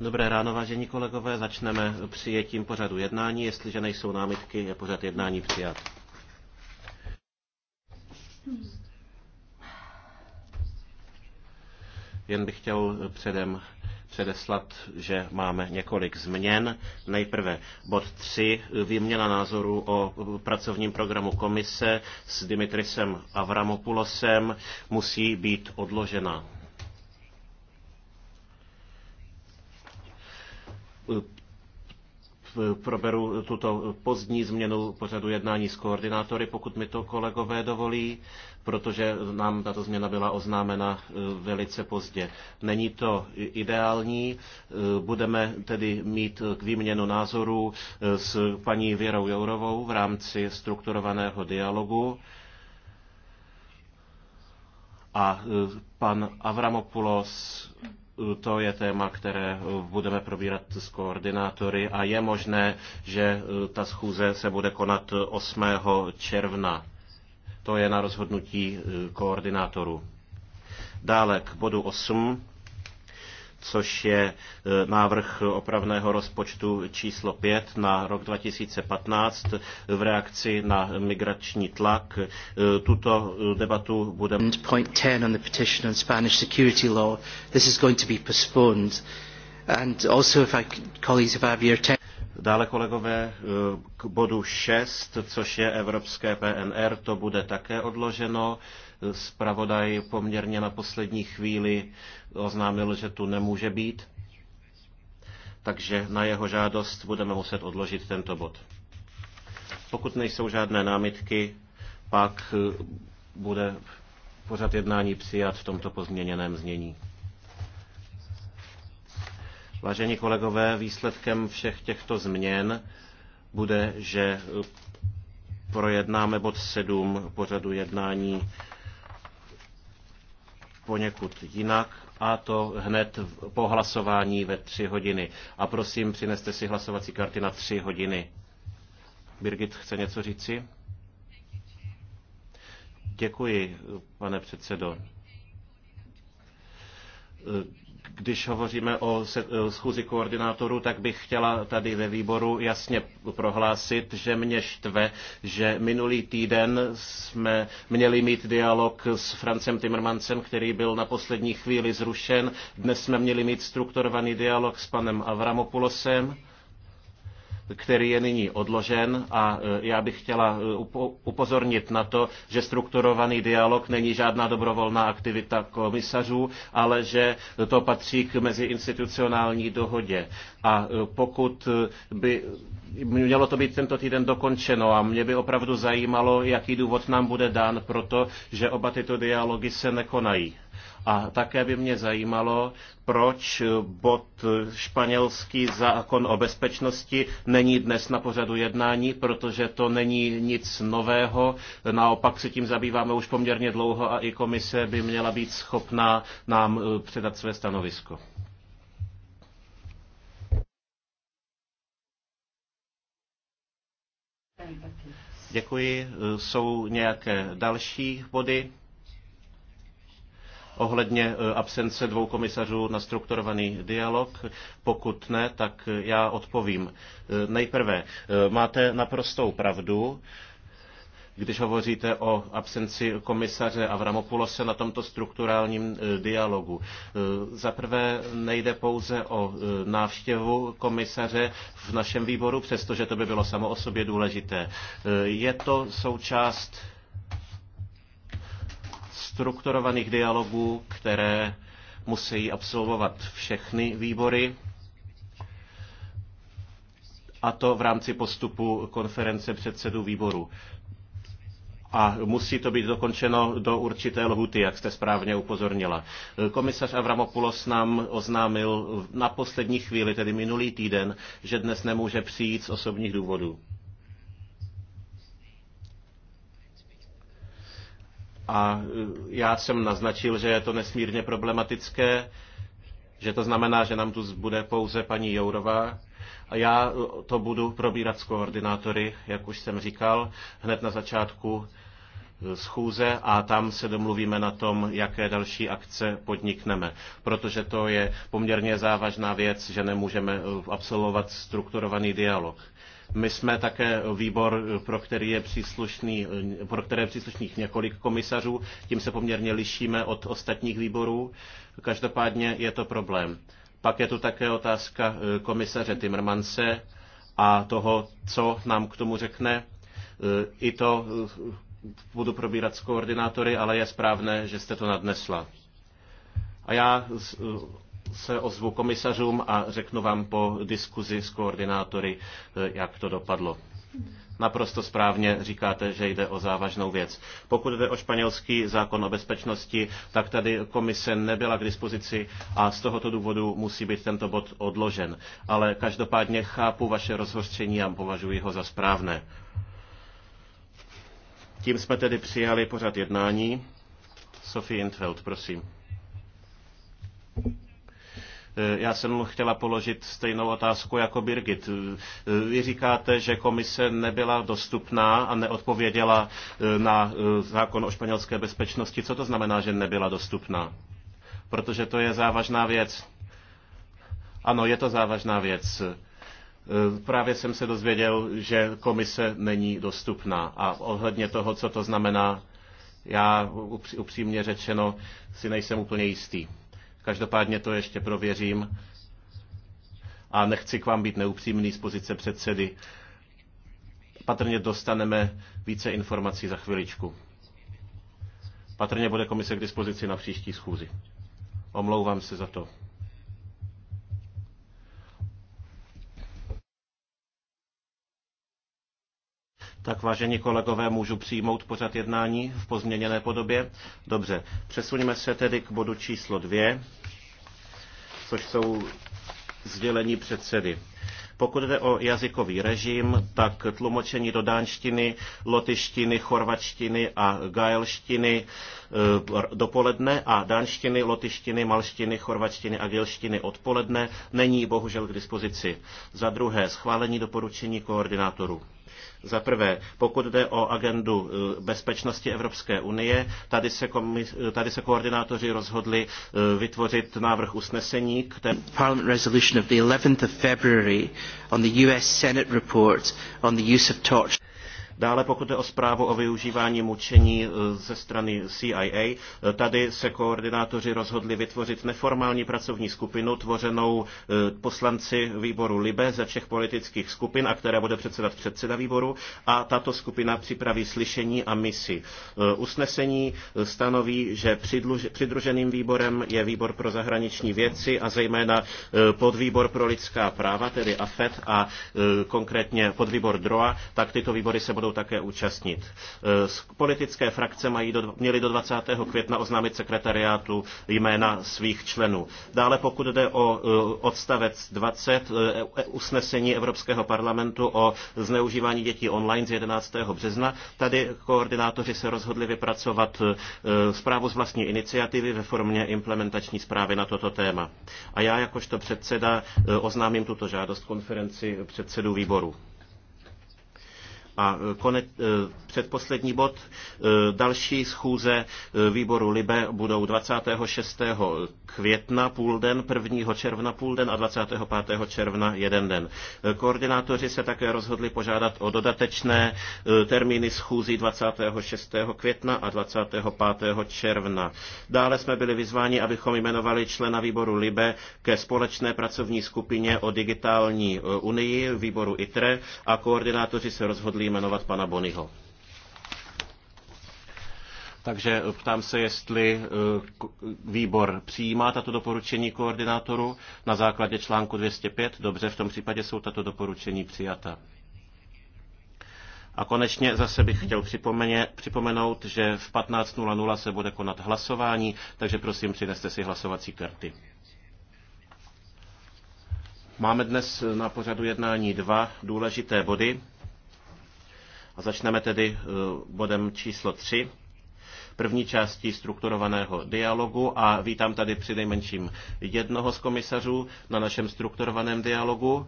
Dobré ráno, vážení kolegové. Začneme přijetím pořadu jednání. Jestliže nejsou námitky, je pořad jednání přijat. Jen bych chtěl předem předeslat, že máme několik změn. Nejprve bod 3, výměna názoru o pracovním programu komise s Dimitrisem Avramopulosem musí být odložena proberu tuto pozdní změnu pořadu jednání s koordinátory, pokud mi to kolegové dovolí, protože nám tato změna byla oznámena eh, velice pozdě. Není to ideální, eh, budeme tedy mít k výměnu názorů eh, s paní Věrou Jourovou v rámci strukturovaného dialogu. A pan Avramopoulos to je téma, které eh, budeme probírat s koordinátory a je možné, že eh, ta schůze se bude konat 8. Eh, června. To je na rozhodnutí koordinátorů. Dále k bodu 8 což je e, návrh opravného rozpočtu číslo 5 na rok 2015 v reakci na migrační tlak. E, tuto e, debatu budeme... Dále kolegové k bodu 6, což je Evropské PNR, to bude také odloženo. Spravodaj poměrně na poslední chvíli oznámil, že tu nemůže být, takže na jeho žádost budeme muset odložit tento bod. Pokud nejsou žádné námitky, pak eh, bude pořad jednání přijat v tomto pozměněném znění. Vážení kolegové, výsledkem všech těchto změn bude, že eh, projednáme bod 7 pořadu jednání poněkud jinak a to hned po hlasování ve tři hodiny. A prosím, přineste si hlasovací karty na tři hodiny. Birgit chce něco říci? Děkuji, pane předsedo když hovoříme o schůzi koordinátorů, tak bych chtěla tady ve výboru jasně prohlásit, že mě štve, že minulý týden jsme měli mít dialog s Francem Timmermansem, který byl na poslední chvíli zrušen. Dnes jsme měli mít strukturovaný dialog s panem Avramopoulosem který je nyní odložen a e, já bych chtěla e, upozornit na to, že strukturovaný dialog není žádná dobrovolná aktivita komisařů, ale že to patří k meziinstitucionální dohodě. A e, pokud by mělo to být tento týden dokončeno a mě by opravdu zajímalo, jaký důvod nám bude dán pro to, že oba tyto dialogy se nekonají. A také by mě zajímalo, proč bod španělský zákon o bezpečnosti není dnes na pořadu jednání, protože to není nic nového. Naopak se tím zabýváme už poměrně dlouho a i komise by měla být schopná nám eh, předat své stanovisko. Děkuji. Eh, jsou nějaké další body? ohledně e, absence dvou komisařů na strukturovaný dialog? Pokud ne, tak já odpovím. E, nejprve, e, máte naprostou pravdu když hovoříte o absenci komisaře Avramopulose na tomto strukturálním dialogu. Za prvé nejde pouze o návštěvu komisaře v našem výboru, přestože to by bylo samo o sobě důležité. Je to součást strukturovaných dialogů, které musí absolvovat všechny výbory, a to v rámci postupu konference předsedů výboru. A musí to být dokončeno do určité lhuty, jak jste správně upozornila. Komisař Avramopoulos nám oznámil na poslední chvíli, tedy minulý týden, že dnes nemůže přijít z osobních důvodů. A e, já jsem naznačil, že je to nesmírně problematické, že to znamená, že nám tu bude pouze paní Jourová. A já e, to budu probírat s koordinátory, jak už jsem říkal, hned na začátku e, schůze a tam se domluvíme na tom, jaké další akce podnikneme. Protože to je poměrně závažná věc, že nemůžeme absolvovat strukturovaný dialog. My jsme také výbor, pro, který je příslušný, pro které je příslušných několik komisařů, tím se poměrně lišíme od ostatních výborů. Každopádně je to problém. Pak je tu také otázka eh, komisaře Timmermanse a toho, co nám k tomu řekne. Eh, I to eh, budu probírat s koordinátory, ale je správné, že jste to nadnesla. A já se ozvu komisařům a řeknu vám po diskuzi s koordinátory, eh, jak to dopadlo. Naprosto správně říkáte, že jde o závažnou věc. Pokud jde o španělský zákon o bezpečnosti, tak tady komise nebyla k dispozici a z tohoto důvodu musí být tento bod odložen. Ale každopádně chápu vaše rozhořčení a považuji ho za správné. Tím jsme tedy přijali pořad jednání. Sophie Intveld, prosím. Eh, já jsem chtěla položit stejnou otázku jako Birgit. Eh, vy říkáte, že komise nebyla dostupná a neodpověděla eh, na zákon o španělské bezpečnosti. Co to znamená, že nebyla dostupná? Protože to je závažná věc. Ano, je to závažná věc. Právě jsem se dozvěděl, že komise není dostupná. A ohledně toho, co to znamená, já upřímně řečeno si nejsem úplně jistý. Každopádně to ještě prověřím a nechci k vám být neupřímný z pozice předsedy. Patrně dostaneme více informací za chviličku. Patrně bude komise k dispozici na příští schůzi. Omlouvám se za to. Tak vážení kolegové, můžu přijmout pořad jednání v pozměněné podobě? Dobře, přesuňme se tedy k bodu číslo dvě, což jsou sdělení předsedy. Pokud jde o jazykový režim, tak tlumočení do dánštiny, lotyštiny, chorvačtiny a gaelštiny eh, dopoledne a dánštiny, lotyštiny, malštiny, chorvačtiny a gilštiny odpoledne není bohužel k dispozici. Za druhé, schválení doporučení koordinátorů. Za prvé, pokud jde o agendu eh, bezpečnosti Evropské unie, tady se, komis, tady se koordinátoři rozhodli eh, vytvořit návrh usnesení, které... on the US Senate report on the use of torture. Dále pokud je o zprávu o využívání mučení eh, ze strany CIA, eh, tady se koordinátoři rozhodli vytvořit neformální pracovní skupinu tvořenou eh, poslanci výboru LIBE ze všech politických skupin a která bude předsedat předseda výboru a tato skupina připraví slyšení a misi. Usnesení stanoví, že přidruženým výborem je výbor pro zahraniční věci a zejména podvýbor pro lidská práva, tedy AFET a e konkrétně podvýbor DROA, tak tyto výbory se budou budou také účastnit. Eh, politické frakce mají do, měly do 20. května oznámit sekretariátu jména svých členů. Dále pokud jde o eh, odstavec 20 eh, e- e- usnesení Evropského parlamentu o zneužívání dětí online z 11. března, tady koordinátoři se rozhodli vypracovat zprávu z vlastní iniciativy ve formě implementační zprávy na toto téma. A já jakožto předseda oznámím tuto žádost konferenci předsedů výboru. A e, konec, e, předposlední bod, e, další schůze výboru Libe budou 26. května půl den, 1. června půl den a 25. června jeden den. Koordinátoři se také rozhodli požádat o dodatečné termíny schůzí 26. května a 25. června. Dále jsme byli vyzváni, abychom jmenovali člena výboru Libe ke společné pracovní skupině o digitální unii výboru ITRE a koordinátoři se rozhodli chtěli jmenovat pana Bonyho. Takže eh, ptám se, jestli eh, výbor přijímá tato doporučení koordinátoru na základě článku 205. Dobře, v tom případě jsou tato doporučení přijata. A konečně zase bych chtěl připomenout, že v 15.00 se bude konat hlasování, takže prosím přineste si hlasovací karty. Máme dnes na pořadu jednání dva důležité body. A začneme tedy eh, bodem číslo 3 první části strukturovaného dialogu a vítám tady při nejmenším jednoho z komisařů na našem strukturovaném dialogu.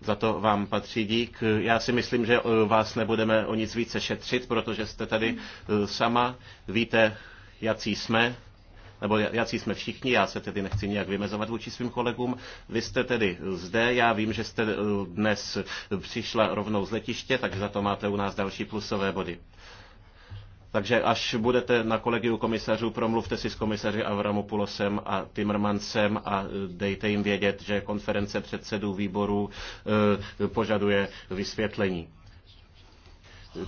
Za to vám patří dík. Já si myslím, že eh, vás nebudeme o nic více šetřit, protože jste tady eh, sama, víte, jací jsme nebo jací jsme všichni, já se tedy nechci nějak vymezovat vůči svým kolegům. Vy jste tedy zde, já vím, že jste eh, dnes přišla rovnou z letiště, takže za to máte u nás další plusové body. Takže až budete na kolegiu komisařů, promluvte si s komisaři Avramopulosem a Timmermansem a eh, dejte jim vědět, že konference předsedů výborů eh, požaduje vysvětlení.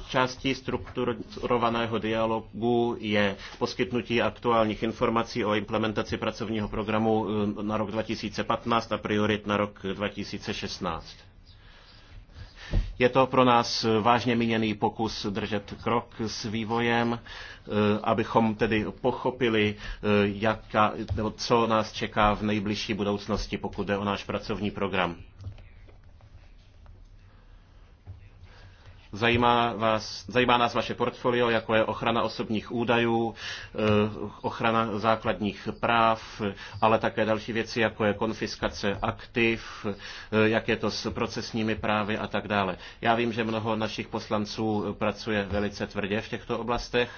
Částí strukturovaného dialogu je poskytnutí aktuálních informací o implementaci pracovního programu eh, na rok 2015 a priorit na rok 2016. Je to pro nás vážně míněný pokus držet krok s vývojem, eh, abychom tedy pochopili, eh, jaka, co nás čeká v nejbližší budoucnosti, pokud jde o náš pracovní program. Zajímá, vás, zajímá nás vaše portfolio, jako je ochrana osobních údajů, eh, ochrana základních práv, ale také další věci, jako je konfiskace aktiv, eh, jak je to s procesními právy a tak dále. Já vím, že mnoho našich poslanců pracuje velice tvrdě v těchto oblastech,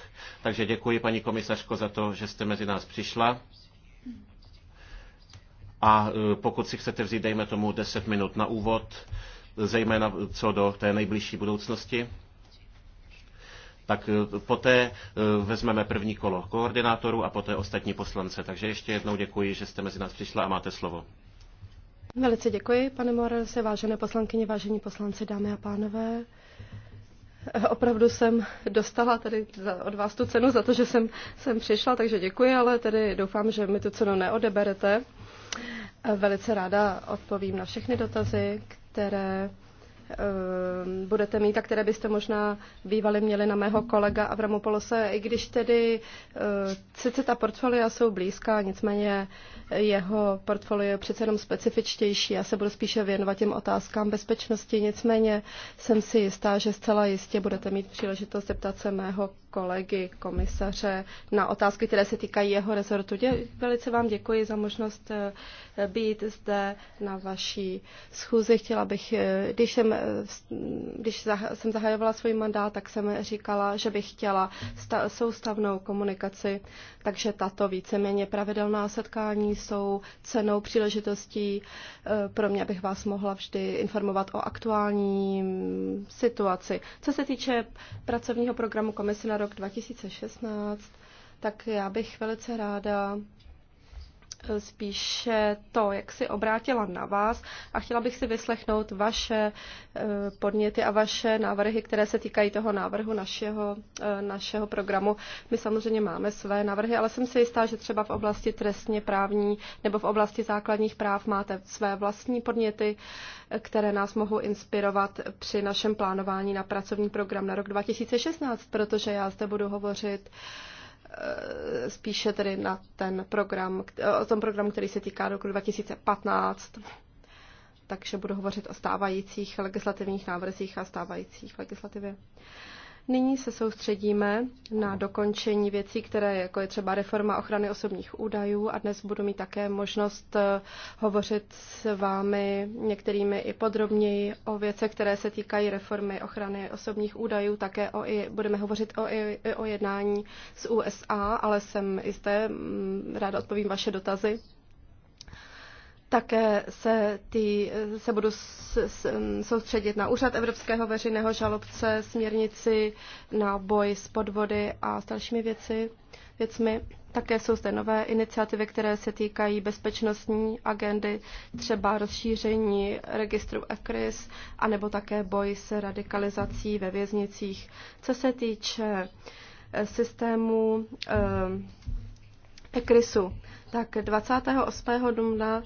takže děkuji paní komisařko za to, že jste mezi nás přišla. A eh, pokud si chcete vzít, dejme tomu 10 minut na úvod, zejména co do té nejbližší budoucnosti, tak eh, poté eh, vezmeme první kolo koordinátorů a poté ostatní poslance. Takže ještě jednou děkuji, že jste mezi nás přišla a máte slovo. Velice děkuji, pane Morelse, vážené poslankyně, vážení poslanci, dámy a pánové. Eh, opravdu jsem dostala tady od vás tu cenu za to, že jsem, jsem přišla, takže děkuji, ale tedy doufám, že mi tu cenu neodeberete. Velice ráda odpovím na všechny dotazy, které Ehm, budete mít a které byste možná bývali měli na mého kolega Avramopolose, i když tedy eh, sice ta portfolia jsou blízká, nicméně jeho portfolio je přece jenom specifičtější. Já se budu spíše věnovat těm otázkám bezpečnosti, nicméně jsem si jistá, že zcela jistě budete mít příležitost zeptat se mého kolegy, komisaře na otázky, které se týkají jeho rezortu. Dě- velice vám děkuji za možnost eh, být zde na vaší schůzi. Chtěla bych, eh, když jsem když jsem zahajovala svůj mandát, tak jsem říkala, že bych chtěla soustavnou komunikaci, takže tato víceméně pravidelná setkání jsou cenou příležitostí e, pro mě, abych vás mohla vždy informovat o aktuální situaci. Co se týče pracovního programu Komise na rok 2016, tak já bych velice ráda spíše to, jak si obrátila na vás a chtěla bych si vyslechnout vaše eh, podněty a vaše návrhy, které se týkají toho návrhu našeho, eh, našeho programu. My samozřejmě máme své návrhy, ale jsem si jistá, že třeba v oblasti trestně právní nebo v oblasti základních práv máte své vlastní podněty, eh, které nás mohou inspirovat při našem plánování na pracovní program na rok 2016, protože já zde budu hovořit Eh, spíše tedy na ten program, o tom programu, který se týká roku 2015. Takže budu hovořit o stávajících legislativních návrzích a stávajících legislativě. Nyní se soustředíme na dokončení věcí, které jako je třeba reforma ochrany osobních údajů a dnes budu mít také možnost eh, hovořit s vámi některými i podrobněji o věcech, které se týkají reformy ochrany osobních údajů, také o, i, budeme hovořit o, i, o jednání s USA, ale jsem jisté, mm, ráda odpovím vaše dotazy. Také se, ty, se budu s, s, soustředit na úřad Evropského veřejného žalobce, směrnici na boj s podvody a s dalšími věci, věcmi. Také jsou zde nové iniciativy, které se týkají bezpečnostní agendy, třeba rozšíření registru ECRIS, anebo také boj s radikalizací ve věznicích. Co se týče eh, systému eh, ECRISu, tak 28. dubna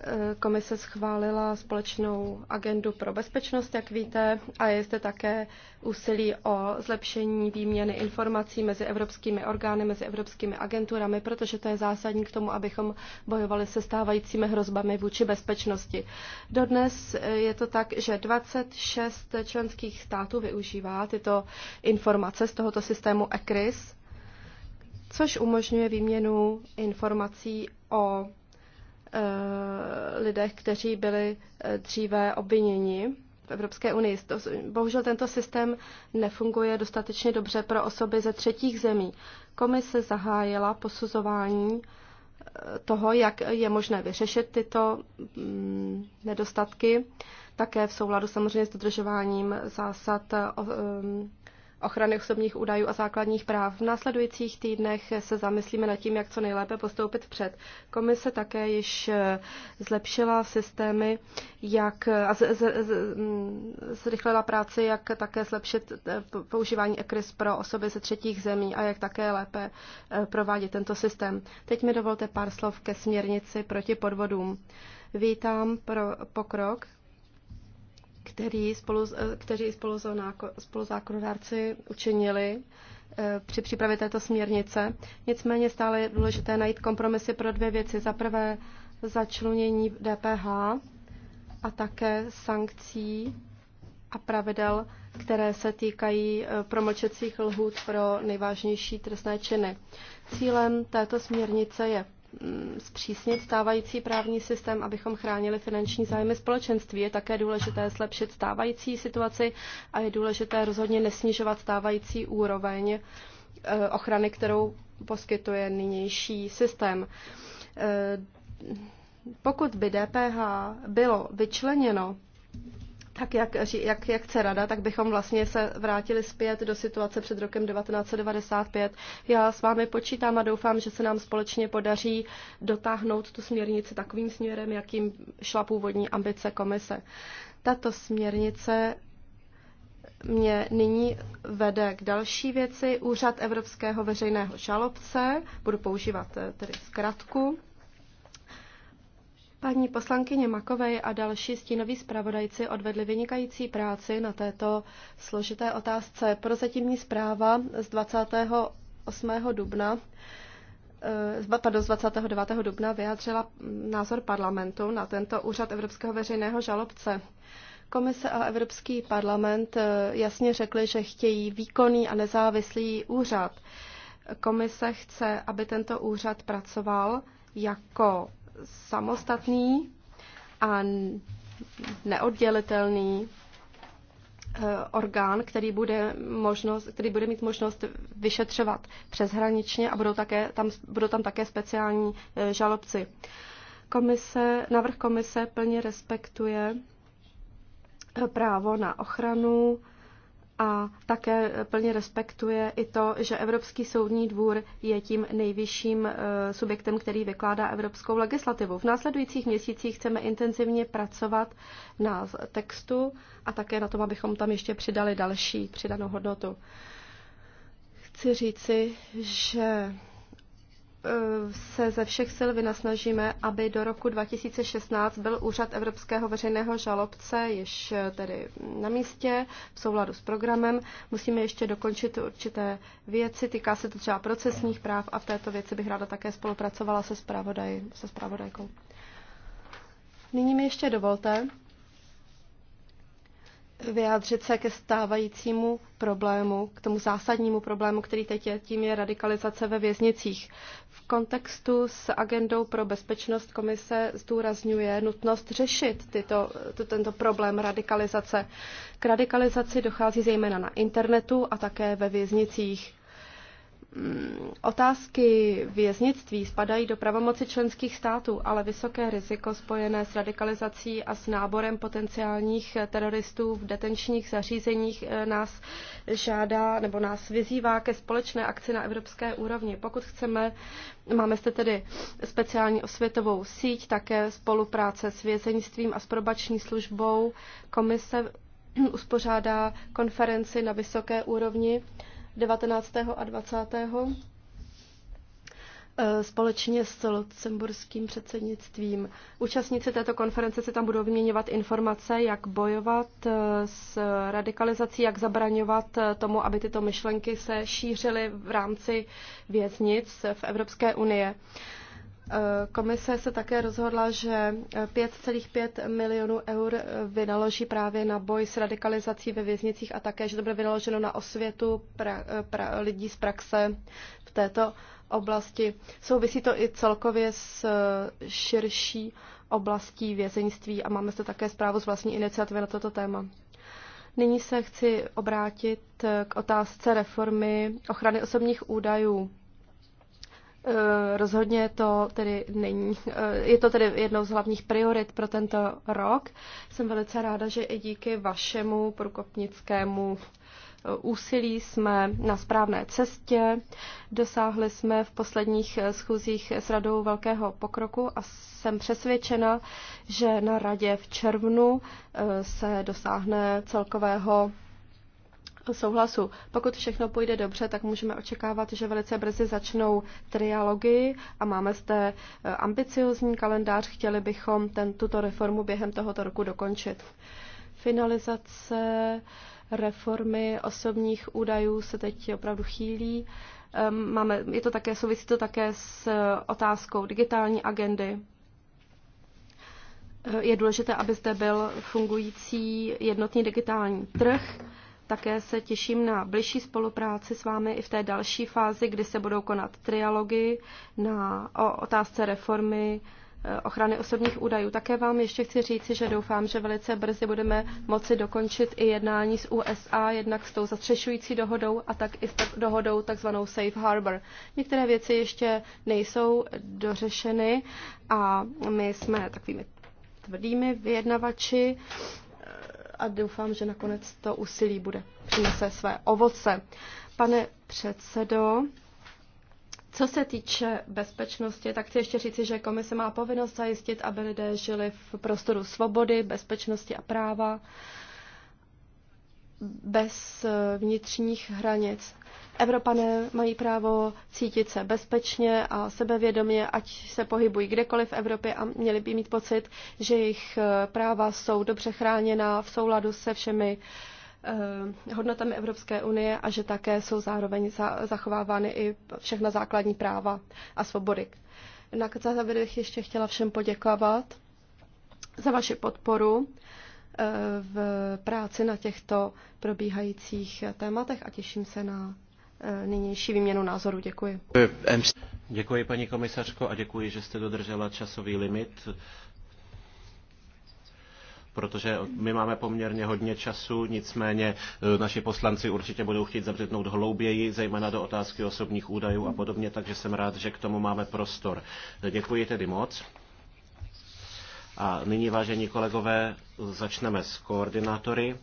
Eh, komise schválila společnou agendu pro bezpečnost, jak víte, a je zde také úsilí o zlepšení výměny informací mezi evropskými orgány, mezi evropskými agenturami, protože to je zásadní k tomu, abychom bojovali se stávajícími hrozbami vůči bezpečnosti. Dodnes eh, je to tak, že 26 členských států využívá tyto informace z tohoto systému ECRIS, což umožňuje výměnu informací o Eh, lidech, kteří byli eh, dříve obviněni v Evropské unii. Bohužel tento systém nefunguje dostatečně dobře pro osoby ze třetích zemí. Komise zahájila posuzování eh, toho, jak je možné vyřešit tyto mm, nedostatky, také v souladu samozřejmě s dodržováním zásad ochrany osobních údajů a základních práv. V následujících týdnech se zamyslíme nad tím, jak co nejlépe postoupit před. Komise také již eh, zlepšila systémy, jak z, z, z, mm, zrychlila práci, jak také zlepšit eh, používání ECRIS pro osoby ze třetích zemí a jak také lépe eh, provádět tento systém. Teď mi dovolte pár slov ke směrnici proti podvodům. Vítám pro pokrok, který spolu, eh, kteří spolu, spolu zákonodárci učinili eh, při přípravě této směrnice. Nicméně stále je důležité najít kompromisy pro dvě věci. Za prvé začlunění DPH a také sankcí a pravidel, které se týkají eh, promlčecích lhůt pro nejvážnější trestné činy. Cílem této směrnice je Mm, zpřísnit stávající právní systém, abychom chránili finanční zájmy společenství. Je také důležité zlepšit stávající situaci a je důležité rozhodně nesnižovat stávající úroveň eh, ochrany, kterou poskytuje nynější systém. Eh, pokud by DPH bylo vyčleněno tak jak, jak, jak chce rada, tak bychom vlastně se vrátili zpět do situace před rokem 1995. Já s vámi počítám a doufám, že se nám společně podaří dotáhnout tu směrnici takovým směrem, jakým šla původní ambice komise. Tato směrnice mě nyní vede k další věci. Úřad Evropského veřejného žalobce, budu používat eh, tedy zkratku, Paní poslankyně Makové a další stínoví zpravodajci odvedli vynikající práci na této složité otázce. Prozatímní zpráva z 28. dubna eh, pardon, z 29. dubna vyjádřila názor parlamentu na tento úřad Evropského veřejného žalobce. Komise a Evropský parlament eh, jasně řekli, že chtějí výkonný a nezávislý úřad. Komise chce, aby tento úřad pracoval jako samostatný a neoddělitelný eh, orgán, který bude, možnost, který bude mít možnost vyšetřovat přeshraničně a budou, také, tam, budou tam také speciální eh, žalobci. Komise, návrh komise plně respektuje eh, právo na ochranu a také plně respektuje i to, že Evropský soudní dvůr je tím nejvyšším eh, subjektem, který vykládá evropskou legislativu. V následujících měsících chceme intenzivně pracovat na textu a také na tom, abychom tam ještě přidali další přidanou hodnotu. Chci říci, že se ze všech sil vynasnažíme, aby do roku 2016 byl úřad Evropského veřejného žalobce již eh, tedy na místě v souladu s programem. Musíme ještě dokončit určité věci, týká se to třeba procesních práv a v této věci bych ráda také spolupracovala se, spravodaj, se spravodajkou. Nyní mi ještě dovolte, vyjádřit se ke stávajícímu problému, k tomu zásadnímu problému, který teď je, tím je radikalizace ve věznicích. V kontextu s agendou pro bezpečnost komise zdůrazňuje nutnost řešit tyto, to, tento problém radikalizace. K radikalizaci dochází zejména na internetu a také ve věznicích. Mm, otázky věznictví spadají do pravomoci členských států, ale vysoké riziko spojené s radikalizací a s náborem potenciálních eh, teroristů v detenčních zařízeních eh, nás žádá nebo nás vyzývá ke společné akci na evropské úrovni. Pokud chceme, máme zde tedy speciální osvětovou síť, také spolupráce s vězeňstvím a s probační službou. Komise uspořádá konferenci na vysoké úrovni 19. a 20. E, společně s lucemburským předsednictvím. Účastníci této konference si tam budou vyměňovat informace, jak bojovat e, s radikalizací, jak zabraňovat e, tomu, aby tyto myšlenky se šířily v rámci věznic v Evropské unie. Komise se také rozhodla, že 5,5 milionů eur vynaloží právě na boj s radikalizací ve věznicích a také, že to bude vynaloženo na osvětu pra, pra, lidí z praxe v této oblasti. Souvisí to i celkově s širší oblastí vězeňství a máme zde také zprávu z vlastní iniciativy na toto téma. Nyní se chci obrátit k otázce reformy ochrany osobních údajů. Eh, rozhodně to tedy není, eh, je to tedy jednou z hlavních priorit pro tento rok. Jsem velice ráda, že i díky vašemu průkopnickému eh, úsilí jsme na správné cestě. Dosáhli jsme v posledních schůzích s radou velkého pokroku a jsem přesvědčena, že na radě v červnu se dosáhne celkového souhlasu. Pokud všechno půjde dobře, tak můžeme očekávat, že velice brzy začnou trialogy a máme zde e, ambiciozní kalendář. Chtěli bychom ten, tuto reformu během tohoto roku dokončit. Finalizace reformy osobních údajů se teď opravdu chýlí. Máme, je to také, souvisí to také s otázkou digitální agendy. E, je důležité, aby zde byl fungující jednotný digitální trh také se těším na blížší spolupráci s vámi i v té další fázi, kdy se budou konat trialogy na, o otázce reformy eh, ochrany osobních údajů. Také vám ještě chci říci, že doufám, že velice brzy budeme moci dokončit i jednání s USA, jednak s tou zastřešující dohodou a tak i s tak dohodou takzvanou Safe Harbor. Některé věci ještě nejsou dořešeny a my jsme takovými tvrdými vyjednavači a doufám, že nakonec to úsilí bude přinese své ovoce. Pane předsedo, co se týče bezpečnosti, tak chci ještě říci, že komise má povinnost zajistit, aby lidé žili v prostoru svobody, bezpečnosti a práva bez vnitřních hranic. Evropané mají právo cítit se bezpečně a sebevědomě, ať se pohybují kdekoliv v Evropě a měli by mít pocit, že jejich eh, práva jsou dobře chráněna v souladu se všemi eh, hodnotami Evropské unie a že také jsou zároveň zachovávány i všechna základní práva a svobody. Na závěr bych ještě chtěla všem poděkovat za vaši podporu eh, v práci na těchto probíhajících tématech a těším se na Eh, nynější výměnu názoru. Děkuji. Děkuji, paní komisařko, a děkuji, že jste dodržela časový limit protože my máme poměrně hodně času, nicméně eh, naši poslanci určitě budou chtít zabřednout hlouběji, zejména do otázky osobních údajů a podobně, takže jsem rád, že k tomu máme prostor. Děkuji tedy moc. A nyní, vážení kolegové, začneme s koordinátory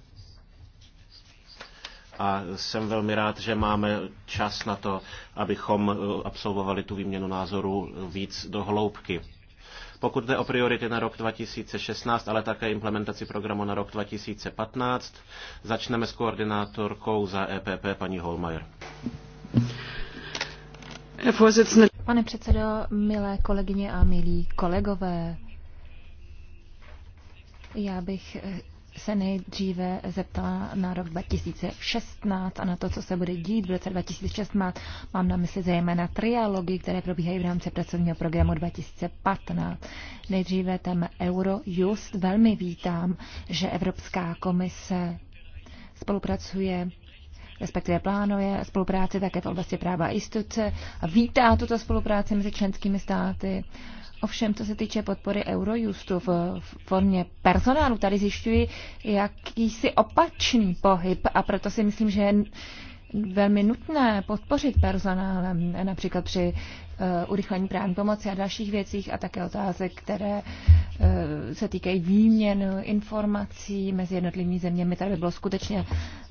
a jsem velmi rád, že máme čas na to, abychom eh, absolvovali tu výměnu názorů víc do hloubky. Pokud jde o priority na rok 2016, ale také implementaci programu na rok 2015, začneme s koordinátorkou za EPP paní Holmajer. Pane předsedo, milé kolegyně a milí kolegové, já bych eh, se nejdříve zeptala na rok 2016 a na to, co se bude dít v roce 2016. Mám na mysli zejména trialogy, které probíhají v rámci pracovního programu 2015. Nejdříve tam Eurojust. Velmi vítám, že Evropská komise spolupracuje respektive plánuje spolupráci také v oblasti práva instituce a vítá tuto spolupráci mezi členskými státy. Uh, Ovšem, co se týče podpory Eurojustu v formě personálu, tady zjišťuji jakýsi opačný pohyb a proto si myslím, že je velmi nutné podpořit personálem, například při eh, urychlení právní pomoci a dalších věcích a také otázek, které eh, se týkají výměn informací mezi jednotlivými zeměmi. Tady by bylo skutečně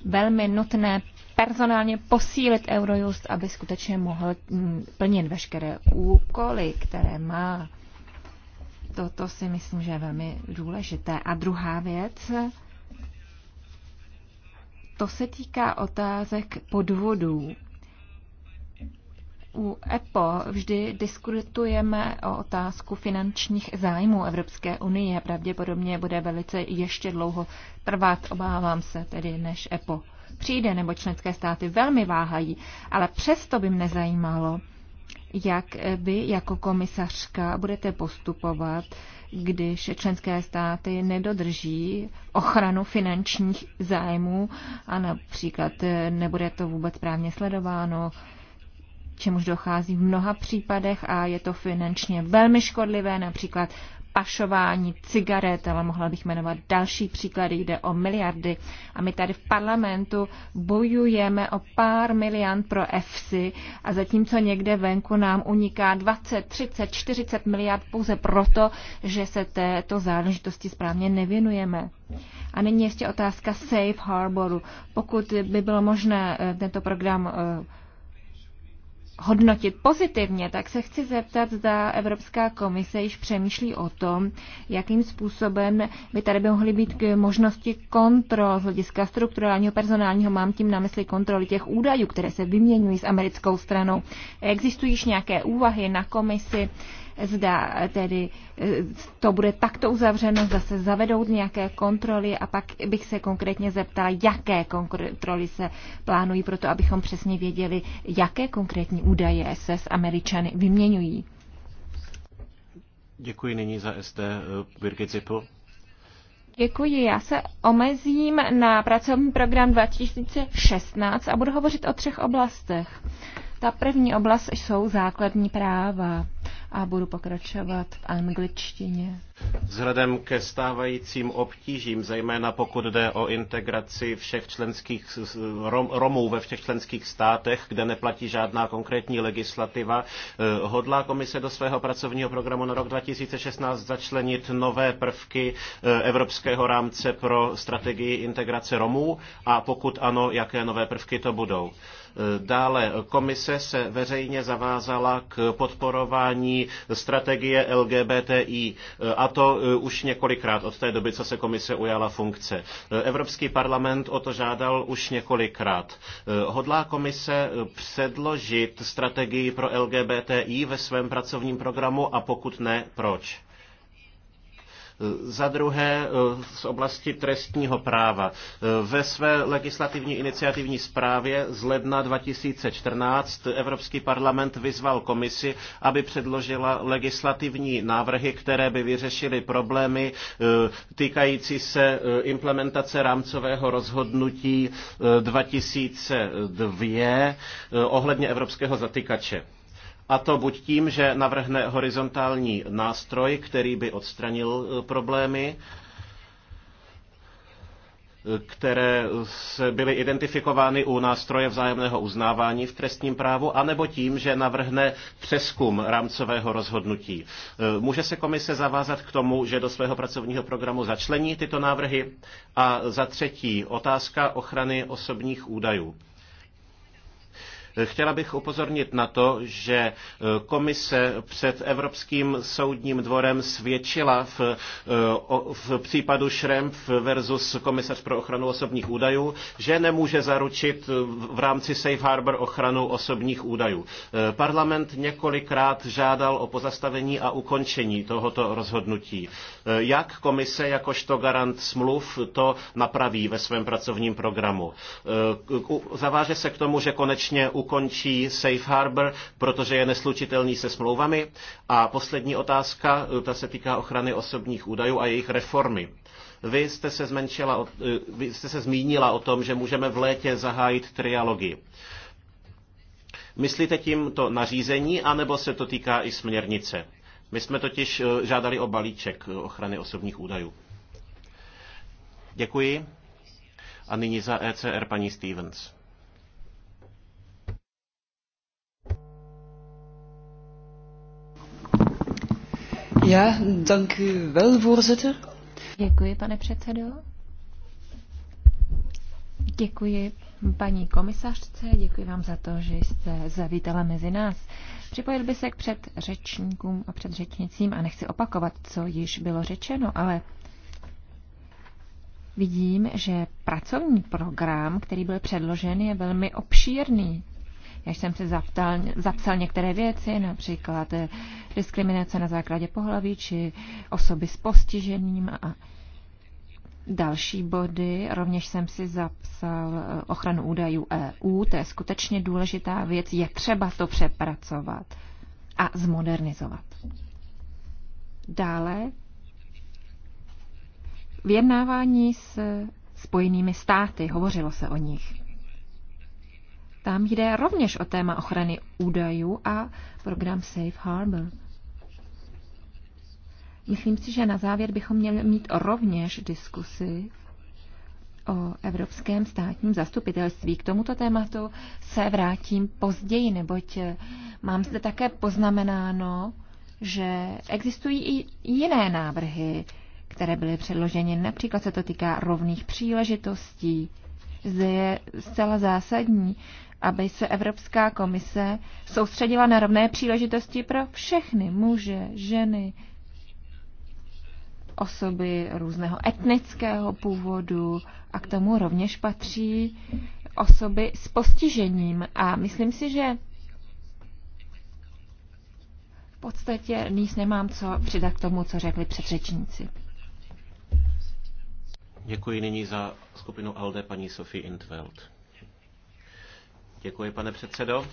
velmi nutné personálně posílit Eurojust, aby skutečně mohl mm, plnit veškeré úkoly, které má. To si myslím, že je velmi důležité. A druhá věc, to se týká otázek podvodů. U EPO vždy diskutujeme o otázku finančních zájmů Evropské unie. Pravděpodobně bude velice ještě dlouho trvat, obávám se tedy, než EPO přijde, nebo členské státy velmi váhají. Ale přesto by mě zajímalo, jak vy jako komisařka budete postupovat, když členské státy nedodrží ochranu finančních zájmů a například nebude to vůbec právně sledováno, čemuž dochází v mnoha případech a je to finančně velmi škodlivé, například pašování cigaret, ale mohla bych jmenovat další příklady, jde o miliardy. A my tady v parlamentu bojujeme o pár miliard pro EFSI a zatímco někde venku nám uniká 20, 30, 40 miliard pouze proto, že se této záležitosti správně nevěnujeme. A nyní ještě otázka Safe Harboru. Pokud by bylo možné eh, tento program eh, hodnotit pozitivně, tak se chci zeptat, zda Evropská komise již přemýšlí o tom, jakým způsobem by tady by mohly být k možnosti kontrol z hlediska strukturálního personálního, mám tím na mysli kontroly těch údajů, které se vyměňují s americkou stranou. Existují již nějaké úvahy na komisi, zda eh, tedy eh, to bude takto uzavřeno, zda se zavedou nějaké kontroly a pak bych se konkrétně zeptala, jaké kontroly se plánují proto, abychom přesně věděli, jaké konkrétní údaje se s Američany vyměňují. Děkuji nyní za ST eh, Birgit Zippel. Děkuji. Já se omezím na pracovní program 2016 a budu hovořit o třech oblastech. Ta první oblast jsou základní práva a budu pokračovat v angličtině. Vzhledem ke stávajícím obtížím, zejména pokud jde o integraci všech členských rom, Romů ve všech členských státech, kde neplatí žádná konkrétní legislativa, eh, hodlá komise do svého pracovního programu na rok 2016 začlenit nové prvky eh, evropského rámce pro strategii integrace Romů a pokud ano, jaké nové prvky to budou. Eh, dále komise se veřejně zavázala k podporování financování strategie LGBTI. A to e, už několikrát od té doby, co se komise ujala funkce. E, Evropský parlament o to žádal už několikrát. E, hodlá komise předložit strategii pro LGBTI ve svém pracovním programu a pokud ne, proč? Za druhé eh, z oblasti trestního práva. Eh, ve své legislativní iniciativní zprávě z ledna 2014 Evropský parlament vyzval komisi, aby předložila legislativní návrhy, které by vyřešily problémy eh, týkající se implementace rámcového rozhodnutí 2002 ohledně evropského zatykače. A to buď tím, že navrhne horizontální nástroj, který by odstranil e, problémy, e, které byly identifikovány u nástroje vzájemného uznávání v trestním právu, anebo tím, že navrhne přeskum rámcového rozhodnutí. E, může se komise zavázat k tomu, že do svého pracovního programu začlení tyto návrhy? A za třetí, otázka ochrany osobních údajů. Chtěla bych upozornit na to, že e, komise před Evropským soudním dvorem svědčila v, e, v případu Šremf versus komisař pro ochranu osobních údajů, že nemůže zaručit e, v rámci Safe Harbor ochranu osobních údajů. Parlament několikrát žádal o pozastavení a ukončení tohoto rozhodnutí. Jak komise jakožto garant smluv to napraví ve svém pracovním programu? Zaváže se k tomu, že konečně ukončí Safe Harbor, protože je neslučitelný se smlouvami. A poslední otázka, eh, ta se týká ochrany osobních údajů a jejich reformy. Vy jste se, zmenšila, eh, vy jste se zmínila o tom, že můžeme v létě zahájit trialogy. Myslíte tím to nařízení, anebo se to týká i směrnice? My jsme totiž eh, žádali o balíček ochrany osobních údajů. Děkuji. A nyní za ECR paní Stevens. Ja, dank u wel, voorzitter. Děkuji, pane předsedo. Děkuji paní komisařce, děkuji vám za to, že jste zavítala mezi nás. Připojil by se k předřečníkům a předřečnicím a nechci opakovat, co již bylo řečeno, ale vidím, že pracovní program, který byl předložen, je velmi obšírný. Já jsem si zaptal, zapsal některé věci, například eh, diskriminace na základě pohlaví či osoby s postižením a další body. Rovněž jsem si zapsal eh, ochranu údajů EU. To je skutečně důležitá věc. Je třeba to přepracovat a zmodernizovat. Dále vyjednávání s spojenými státy. Hovořilo se o nich. Tam jde rovněž o téma ochrany údajů a program Safe Harbor. Myslím si, že na závěr bychom měli mít rovněž diskusy o Evropském státním zastupitelství. K tomuto tématu se vrátím později, neboť eh, mám zde také poznamenáno, že existují i jiné návrhy, které byly předloženy. Například se to týká rovných příležitostí. Zde je zcela zásadní, aby se Evropská komise soustředila na rovné příležitosti pro všechny muže, ženy, osoby různého etnického původu a k tomu rovněž patří osoby s postižením. A myslím si, že v podstatě nic nemám co přidat k tomu, co řekli předřečníci. Děkuji nyní za skupinu ALDE paní Sophie Intveld. Děkuji, pane předsedo.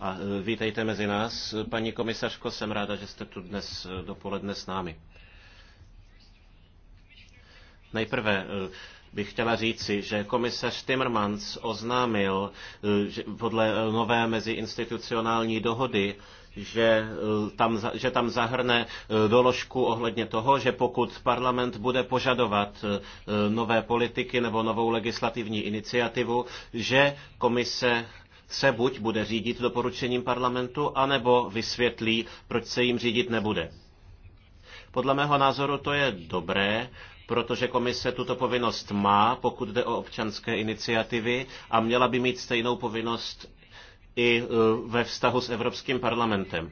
A e, vítejte mezi nás. Paní komisařko, jsem ráda, že jste tu dnes e, dopoledne s námi. Nejprve e, bych chtěla říci, že komisař Timmermans oznámil, že podle nové meziinstitucionální dohody že eh, tam, že tam zahrne eh, doložku ohledně toho, že pokud parlament bude požadovat eh, nové politiky nebo novou legislativní iniciativu, že komise se buď bude řídit doporučením parlamentu, anebo vysvětlí, proč se jim řídit nebude. Podle mého názoru to je dobré, protože komise tuto povinnost má, pokud jde o občanské iniciativy, a měla by mít stejnou povinnost i e, ve vztahu s Evropským parlamentem.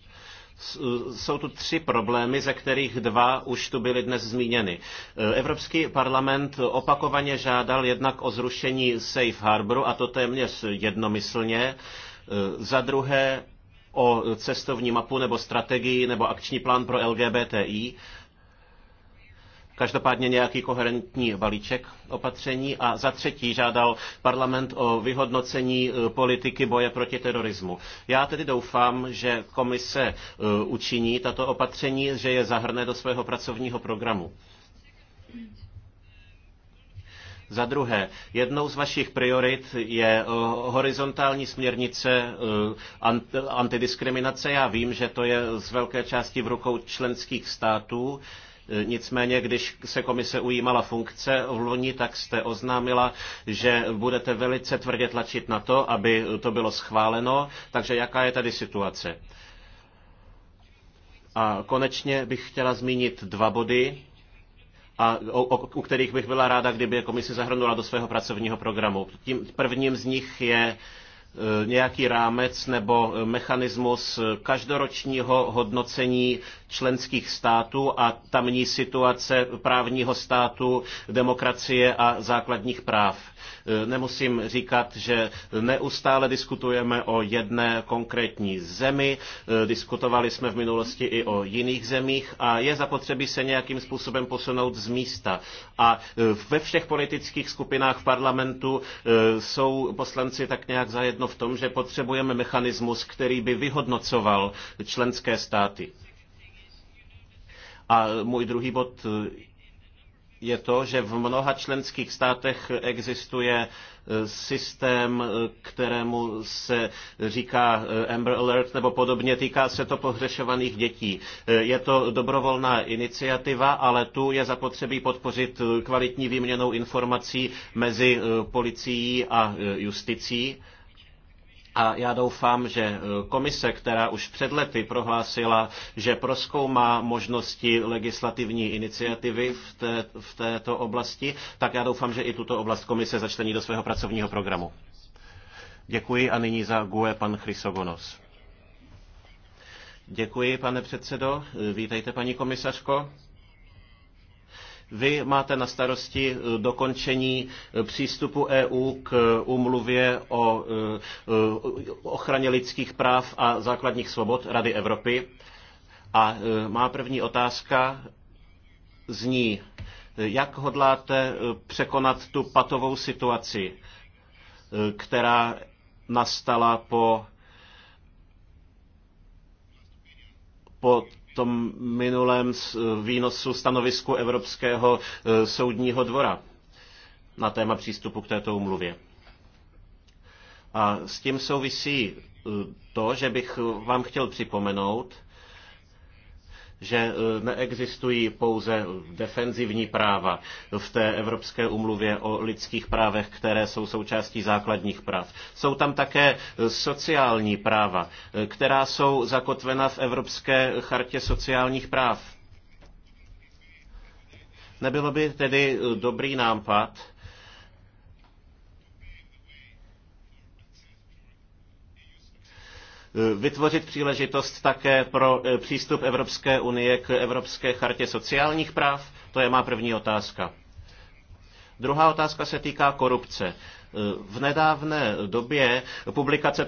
E, jsou tu tři problémy, ze kterých dva už tu byly dnes zmíněny. E, Evropský parlament opakovaně žádal jednak o zrušení Safe Harboru, a to téměř jednomyslně, za druhé o cestovní mapu nebo strategii nebo akční plán pro LGBTI každopádně nějaký koherentní balíček opatření a za třetí žádal parlament o vyhodnocení e, politiky boje proti terorismu. Já tedy doufám, že komise e, učiní tato opatření, že je zahrne do svého pracovního programu. Za druhé, jednou z vašich priorit je e, horizontální směrnice antidiskriminace. Já vím, že to je z velké části v rukou členských států. Nicméně, když se komise ujímala funkce v loni, tak jste oznámila, že budete velice tvrdě tlačit na to, aby to bylo schváleno. Takže jaká je tady situace? A konečně bych chtěla zmínit dva body, a o, o, u kterých bych byla ráda, kdyby je komise zahrnula do svého pracovního programu. Tím prvním z nich je uh, Eh, nějaký rámec nebo eh, mechanismus každoročního hodnocení členských států a tamní situace právního státu, demokracie a základních práv. Nemusím říkat, že neustále diskutujeme o jedné konkrétní zemi, diskutovali jsme v minulosti i o jiných zemích a je zapotřebí se nějakým způsobem posunout z místa. A e, ve všech politických skupinách parlamentu e, jsou poslanci tak nějak zajedno v tom, že potřebujeme mechanismus, který by vyhodnocoval členské státy. A můj druhý bod je to, že v mnoha členských státech existuje eh, systém, eh, kterému se říká eh, Amber Alert nebo podobně, týká se to pohřešovaných dětí. Je to dobrovolná iniciativa, ale tu je zapotřebí podpořit kvalitní výměnou informací mezi policií a justicí a já doufám, že eh, komise, která už před lety prohlásila, že proskoumá možnosti legislativní iniciativy v, té, v této oblasti, tak já doufám, že i tuto oblast komise začlení do svého pracovního programu. Děkuji a nyní za GUE pan Chrysogonos. Děkuji, pane předsedo. Vítejte, paní komisařko. Vy máte na starosti eh, dokončení eh, přístupu EU k eh, úmluvě o ochraně lidských práv a základních svobod Rady Evropy. A má první otázka zní, jak hodláte překonat tu patovou situaci, která nastala po po tom minulém eh, výnosu stanovisku Evropského eh, soudního dvora na téma přístupu k této umluvě. A s tím souvisí eh, to, že bych vám chtěl připomenout, že e, neexistují pouze defenzivní práva v té Evropské umluvě o lidských právech, které jsou součástí základních práv. Jsou tam také e, sociální práva, e, která jsou zakotvena v Evropské chartě sociálních práv. Nebylo by tedy dobrý nápad, Eh, vytvořit příležitost také pro eh, přístup Evropské unie k Evropské chartě sociálních práv? To je má první otázka. Druhá otázka se týká korupce. V nedávné době publikace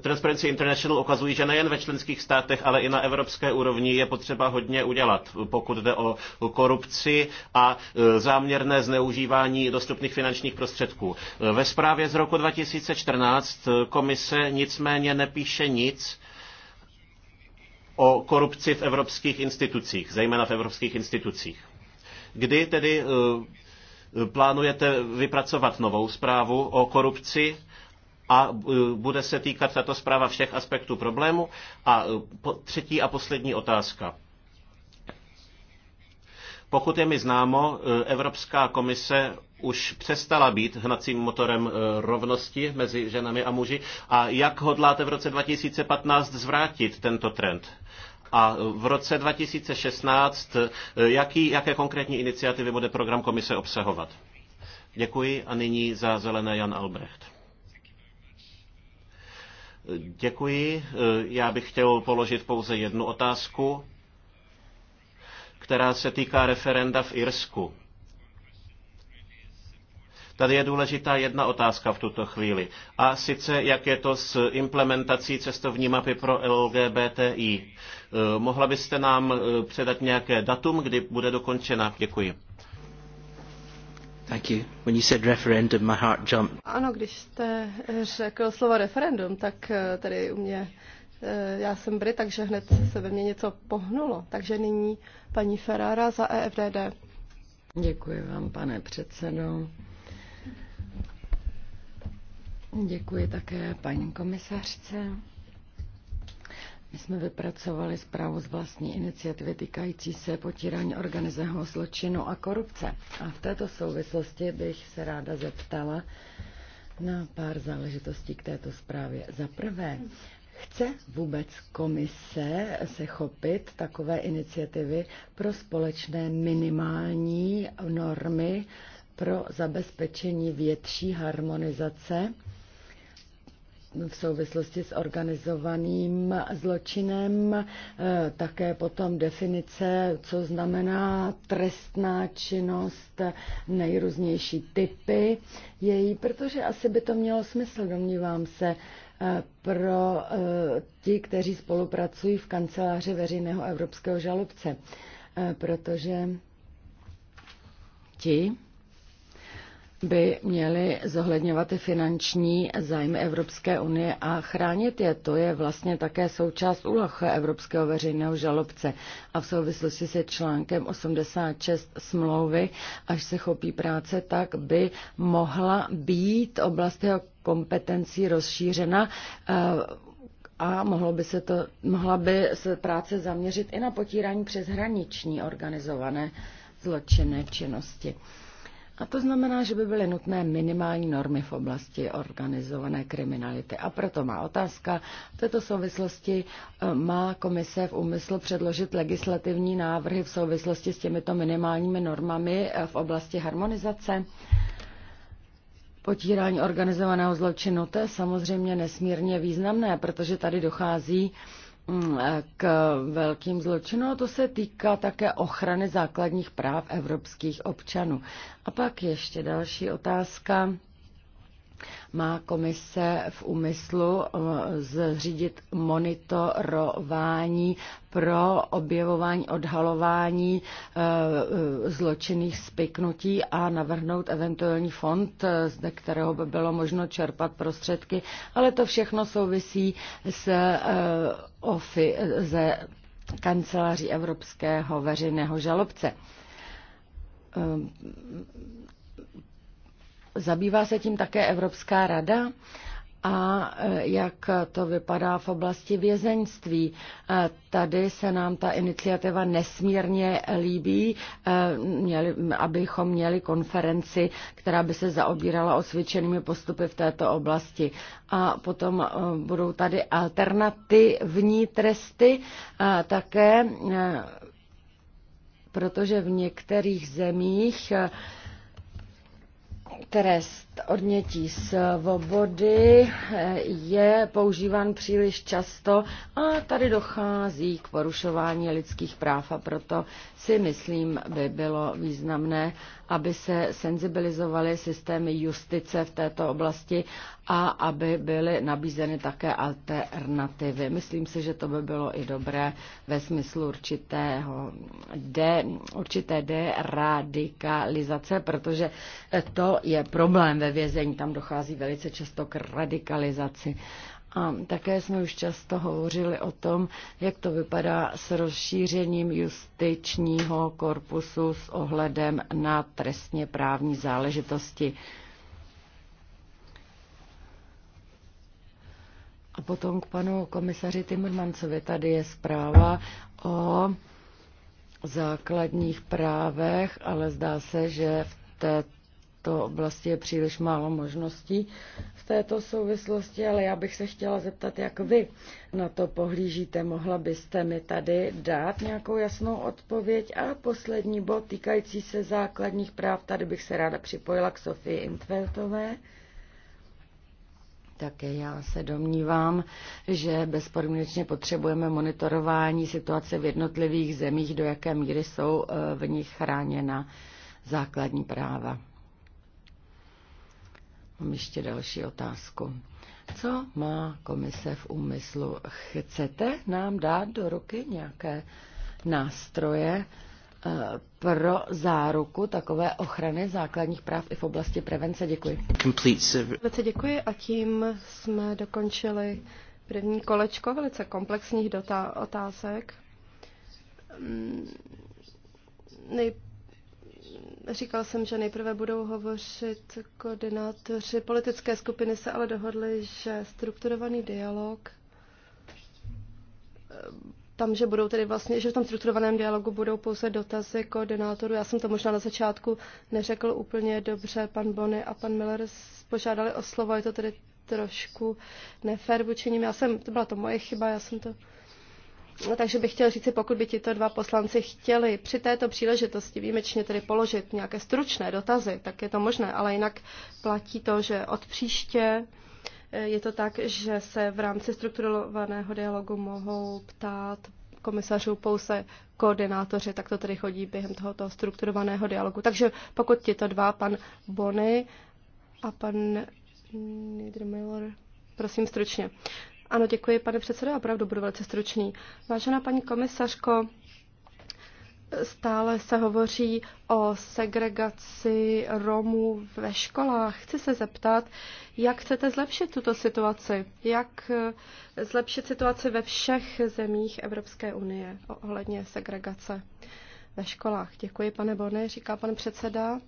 Transparency International ukazují, že nejen ve členských státech, ale i na evropské úrovni je potřeba hodně udělat, pokud jde o korupci a e, záměrné zneužívání dostupných finančních prostředků. E, ve zprávě z roku 2014 e, komise nicméně nepíše nic, o korupci v evropských institucích, zejména v evropských institucích. Kdy tedy plánujete vypracovat novou zprávu o korupci a e, bude se týkat tato zpráva všech aspektů problému. A e, třetí a poslední otázka. Pokud je mi známo, e, Evropská komise už přestala být hnacím motorem rovnosti mezi ženami a muži. A jak hodláte v roce 2015 zvrátit tento trend? A v roce 2016, eh, jaký, jaké konkrétní iniciativy bude program komise obsahovat? Děkuji a nyní za zelené Jan Albrecht. Děkuji. Eh, já bych chtěl položit pouze jednu otázku, která se týká referenda v Irsku. Tady je důležitá jedna otázka v tuto chvíli. A sice, jak je to s implementací cestovní mapy pro LGBTI. E, mohla byste nám e, předat nějaké datum, kdy bude dokončena? Děkuji. Thank you. When you said referendum, my heart jumped. Ano, když jste e, řekl slovo referendum, tak tady u mě, já jsem Brit, takže hned se ve mně něco pohnulo. Takže nyní paní Ferrara za EFDD. Děkuji vám, pane předsedo. Děkuji také paní komisařce. My jsme vypracovali zprávu z vlastní iniciativy týkající se potírání organizovaného zločinu a korupce. A v této souvislosti bych se ráda zeptala na pár záležitostí k této zprávě. Za prvé, chce vůbec komise se chopit takové iniciativy pro společné minimální normy pro zabezpečení větší harmonizace v souvislosti s organizovaným zločinem, eh, také potom definice, co znamená trestná činnost, nejrůznější typy její, protože asi by to mělo smysl, domnívám se, eh, pro eh, ti, kteří spolupracují v kanceláři veřejného evropského žalobce, protože ti, by měly zohledňovat i finanční zájmy Evropské unie a chránit je. To je vlastně také součást úloh Evropského veřejného žalobce. A v souvislosti se článkem 86 smlouvy, až se chopí práce, tak by mohla být oblast jeho kompetencí rozšířena eh, a mohlo by se to, mohla by se práce zaměřit i na potírání přeshraniční organizované zločinné činnosti. A to znamená, že by byly nutné minimální normy v oblasti organizované kriminality. A proto má otázka. V této souvislosti eh, má komise v úmyslu předložit legislativní návrhy v souvislosti s těmito minimálními normami eh, v oblasti harmonizace? Potírání organizovaného zločinu, to je samozřejmě nesmírně významné, protože tady dochází Mm, k velkým zločinům a to se týká také ochrany základních práv evropských občanů. A pak ještě další otázka má komise v úmyslu eh, zřídit monitorování pro objevování, odhalování eh, zločinných spiknutí a navrhnout eventuální fond, eh, zde kterého by bylo možno čerpat prostředky, ale to všechno souvisí s OFI, ze kanceláří Evropského veřejného žalobce Zabývá se tím také Evropská rada? a e, jak to vypadá v oblasti vězeňství. E, tady se nám ta iniciativa nesmírně líbí, e, měli, abychom měli konferenci, která by se zaobírala osvědčenými postupy v této oblasti. A potom budou tady alternativní tresty také, protože v některých zemích které odnětí svobody eh, je používán příliš často a tady dochází k porušování lidských práv a proto si myslím, by bylo významné, aby se senzibilizovaly systémy justice v této oblasti a aby byly nabízeny také alternativy. Myslím si, že to by bylo i dobré ve smyslu určitého de, určité deradikalizace, protože to je problém ve vězení, tam dochází velice často k radikalizaci. A také jsme už často hovořili o tom, jak to vypadá s rozšířením justičního korpusu s ohledem na trestně právní záležitosti. A potom k panu komisaři Timmermansovi. Tady je zpráva o základních právech, ale zdá se, že v té této oblasti je příliš málo možností v této souvislosti, ale já bych se chtěla zeptat, jak vy na to pohlížíte. Mohla byste mi tady dát nějakou jasnou odpověď? A poslední bod týkající se základních práv, tady bych se ráda připojila k Sofii Intveltové. Také já se domnívám, že bezpodmínečně potřebujeme monitorování situace v jednotlivých zemích, do jaké míry jsou eh, v nich chráněna základní práva. Mám ještě další otázku. Co má komise v úmyslu? Chcete nám dát do ruky nějaké nástroje eh, pro záruku takové ochrany základních práv i v oblasti prevence? Děkuji. Velice děkuji a tím jsme dokončili první kolečko velice komplexních dotá- otázek. Mm, nej- Říkal jsem, že nejprve budou hovořit koordinátoři. Politické skupiny se ale dohodly, že strukturovaný dialog eh, tam, že budou tedy vlastně, že v tom strukturovaném dialogu budou pouze dotazy koordinátorů. Já jsem to možná na začátku neřekl úplně dobře. Pan Bony a pan Miller požádali o slovo, je to tedy trošku nefér vůči ním. Já jsem, to byla to moje chyba, já jsem to No, takže bych chtěl říci, pokud by tito dva poslanci chtěli při této příležitosti výjimečně tedy položit nějaké stručné dotazy, tak je to možné, ale jinak platí to, že od příště eh, je to tak, že se v rámci strukturovaného dialogu mohou ptát komisařů pouze koordinátoři, tak to tedy chodí během tohoto strukturovaného dialogu. Takže pokud tito dva, pan Bony a pan Niedermiller, prosím stručně. Ano, děkuji, pane předsedo, opravdu budu velice stručný. Vážená paní komisařko, stále se hovoří o segregaci Romů ve školách. Chci se zeptat, jak chcete zlepšit tuto situaci? Jak eh, zlepšit situaci ve všech zemích Evropské unie ohledně segregace ve školách? Děkuji, pane Bony, říká pan předseda.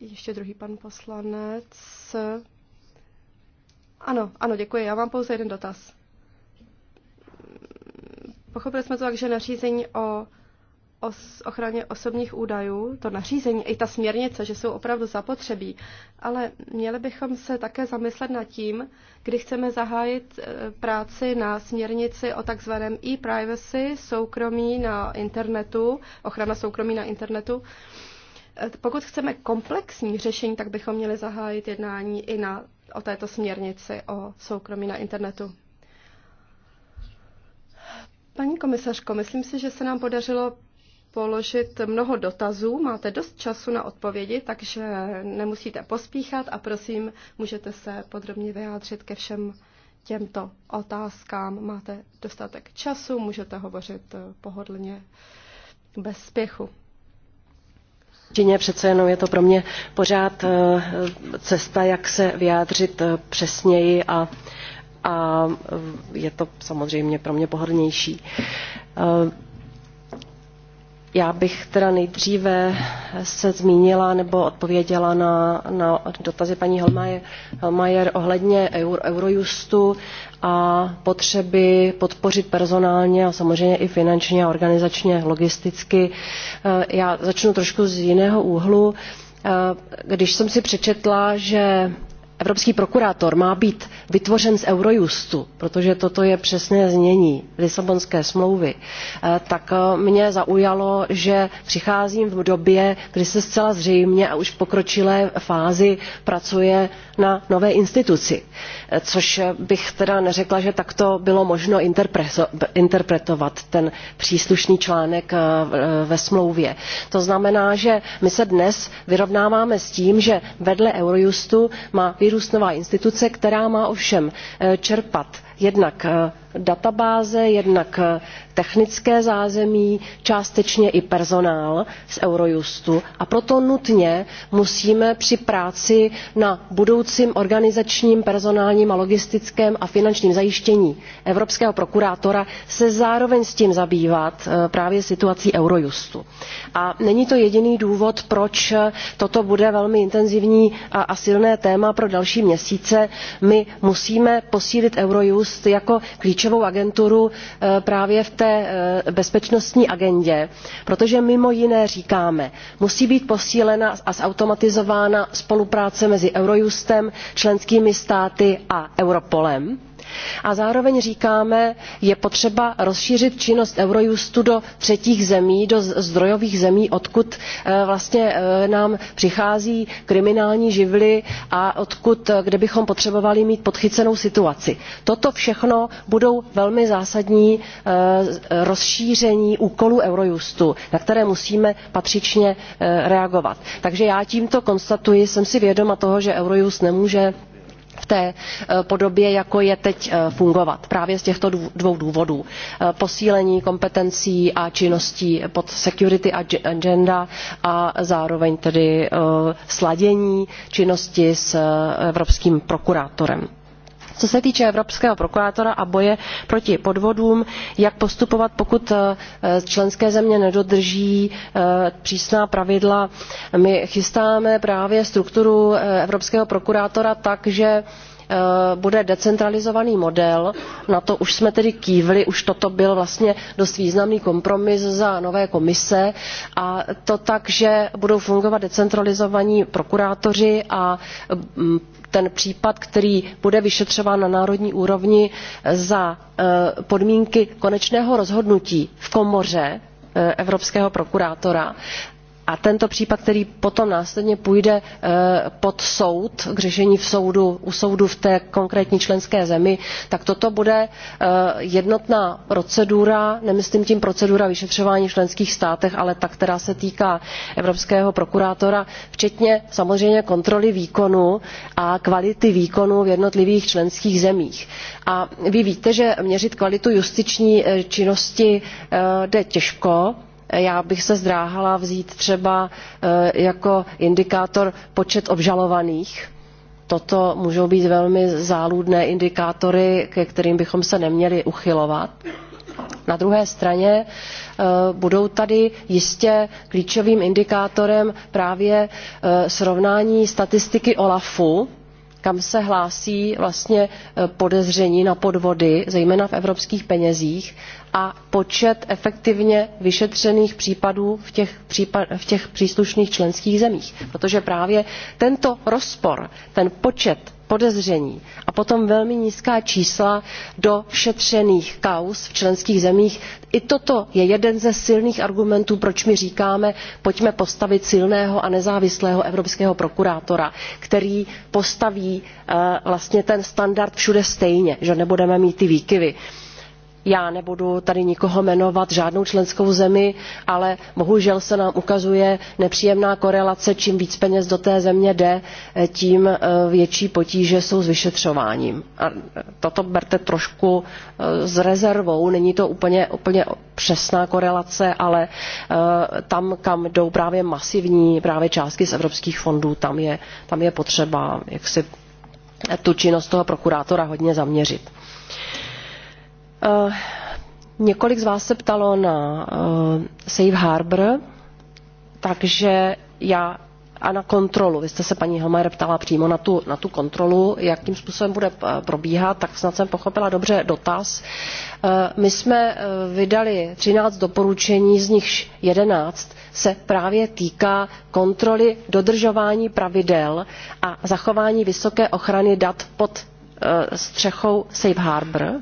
Ještě druhý pan poslanec. Ano, ano, děkuji. Já mám pouze jeden dotaz. Pochopili jsme to tak, že nařízení o ochraně osobních údajů, to nařízení, i ta směrnice, že jsou opravdu zapotřebí, ale měli bychom se také zamyslet nad tím, kdy chceme zahájit e, práci na směrnici o takzvaném e-privacy, soukromí na internetu, ochrana soukromí na internetu. E, pokud chceme komplexní řešení, tak bychom měli zahájit jednání i na o této směrnici o soukromí na internetu. Paní komisařko, myslím si, že se nám podařilo položit mnoho dotazů, máte dost času na odpovědi, takže nemusíte pospíchat a prosím, můžete se podrobně vyjádřit ke všem těmto otázkám. Máte dostatek času, můžete hovořit eh, pohodlně bez spěchu. Čině přece jenom je to pro mě pořád eh, cesta, jak se vyjádřit eh, přesněji a, a eh, je to samozřejmě pro mě pohodlnější. Já bych teda nejdříve se zmínila nebo odpověděla na, na dotazy paní Holmajer, Holmajer ohledně Euro, Eurojustu a potřeby podpořit personálně a samozřejmě i finančně a organizačně, logisticky. Eh, já začnu trošku z jiného úhlu. Eh, když jsem si přečetla, že evropský prokurátor má být vytvořen z Eurojustu, protože toto je přesné znění Lisabonské smlouvy, eh, tak eh, mě zaujalo, že přicházím v době, kdy se zcela zřejmě a už v pokročilé fázi pracuje na nové instituci. Eh, což bych teda neřekla, že takto bylo možno interpretovat ten příslušný článek ve smlouvě. To znamená, že my se dnes vyrovnáváme s tím, že vedle Eurojustu má vyrůst instituce která má ovšem eh, čerpat jednak eh, databáze jednak eh, technické zázemí částečně i personál z eurojustu a proto nutně musíme při práci na budoucím organizačním personálním a logistickém a finančním zajištění evropského prokurátora se zároveň s tím zabývat eh, právě situací eurojustu. a není to jediný důvod proč toto bude velmi intenzivní a silné téma pro další měsíce. my musíme posílit eurojust růst jako klíčovou agenturu eh, právě v té eh, bezpečnostní agendě, protože mimo jiné říkáme, musí být posílena a zautomatizována spolupráce mezi Eurojustem, členskými státy a Europolem a zároveň říkáme, je potřeba rozšířit činnost Eurojustu do třetích zemí, do zdrojových zemí, odkud eh, vlastně eh, nám přichází kriminální živly a odkud, eh, kde bychom potřebovali mít podchycenou situaci. Toto všechno budou velmi zásadní rozšíření úkolů Eurojustu, na které musíme patřičně reagovat. Takže já tímto konstatuji, jsem si vědoma toho, že Eurojust nemůže v té eh, podobě, jako je teď eh, fungovat. Právě z těchto dvou důvodů. Eh, posílení kompetencí a činností pod security agenda a zároveň tedy sladění činnosti s evropským prokurátorem co se týče evropského prokurátora a boje proti podvodům, jak postupovat, pokud eh, členské země nedodrží eh, přísná pravidla. My chystáme právě strukturu eh, evropského prokurátora tak, že bude decentralizovaný model. Na to už jsme tedy kývli, už toto byl vlastně dost významný kompromis za nové komise a to tak, že budou fungovat decentralizovaní prokurátoři a mm, ten případ který bude vyšetřován na národní úrovni eh, za eh, podmínky konečného rozhodnutí v komoře eh, evropského prokurátora a tento případ, který potom následně půjde eh, pod soud, k řešení v soudu, u soudu v té konkrétní členské zemi, tak toto bude eh, jednotná procedura, nemyslím tím procedura vyšetřování v členských státech, ale ta, která se týká evropského prokurátora, včetně samozřejmě kontroly výkonu a kvality výkonu v jednotlivých členských zemích. A vy víte, že měřit kvalitu justiční eh, činnosti jde těžko, já bych se zdráhala vzít třeba eh, jako indikátor počet obžalovaných toto můžou být velmi záludné indikátory, ke kterým bychom se neměli uchylovat. Na druhé straně eh, budou tady jistě klíčovým indikátorem právě eh, srovnání statistiky OLAFu, kam se hlásí vlastně podezření na podvody, zejména v evropských penězích, a počet efektivně vyšetřených případů v těch, příslušných členských zemích protože právě tento rozpor ten počet podezření a potom velmi nízká čísla do kauz v členských zemích i toto je jeden ze silných argumentů proč my říkáme pojďme postavit silného a nezávislého evropského prokurátora který postaví eh, vlastně ten standard všude stejně že nebudeme mít ty výkyvy já nebudu tady nikoho jmenovat žádnou členskou zemi ale bohužel se nám ukazuje nepříjemná korelace čím více peněz do té země jde eh, tím eh, větší potíže jsou s vyšetřováním. A eh, toto berte trošku s rezervou není to úplně, úplně přesná korelace ale tam kam jdou právě masivní právě částky z evropských fondů tam je, tam je potřeba jaksi tu činnost toho prokurátora hodně zaměřit Eh, několik z vás se ptalo na eh, Safe Harbor, takže já a na kontrolu. Vy jste se, paní Homer, ptala přímo na tu, na tu kontrolu, jakým způsobem bude eh, probíhat, tak snad jsem pochopila dobře dotaz. My jsme vydali 13 doporučení, z nichž 11 se právě týká kontroly dodržování pravidel a zachování vysoké ochrany dat pod střechou Safe Harbor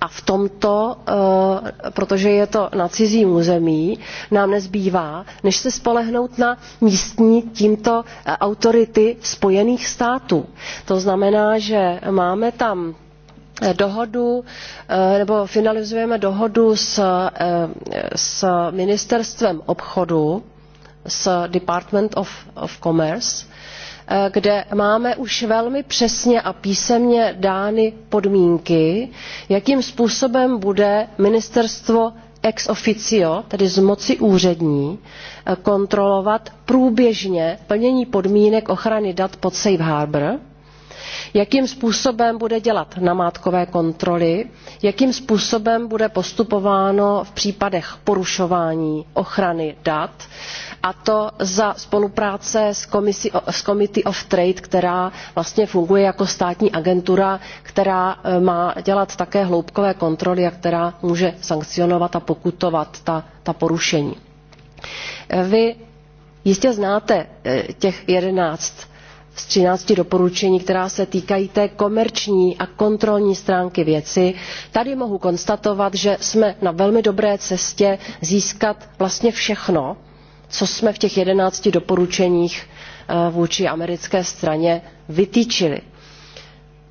a v tomto, eh, protože je to na cizím území, nám nezbývá, než se spolehnout na místní tímto eh, autority Spojených států. To znamená, že máme tam eh, dohodu nebo finalizujeme dohodu s, s ministerstvem obchodu s Department of, of Commerce Eh, kde máme už velmi přesně a písemně dány podmínky jakým způsobem bude ministerstvo ex officio tedy z moci úřední eh, kontrolovat průběžně plnění podmínek ochrany dat pod safe harbour jakým způsobem bude dělat namátkové kontroly jakým způsobem bude postupováno v případech porušování ochrany dat a to za spolupráce s, s committee of trade která vlastně funguje jako státní agentura která e, má dělat také hloubkové kontroly a která může sankcionovat a pokutovat ta, ta porušení. E, vy jistě znáte e, těch jedenáct z 13 doporučení která se týkají té komerční a kontrolní stránky věci tady mohu konstatovat že jsme na velmi dobré cestě získat vlastně všechno co jsme v těch jedenácti doporučeních eh, vůči americké straně vytýčili.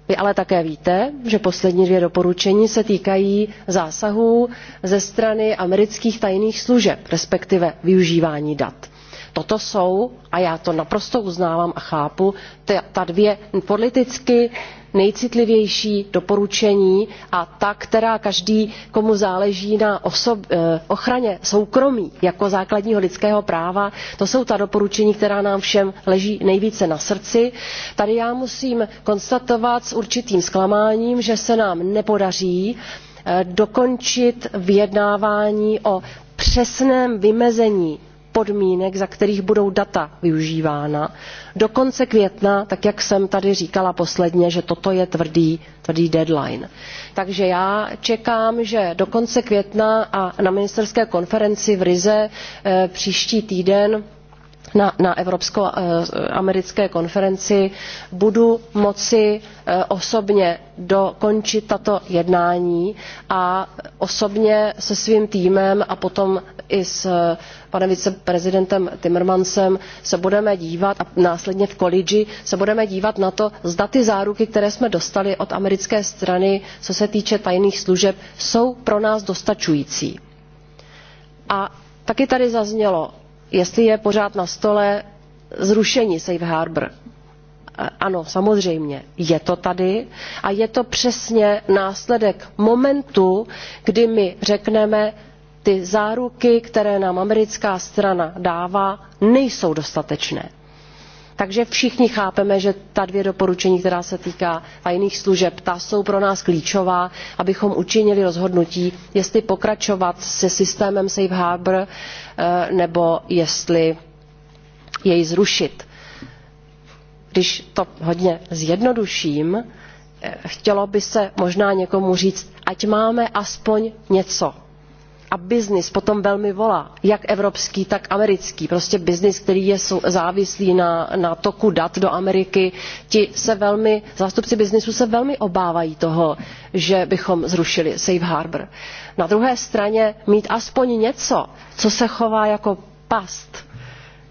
Vy ale také víte, že poslední dvě doporučení se týkají zásahů ze strany amerických tajných služeb, respektive využívání dat toto jsou a já to naprosto uznávám a chápu ta dvě politicky nejcitlivější doporučení a ta která každý komu záleží na eh, ochraně soukromí jako základního lidského práva to jsou ta doporučení která nám všem leží nejvíce na srdci. tady já musím konstatovat s určitým zklamáním že se nám nepodaří eh, dokončit vyjednávání o přesném vymezení podmínek, za kterých budou data využívána. Do konce května, tak jak jsem tady říkala posledně, že toto je tvrdý, tvrdý deadline. Takže já čekám, že do konce května a na ministerské konferenci v Rize eh, příští týden na, na evropsko-americké konferenci budu moci eh, osobně dokončit tato jednání a osobně se svým týmem a potom i s eh, panem viceprezidentem Timmermansem se budeme dívat a následně v kolidži se budeme dívat na to, zda ty záruky, které jsme dostali od americké strany, co se týče tajných služeb, jsou pro nás dostačující. A taky tady zaznělo, jestli je pořád na stole zrušení safe Harbor. Ano, samozřejmě, je to tady a je to přesně následek momentu, kdy my řekneme, ty záruky, které nám americká strana dává, nejsou dostatečné takže všichni chápeme že ta dvě doporučení která se týkají tajných služeb ta jsou pro nás klíčová abychom učinili rozhodnutí jestli pokračovat se systémem safe harbour eh, nebo jestli jej zrušit. když to hodně zjednoduším eh, chtělo by se možná někomu říct ať máme aspoň něco a business potom velmi volá jak evropský tak americký prostě business, který je závislý na, na toku dat do ameriky ti se velmi zástupci byznysu se velmi obávají toho že bychom zrušili safe harbour. na druhé straně mít aspoň něco co se chová jako past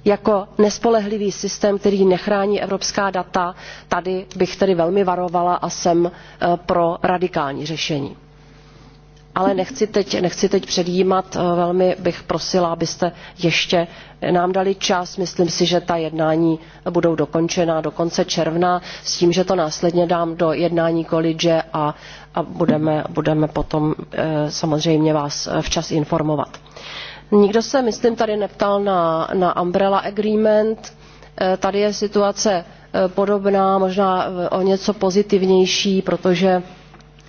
jako nespolehlivý systém který nechrání evropská data tady bych tedy velmi varovala a jsem eh, pro radikální řešení ale nechci teď, nechci teď předjímat, eh, velmi bych prosila, abyste ještě nám dali čas. Myslím si, že ta jednání budou dokončena do konce června, s tím, že to následně dám do jednání kolidže a, a budeme, budeme potom eh, samozřejmě vás eh, včas informovat. Nikdo se, myslím, tady neptal na, na Umbrella Agreement. Tady je situace podobná, možná o něco pozitivnější, protože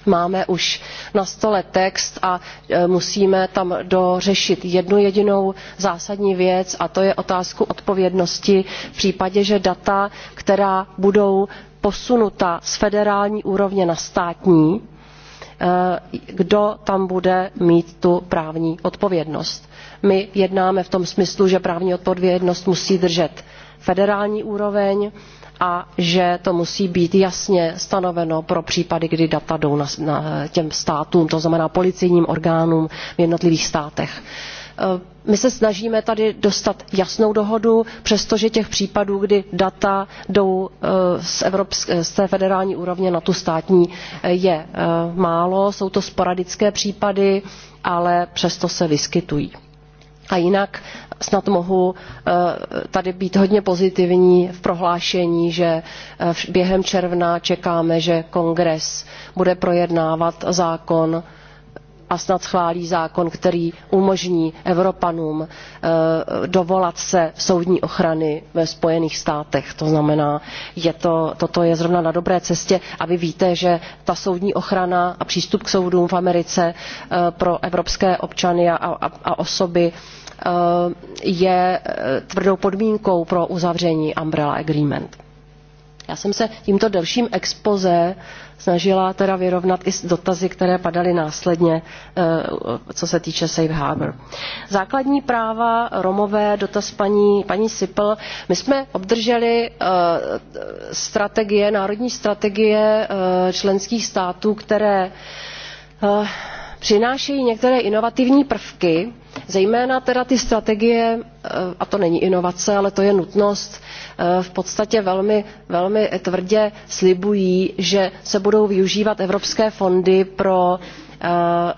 máme už na stole text a e, musíme tam dořešit jednu jedinou zásadní věc a to je otázku odpovědnosti v případě že data která budou posunuta z federální úrovně na státní e, kdo tam bude mít tu právní odpovědnost. my jednáme v tom smyslu že právní odpovědnost musí držet federální úroveň a že to musí být jasně stanoveno pro případy, kdy data jdou na, na těm státům, to znamená policejním orgánům v jednotlivých státech. E, my se snažíme tady dostat jasnou dohodu, přestože těch případů, kdy data jdou e, z, Evropské, z té federální úrovně na tu státní, e, je málo. Jsou to sporadické případy, ale přesto se vyskytují. A jinak snad mohu eh, tady být hodně pozitivní v prohlášení, že eh, během června čekáme, že kongres bude projednávat zákon a snad schválí zákon, který umožní Evropanům eh, dovolat se soudní ochrany ve Spojených státech. To znamená, je to, toto je zrovna na dobré cestě a vy víte, že ta soudní ochrana a přístup k soudům v Americe pro evropské občany a, a, a osoby je eh, tvrdou podmínkou pro uzavření Umbrella Agreement. Já jsem se tímto delším expoze snažila teda vyrovnat i s dotazy, které padaly následně, eh, co se týče Safe Harbor. Základní práva Romové, dotaz paní, paní Sipl. My jsme obdrželi eh, strategie, národní strategie členských států, které přinášejí některé inovativní prvky, Zejména teda ty strategie, eh, a to není inovace, ale to je nutnost, eh, v podstatě velmi, velmi tvrdě slibují, že se budou využívat evropské fondy pro Eh,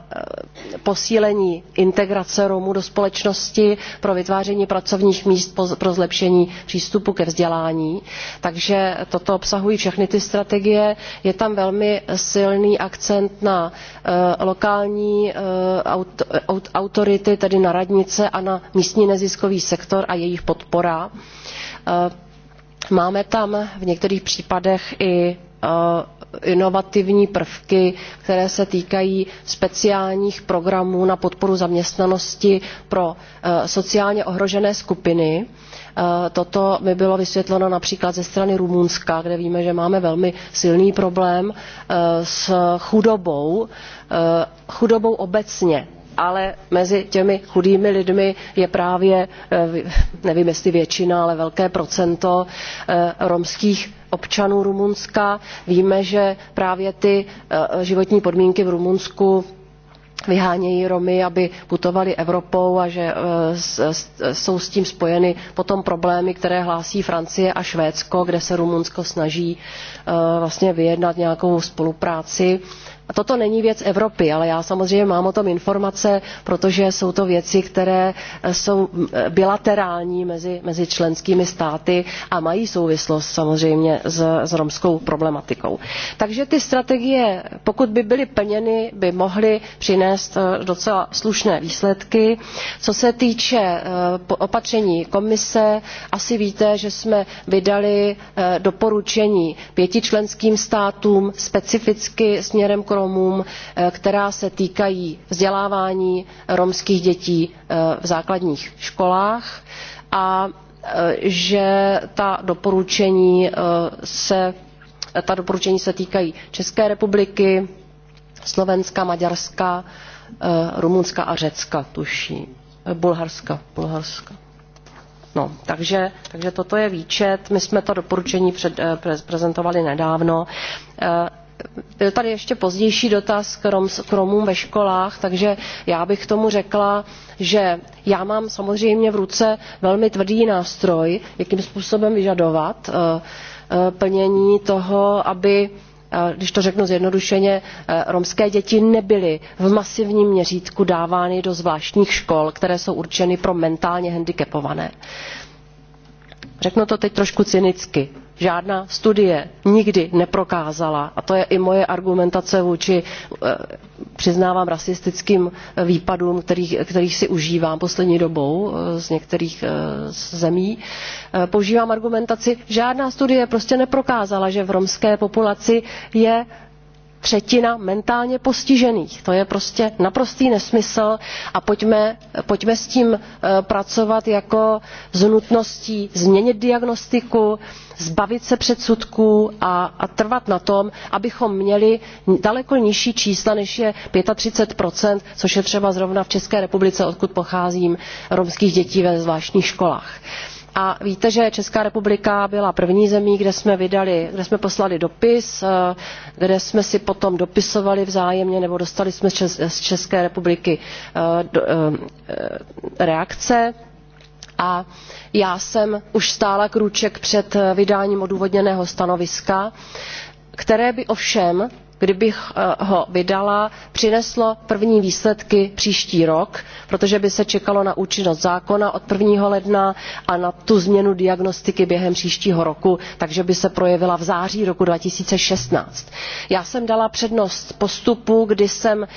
posílení integrace Romů do společnosti, pro vytváření pracovních míst, pro zlepšení přístupu ke vzdělání. Takže toto obsahují všechny ty strategie. Je tam velmi silný akcent na eh, lokální eh, autority, tedy na radnice a na místní neziskový sektor a jejich podpora. Máme tam v některých případech i inovativní prvky, které se týkají speciálních programů na podporu zaměstnanosti pro eh, sociálně ohrožené skupiny. Eh, toto mi bylo vysvětleno například ze strany Rumunska, kde víme, že máme velmi silný problém eh, s chudobou, chudobou obecně, ale mezi těmi chudými lidmi je právě nevím jestli většina ale velké procento romských občanů Rumunska. Víme, že právě ty eh, životní podmínky v Rumunsku vyhánějí Romy, aby putovali Evropou a že eh, jsou s tím spojeny potom problémy, které hlásí Francie a Švédsko, kde se Rumunsko snaží eh, vlastně vyjednat nějakou spolupráci toto není věc Evropy, ale já samozřejmě mám o tom informace, protože jsou to věci, které eh, jsou eh, bilaterální mezi, mezi členskými státy a mají souvislost samozřejmě s, s romskou problematikou. Takže ty strategie, pokud by byly plněny, by mohly přinést eh, docela slušné výsledky. Co se týče opatření komise, asi víte, že jsme vydali doporučení pěti členským státům specificky směrem k Romům, eh, která se týkají vzdělávání romských dětí eh, v základních školách a eh, že ta doporučení se, ta doporučení se týkají České republiky, Slovenska, Maďarska, Rumunska a Řecka, tuším. Bulharska, Bulharska. No, takže, takže toto je výčet. My jsme to doporučení před, prezentovali nedávno byl tady ještě pozdější dotaz k, Romům ve školách, takže já bych tomu řekla, že já mám samozřejmě v ruce velmi tvrdý nástroj, jakým způsobem vyžadovat eh, eh, plnění toho, aby eh, když to řeknu zjednodušeně, romské děti nebyly v masivním měřítku dávány do zvláštních škol, které jsou určeny pro mentálně handicapované. Řeknu to teď trošku cynicky žádná studie nikdy neprokázala a to je i moje argumentace vůči eh, přiznávám rasistickým eh, výpadům kterých, kterých si užívám poslední dobou eh, z některých zemí používám argumentaci žádná studie prostě neprokázala že v romské populaci je třetina mentálně postižených. To je prostě naprostý nesmysl a pojďme, pojďme s tím eh, pracovat jako s nutností změnit diagnostiku, zbavit se předsudků a, a trvat na tom, abychom měli daleko nižší čísla, než je 35%, což je třeba zrovna v České republice, odkud pocházím, romských dětí ve zvláštních školách. A víte, že Česká republika byla první zemí, kde jsme, vydali, kde jsme poslali dopis, eh, kde jsme si potom dopisovali vzájemně, nebo dostali jsme z České republiky eh, eh, reakce a já jsem už stála krůček před vydáním odůvodněného stanoviska které by ovšem kdybych eh, ho vydala přineslo první výsledky příští rok protože by se čekalo na účinnost zákona od prvního ledna a na tu změnu diagnostiky během příštího roku takže by se projevila v září roku. two thousand and sixteen já jsem dala přednost postupu kdy jsem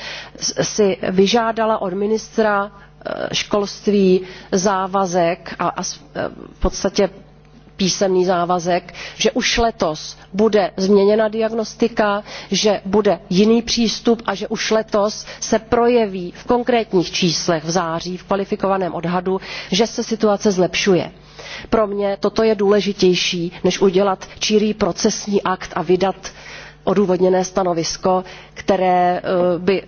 si vyžádala od ministra eh, školství závazek a eh, v podstatě písemný závazek že už letos bude změněna diagnostika že bude jiný přístup a že už letos se projeví v konkrétních číslech v září v kvalifikovaném odhadu že se situace zlepšuje. pro mě toto je důležitější než udělat čirý procesní akt a vydat odůvodněné stanovisko, které eh, by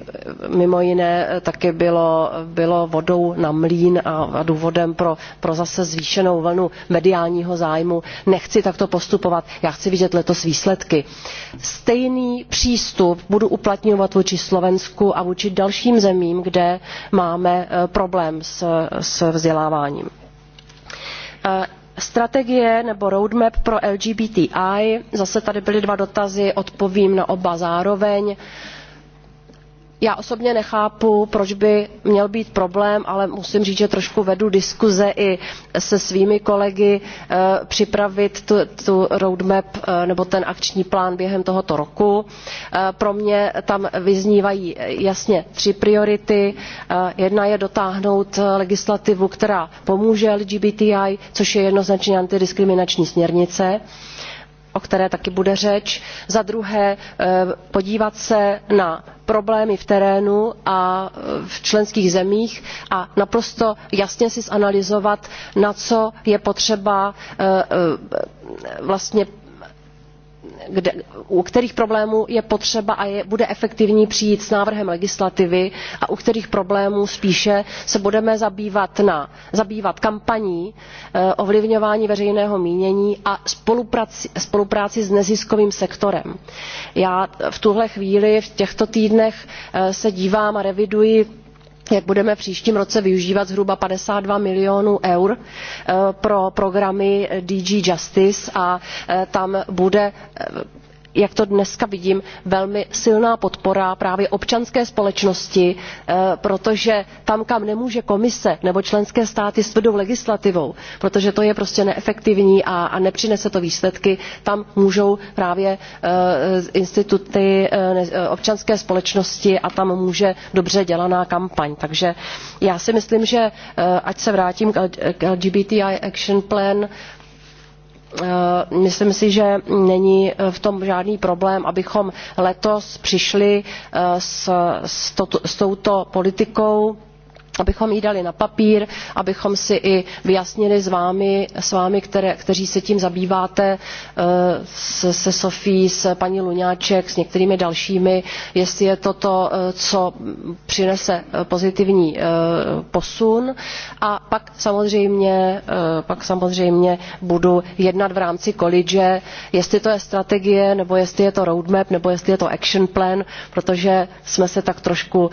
mimo jiné eh, taky bylo, bylo vodou na mlín a důvodem pro, pro zase zvýšenou vlnu mediálního zájmu. Nechci takto postupovat, já chci vidět letos výsledky. Stejný přístup budu uplatňovat vůči Slovensku a vůči dalším zemím, kde máme eh, problém s, s vzděláváním strategie nebo roadmap pro lgbti zase tady byly dva dotazy odpovím na oba zároveň já osobně nechápu proč by měl být problém ale musím říct že trošku vedu diskuze i se svými kolegy eh, připravit tu, tu roadmap eh, nebo ten akční plán během tohoto roku. Eh, pro mě tam vyznívají jasně tři priority jedna je dotáhnout legislativu která pomůže lgbti což je jednoznačně antidiskriminační směrnice o které taky bude řeč za druhé eh, podívat se na problémy v terénu a eh, v členských zemích a naprosto jasně si zanalyzovat na co je potřeba eh, vlastně kde, u kterých problémů je potřeba a je, bude efektivní přijít s návrhem legislativy a u kterých problémů spíše se budeme zabývat, na, zabývat kampaní, eh, ovlivňování veřejného mínění a spolupráci, spolupráci s neziskovým sektorem. Já v tuhle chvíli, v těchto týdnech eh, se dívám a reviduji jak budeme v příštím roce využívat zhruba fifty two milionů eur eh, pro programy dg justice a eh, tam bude eh, jak to dneska vidím velmi silná podpora právě občanské společnosti eh, protože tam kam nemůže komise nebo členské státy s tvrdou legislativou protože to je prostě neefektivní a, a nepřinese to výsledky tam můžou právě eh, instituty eh, občanské společnosti a tam může dobře dělaná kampaň. takže já si myslím že ať se vrátím k lgbti action plan Eh, myslím si, že není eh, v tom žádný problém, abychom letos přišli eh, s, s, to, s touto politikou abychom ji dali na papír abychom si i vyjasnili s vámi, s vámi které, kteří se tím zabýváte eh, se sofií s paní luňáček s některými dalšími jestli je to to eh, co přinese eh, pozitivní posun a pak samozřejmě, pak samozřejmě budu jednat v rámci college, jestli to je strategie nebo jestli je to roadmap nebo jestli je to action plan protože jsme se tak trošku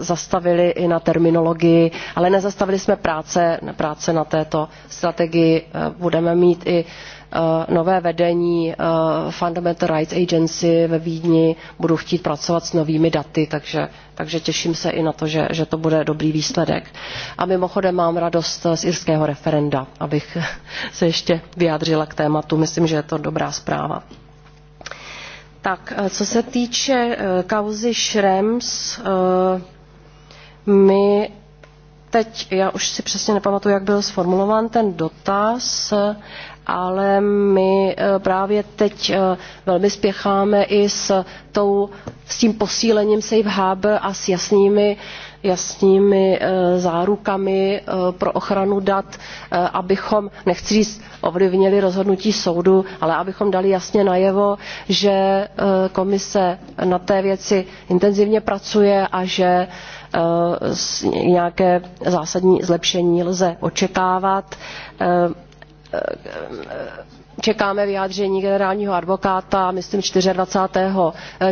zastavili i na terminologii technologii, ale nezastavili jsme práce, práce na této strategii. Eh, budeme mít i eh, nové vedení eh, Fundamental Rights Agency ve Vídni budu chtít pracovat s novými daty, takže, takže těším se i na to, že, že to bude dobrý výsledek. A mimochodem mám radost z irského referenda, abych se ještě vyjádřila k tématu. Myslím, že je to dobrá zpráva. Tak, co se týče kauzy Šrems, my teď, já už si přesně nepamatuju, jak byl sformulován ten dotaz, ale my eh, právě teď eh, velmi spěcháme i s, tou, s tím posílením Safe Hub a s jasnými, jasnými eh, zárukami pro ochranu dat, abychom, nechci říct, ovlivnili rozhodnutí soudu, ale abychom dali jasně najevo, že komise na té věci intenzivně pracuje a že Eh, nějaké zásadní zlepšení lze očekávat eh, eh, čekáme vyjádření generálního advokáta myslím. 24.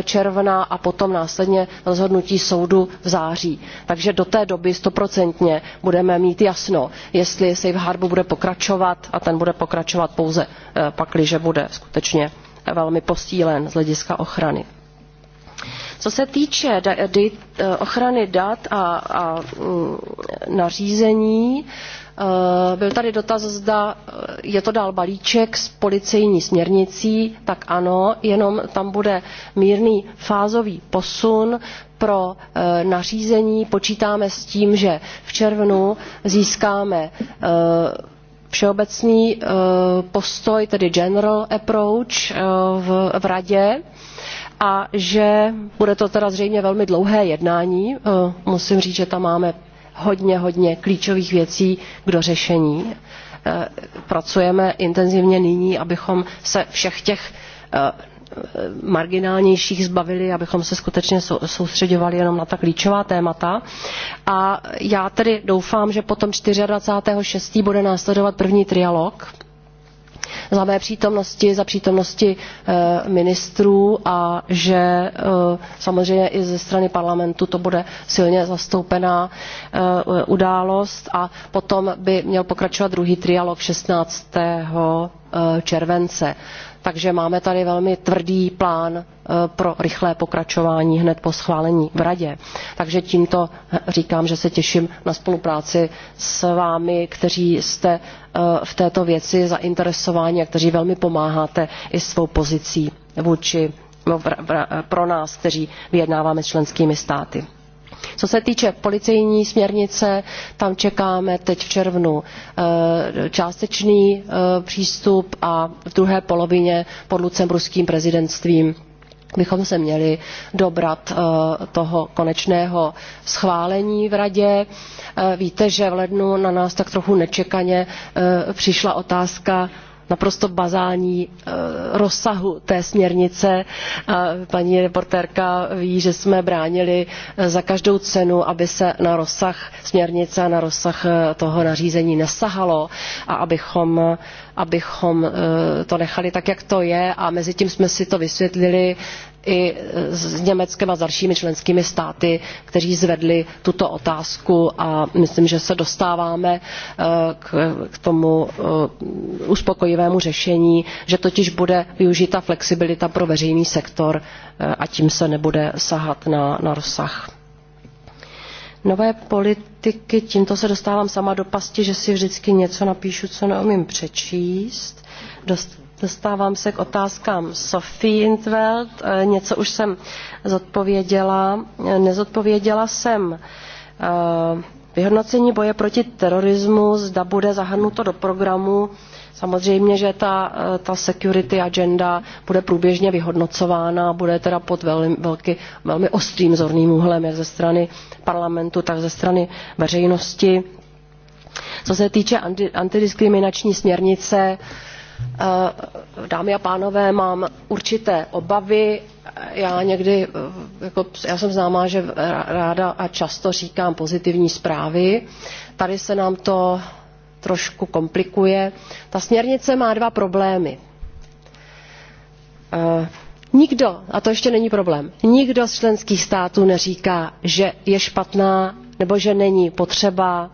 června a potom následně rozhodnutí soudu v září takže do té doby stoprocentně budeme mít jasno jestli safe harbour bude pokračovat a ten bude pokračovat pouze pakliže bude skutečně velmi posílen z hlediska ochrany. Co se týče eh, ochrany dat a, a mm, nařízení, eh, byl tady dotaz, zda eh, je to dál balíček s policejní směrnicí, tak ano, jenom tam bude mírný fázový posun pro nařízení. Počítáme s tím, že v červnu získáme všeobecný postoj, tedy general approach v, v radě a že bude to teda zřejmě velmi dlouhé jednání. Eh, musím říct, že tam máme hodně, hodně klíčových věcí k dořešení. Eh, pracujeme intenzivně nyní, abychom se všech těch eh, marginálnějších zbavili, abychom se skutečně soustředovali jenom na ta klíčová témata. A já tedy doufám, že potom 24.6. bude následovat první trialog za mé přítomnosti, za přítomnosti eh, ministrů a že eh, samozřejmě i ze strany parlamentu to bude silně zastoupená eh, událost a potom by měl pokračovat druhý trialog 16. července takže máme tady velmi tvrdý plán eh, pro rychlé pokračování hned po schválení v radě. Takže tímto eh, říkám, že se těším na spolupráci s vámi, kteří jste eh, v této věci zainteresováni a kteří velmi pomáháte i svou pozicí vůči pro nás, kteří vyjednáváme s členskými státy. Co se týče policejní směrnice, tam čekáme teď v červnu eh, částečný eh, přístup a v druhé polovině pod lucemburským prezidentstvím bychom se měli dobrat eh, toho konečného schválení v radě. Víte, že v lednu na nás tak trochu nečekaně přišla otázka naprosto bazální eh, rozsahu té směrnice. Eh, paní reportérka ví, že jsme bránili eh, za každou cenu, aby se na rozsah směrnice a na rozsah toho nařízení nesahalo a abychom, abychom to nechali tak, jak to je a mezi tím jsme si to vysvětlili i s Německem a s dalšími členskými státy, kteří zvedli tuto otázku a myslím, že se dostáváme eh, k tomu eh, uspokojivému řešení, že totiž bude využita flexibilita pro veřejný sektor eh, a tím se nebude sahat na, na rozsah nové politiky, tímto se dostávám sama do pasti, že si vždycky něco napíšu, co neumím přečíst. Dost, Dostávám se k otázkám Sophie Intveld. Eh, něco už jsem zodpověděla. Eh, nezodpověděla jsem eh, vyhodnocení boje proti terorismu, zda bude zahrnuto do programu. Samozřejmě, že ta, ta security agenda bude průběžně vyhodnocována a bude teda pod velmi, velký, velmi ostrým zorným úhlem jak ze strany parlamentu, tak ze strany veřejnosti. Co se týče antidiskriminační směrnice, Eh, dámy a pánové mám určité obavy já někdy eh, jako, já jsem známá že ráda a často říkám pozitivní zprávy tady se nám to trošku komplikuje. ta směrnice má dva problémy. Eh, nikdo a to ještě není problém nikdo z členských států neříká že je špatná nebo že není potřeba.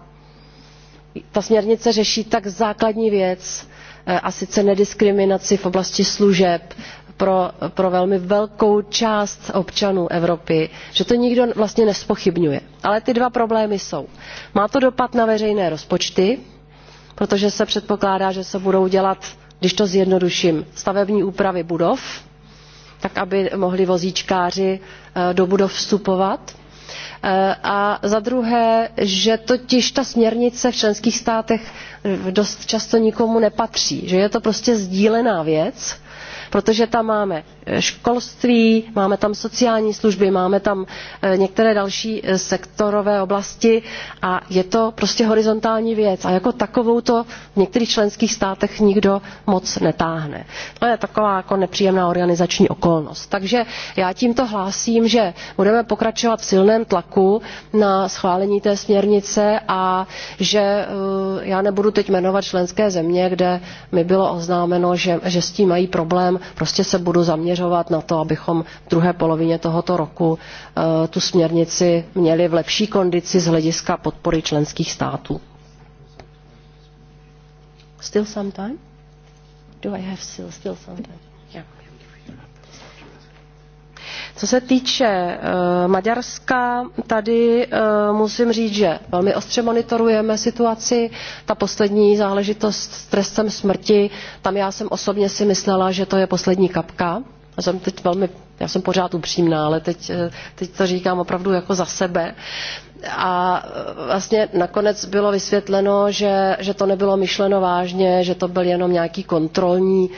ta směrnice řeší tak základní věc Eh, a sice nediskriminaci v oblasti služeb pro, pro velmi velkou část občanů Evropy, že to nikdo vlastně nespochybňuje. Ale ty dva problémy jsou. Má to dopad na veřejné rozpočty, protože se předpokládá, že se budou dělat, když to zjednoduším, stavební úpravy budov, tak aby mohli vozíčkáři eh, do budov vstupovat. Eh, a za druhé, že totiž ta směrnice v členských státech dost často nikomu nepatří, že je to prostě sdílená věc protože tam máme eh, školství, máme tam sociální služby, máme tam eh, některé další eh, sektorové oblasti a je to prostě horizontální věc a jako takovou to v některých členských státech nikdo moc netáhne. To je taková jako nepříjemná organizační okolnost. Takže já tímto hlásím, že budeme pokračovat v silném tlaku na schválení té směrnice a že já nebudu teď jmenovat členské země, kde mi bylo oznámeno, že, že s tím mají problém, Prostě se budu zaměřovat na to, abychom v druhé polovině tohoto roku eh, tu směrnici měli v lepší kondici z hlediska podpory členských států. Still some time? Do I have still, still some time? Co se týče eh, Maďarska, tady eh, musím říct, že velmi ostře monitorujeme situaci. Ta poslední záležitost s trestem smrti, tam já jsem osobně si myslela, že to je poslední kapka. Já jsem teď velmi, já jsem pořád upřímná, ale teď, eh, teď to říkám opravdu jako za sebe a vlastně nakonec bylo vysvětleno, že, že to nebylo myšleno vážně, že to byl jenom nějaký kontrolní uh,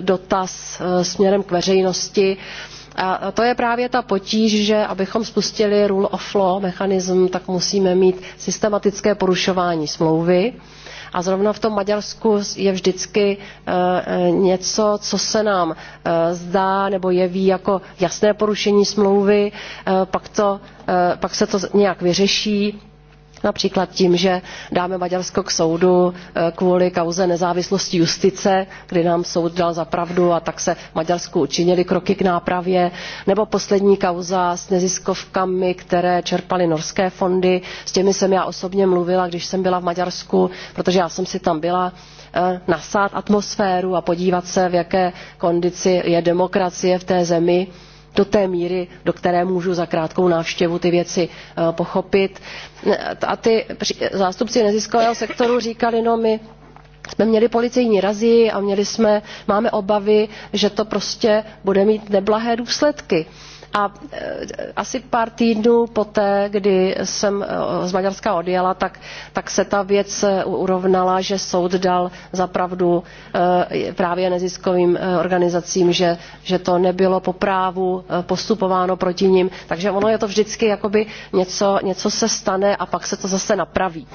dotaz uh, směrem k veřejnosti. Uh, a to je právě ta potíž, že abychom spustili rule of law mechanism, tak musíme mít systematické porušování smlouvy. A zrovna v tom Maďarsku je vždycky eh, eh, něco, co se nám eh, zdá nebo jeví jako jasné porušení smlouvy, pak, to, pak se to nějak vyřeší Například tím, že dáme Maďarsko k soudu eh, kvůli kauze nezávislosti justice, kdy nám soud dal za pravdu a tak se Maďarsku učinili kroky k nápravě, nebo poslední kauza s neziskovkami, které čerpaly norské fondy. S těmi jsem já osobně mluvila, když jsem byla v Maďarsku, protože já jsem si tam byla eh, nasát atmosféru a podívat se, v jaké kondici je demokracie v té zemi do té míry, do které můžu za krátkou návštěvu ty věci eh, pochopit. Eh, a ty zástupci neziskového sektoru říkali, no my jsme měli policejní razy a měli jsme, máme obavy, že to prostě bude mít neblahé důsledky a e, asi pár týdnů poté, kdy jsem e, z Maďarska odjela, tak, tak se ta věc e, urovnala, že soud dal zapravdu právě neziskovým organizacím, že, že to nebylo po právu postupováno proti nim. Takže ono je to vždycky jakoby něco, něco se stane a pak se to zase napraví.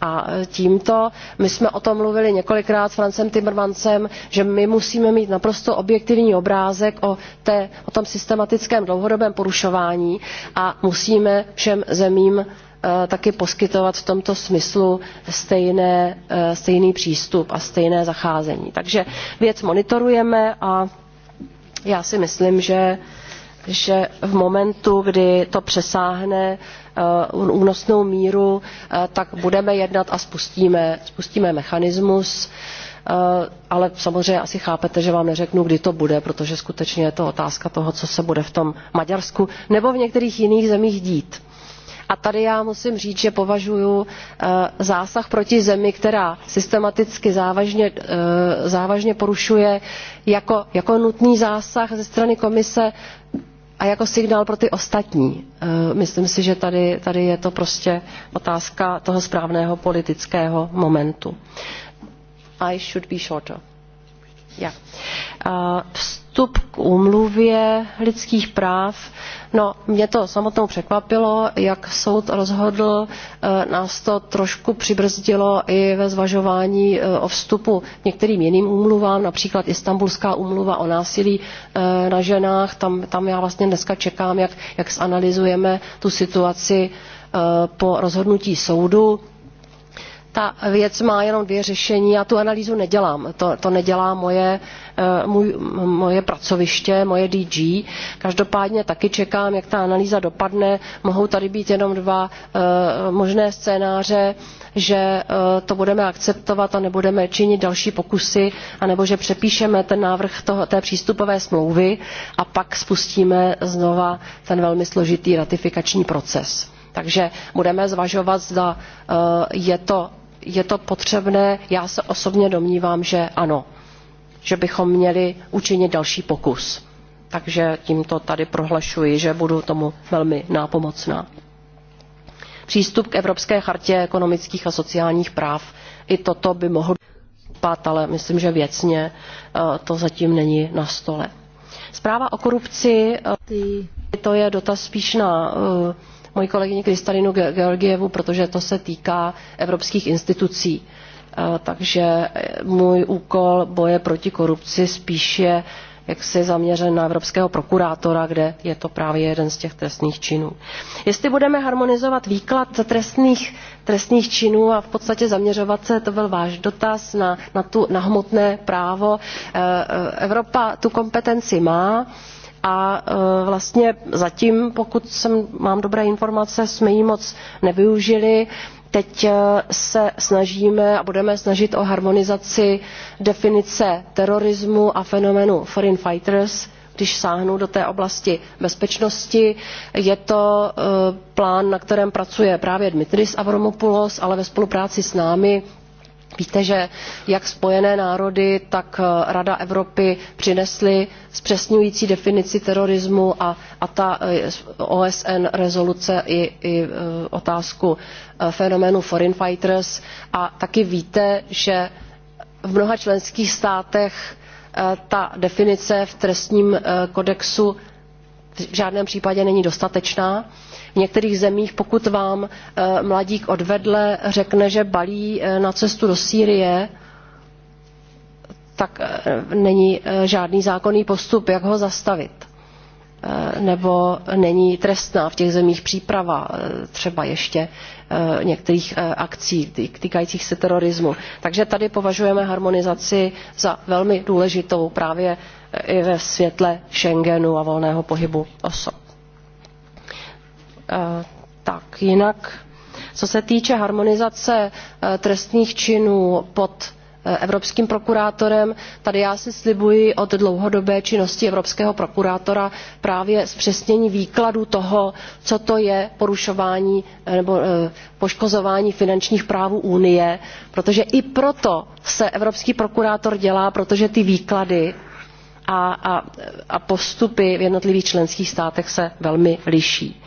A tímto my jsme o tom mluvili několikrát s Francem Timmermansem, že my musíme mít naprosto objektivní obrázek o, té, o tom systematickém dlouhodobí, dlouhodobém porušování a musíme všem zemím eh, taky poskytovat v tomto smyslu stejné, eh, stejný přístup a stejné zacházení. Takže věc monitorujeme a já si myslím, že že v momentu, kdy to přesáhne eh, únosnou míru, tak budeme jednat a spustíme, spustíme mechanismus, Eh, ale samozřejmě asi chápete, že vám neřeknu, kdy to bude, protože skutečně je to otázka toho, co se bude v tom Maďarsku nebo v některých jiných zemích dít. A tady já musím říct, že považuji eh, zásah proti zemi, která systematicky závažně, eh, závažně porušuje, jako, jako nutný zásah ze strany komise a jako signál pro ty ostatní. Myslím si, že tady, tady je to prostě otázka toho správného politického momentu. I should be shorter. Yeah. Uh, vstup k úmluvě lidských práv. No, mě to samotnou překvapilo, jak soud rozhodl, eh, nás to trošku přibrzdilo i ve zvažování eh, o vstupu k některým jiným úmluvám, například Istanbulská úmluva o násilí eh, na ženách. Tam, tam já vlastně dneska čekám, jak, jak zanalizujeme tu situaci po rozhodnutí soudu ta věc má jenom dvě řešení. Já tu analýzu nedělám. To, to nedělá moje, eh, můj, moje pracoviště, moje DG. Každopádně taky čekám, jak ta analýza dopadne. Mohou tady být jenom dva eh, možné scénáře, že eh, to budeme akceptovat a nebudeme činit další pokusy, anebo že přepíšeme ten návrh toho, té přístupové smlouvy a pak spustíme znova ten velmi složitý ratifikační proces takže budeme zvažovat zda je to je to potřebné? Já se osobně domnívám, že ano, že bychom měli učinit další pokus. Takže tímto tady prohlašuji, že budu tomu velmi nápomocná. Přístup k Evropské chartě ekonomických a sociálních práv, i toto by mohlo pát, ale myslím, že věcně eh, to zatím není na stole. Zpráva o korupci, eh, to je dotaz spíš na eh, moji kolegyni Kristalinu Georgievu, protože to se týká evropských institucí. Eh, takže eh, můj úkol boje proti korupci spíš je jaksi zaměřen na evropského prokurátora, kde je to právě jeden z těch trestných činů. Jestli budeme harmonizovat výklad trestných, trestných činů a v podstatě zaměřovat se, to byl váš dotaz, na, na, tu, na hmotné právo, eh, Evropa tu kompetenci má a e, vlastně zatím pokud jsem, mám dobré informace jsme ji moc nevyužili teď e, se snažíme a budeme snažit o harmonizaci definice terorismu a fenoménu foreign fighters když sáhnu do té oblasti bezpečnosti. Je to e, plán, na kterém pracuje právě Dmitris Avramopoulos, ale ve spolupráci s námi Víte, že jak Spojené národy, tak eh, Rada Evropy přinesly zpřesňující definici terorismu a, a ta eh, OSN rezoluce i, i eh, otázku fenoménu foreign fighters. A taky víte, že v mnoha členských státech ta definice v trestním kodexu v žádném případě není dostatečná v některých zemích, pokud vám eh, mladík odvedle řekne, že balí eh, na cestu do Sýrie, tak eh, není žádný zákonný postup, jak ho zastavit. Nebo není trestná v těch zemích příprava třeba ještě některých akcí týkajících se terorismu. Takže tady považujeme harmonizaci za velmi důležitou právě i ve světle Schengenu a volného pohybu osob. Eh, tak jinak, co se týče harmonizace eh, trestných činů pod eh, evropským prokurátorem tady já si slibuji od dlouhodobé činnosti evropského prokurátora právě zpřesnění výkladu toho co to je porušování nebo poškozování finančních práv unie protože i proto se evropský prokurátor dělá protože ty výklady a, a, a postupy v jednotlivých členských státech se velmi liší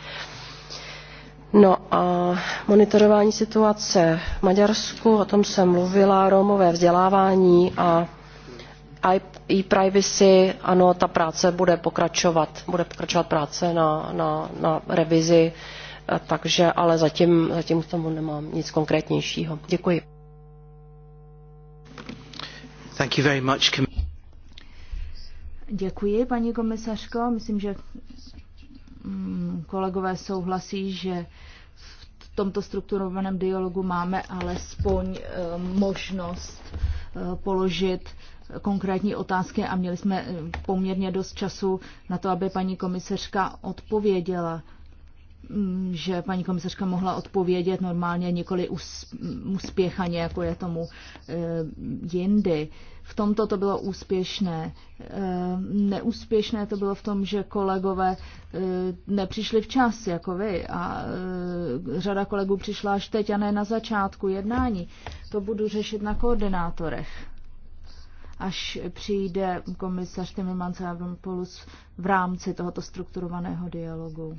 No a monitorování situace v Maďarsku, o tom jsem mluvila, Romové vzdělávání a e-privacy, ano, ta práce bude pokračovat, bude pokračovat práce na, na, na revizi, eh, takže, ale zatím, zatím k tomu nemám nic konkrétnějšího. Děkuji. Thank you very much. Děkuji, paní komisařko. Myslím, že Mm, kolegové souhlasí, že v tomto strukturovaném dialogu máme alespoň eh, možnost eh, položit konkrétní otázky a měli jsme eh, poměrně dost času na to, aby paní komisařka odpověděla mm, že paní komisařka mohla odpovědět normálně nikoli uspěchaně, jako je tomu jindy v tomto to bylo úspěšné. Eh, neúspěšné to bylo v tom, že kolegové eh, nepřišli včas, jako vy, a eh, řada kolegů přišla až teď a ne na začátku jednání. To budu řešit na koordinátorech až přijde komisař Timmermans a Polus v rámci tohoto strukturovaného dialogu.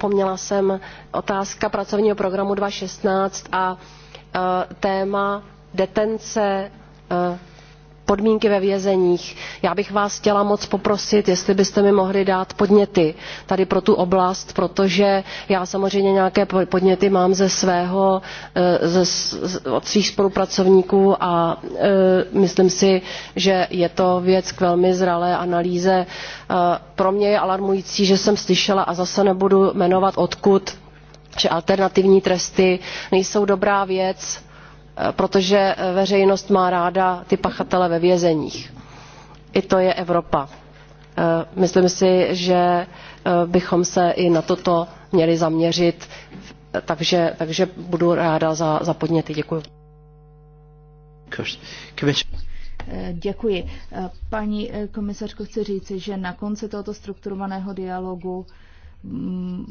Poměla jsem otázka pracovního programu 2016 a Eh, téma detence eh, podmínky ve vězeních. já bych vás chtěla moc poprosit jestli byste mi mohli dát podněty tady pro tu oblast protože já samozřejmě nějaké podněty mám ze svého eh, ze, od svých spolupracovníků a myslím si že je to věc k velmi zralé analýze. pro mě je alarmující že jsem slyšela a zase nebudu jmenovat odkud že alternativní tresty nejsou dobrá věc, eh, protože veřejnost má ráda ty pachatele ve vězeních. I to je Evropa. Eh, myslím si, že eh, bychom se i na toto měli zaměřit, takže, takže budu ráda za, za podněty. Děkuji. Děkuji. Paní komisařko, chci říci, že na konci tohoto strukturovaného dialogu Mm,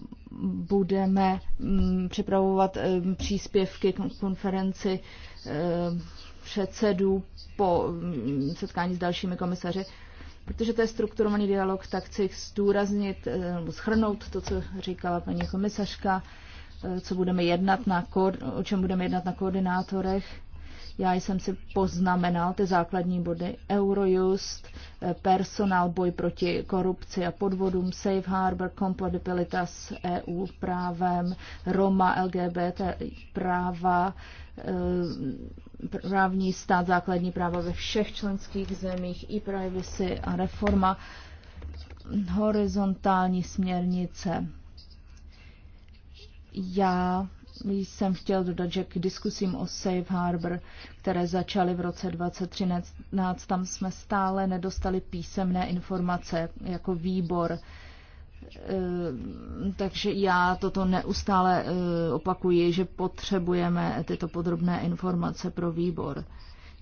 budeme mm, připravovat mm, příspěvky k konferenci předsedů po setkání s dalšími komisaři. Protože to je strukturovaný dialog, tak chci zdůraznit eh, nebo schrnout to, co říkala paní komisařka, eh, co budeme jednat na, o čem budeme jednat na koordinátorech já jsem si poznamenal ty základní body Eurojust, eh, personál, boj proti korupci a podvodům, Safe Harbor, kompatibilita s EU právem, Roma, LGBT práva, eh, právní stát, základní práva ve všech členských zemích, e-privacy a reforma horizontální směrnice. Já jsem chtěl dodat, že k diskusím o Safe Harbor, které začaly v roce 2013, tam jsme stále nedostali písemné informace jako výbor. Eh, takže já toto neustále eh, opakuji, že potřebujeme tyto podrobné informace pro výbor.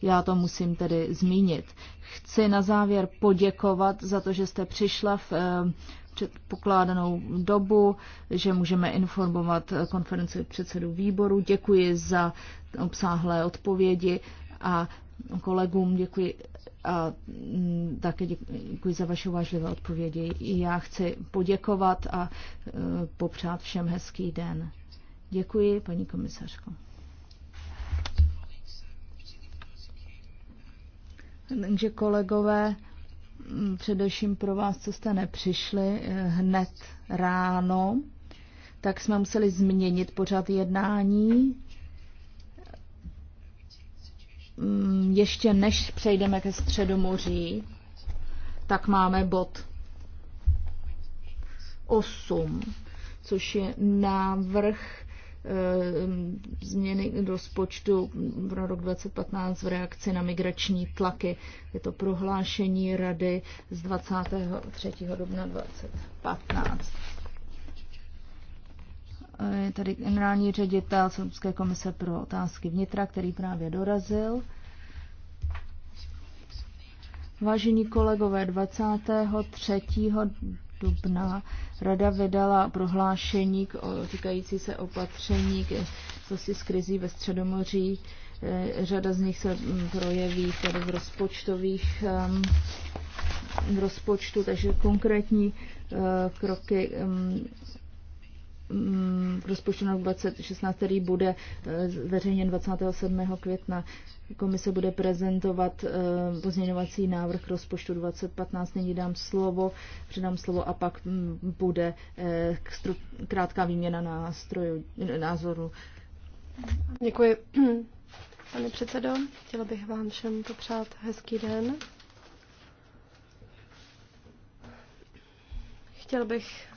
Já to musím tedy zmínit. Chci na závěr poděkovat za to, že jste přišla v eh, předpokládanou dobu, že můžeme informovat konferenci předsedů výboru. Děkuji za obsáhlé odpovědi a kolegům děkuji a mm, také děkuji za vaše uvážlivé odpovědi. I já chci poděkovat a e, popřát všem hezký den. Děkuji, paní komisařko. Takže kolegové, Mm, především pro vás, co jste nepřišli eh, hned ráno, tak jsme museli změnit pořad jednání. Mm, ještě než přejdeme ke Středomoří, tak máme bod 8, což je návrh Eh, změny rozpočtu pro rok 2015 v reakci na migrační tlaky. Je to prohlášení Rady z 23. dubna 2015. Eh, je tady generální ředitel Srbské komise pro otázky vnitra, který právě dorazil. Vážení kolegové, 23 dubna Rada vydala prohlášení k, týkající se opatření k si s krizí ve Středomoří. Eh, řada z nich se mm, projeví tady v rozpočtových v rozpočtu, takže konkrétní eh, kroky Mm, rozpočtu na 2016, který bude eh, zveřejněn 27. května. Komise bude prezentovat eh, pozměňovací návrh rozpočtu 2015. Nyní dám slovo, předám slovo a pak mm, bude eh, krátká výměna nástrojů, názoru. Děkuji. Pane předsedo, chtěla bych vám všem popřát hezký den. Chtěl bych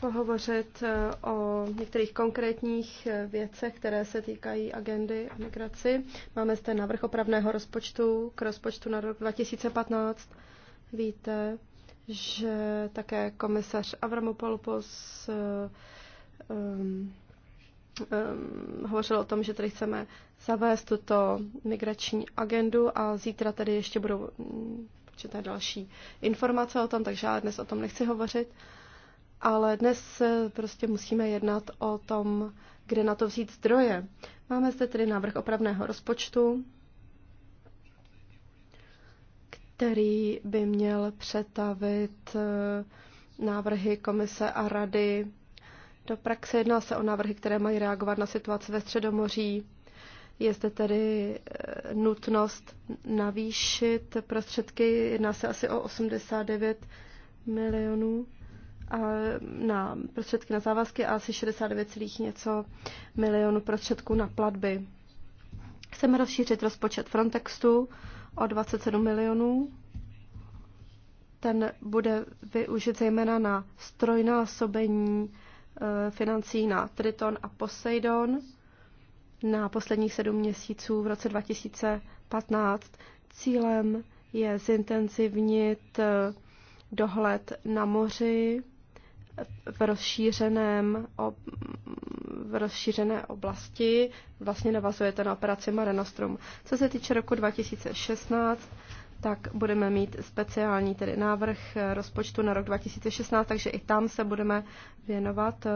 pohovořit eh, o některých konkrétních eh, věcech, které se týkají agendy a migraci. Máme zde návrh opravného rozpočtu k rozpočtu na rok 2015. Víte, že také komisař Avramopoulos um, um, hovořil o tom, že tady chceme zavést tuto migrační agendu a zítra tady ještě budou mm, určité další informace o tom, takže já dnes o tom nechci hovořit ale dnes eh, prostě musíme jednat o tom, kde na to vzít zdroje. Máme zde tedy návrh opravného rozpočtu, který by měl přetavit eh, návrhy komise a rady do praxe. Jedná se o návrhy, které mají reagovat na situaci ve Středomoří. Je zde tedy eh, nutnost navýšit prostředky, jedná se asi o 89 milionů na prostředky na závazky a asi 69, něco milionů prostředků na platby. Chceme rozšířit rozpočet Frontextu o 27 milionů. Ten bude využit zejména na strojnásobení e, financí na Triton a Poseidon na posledních sedm měsíců v roce 2015. Cílem je zintenzivnit e, dohled na moři v rozšířeném, ob, v rozšířené oblasti vlastně navazujete na operaci Mare Nostrum. Co se týče roku 2016, tak budeme mít speciální tedy návrh eh, rozpočtu na rok 2016, takže i tam se budeme věnovat eh,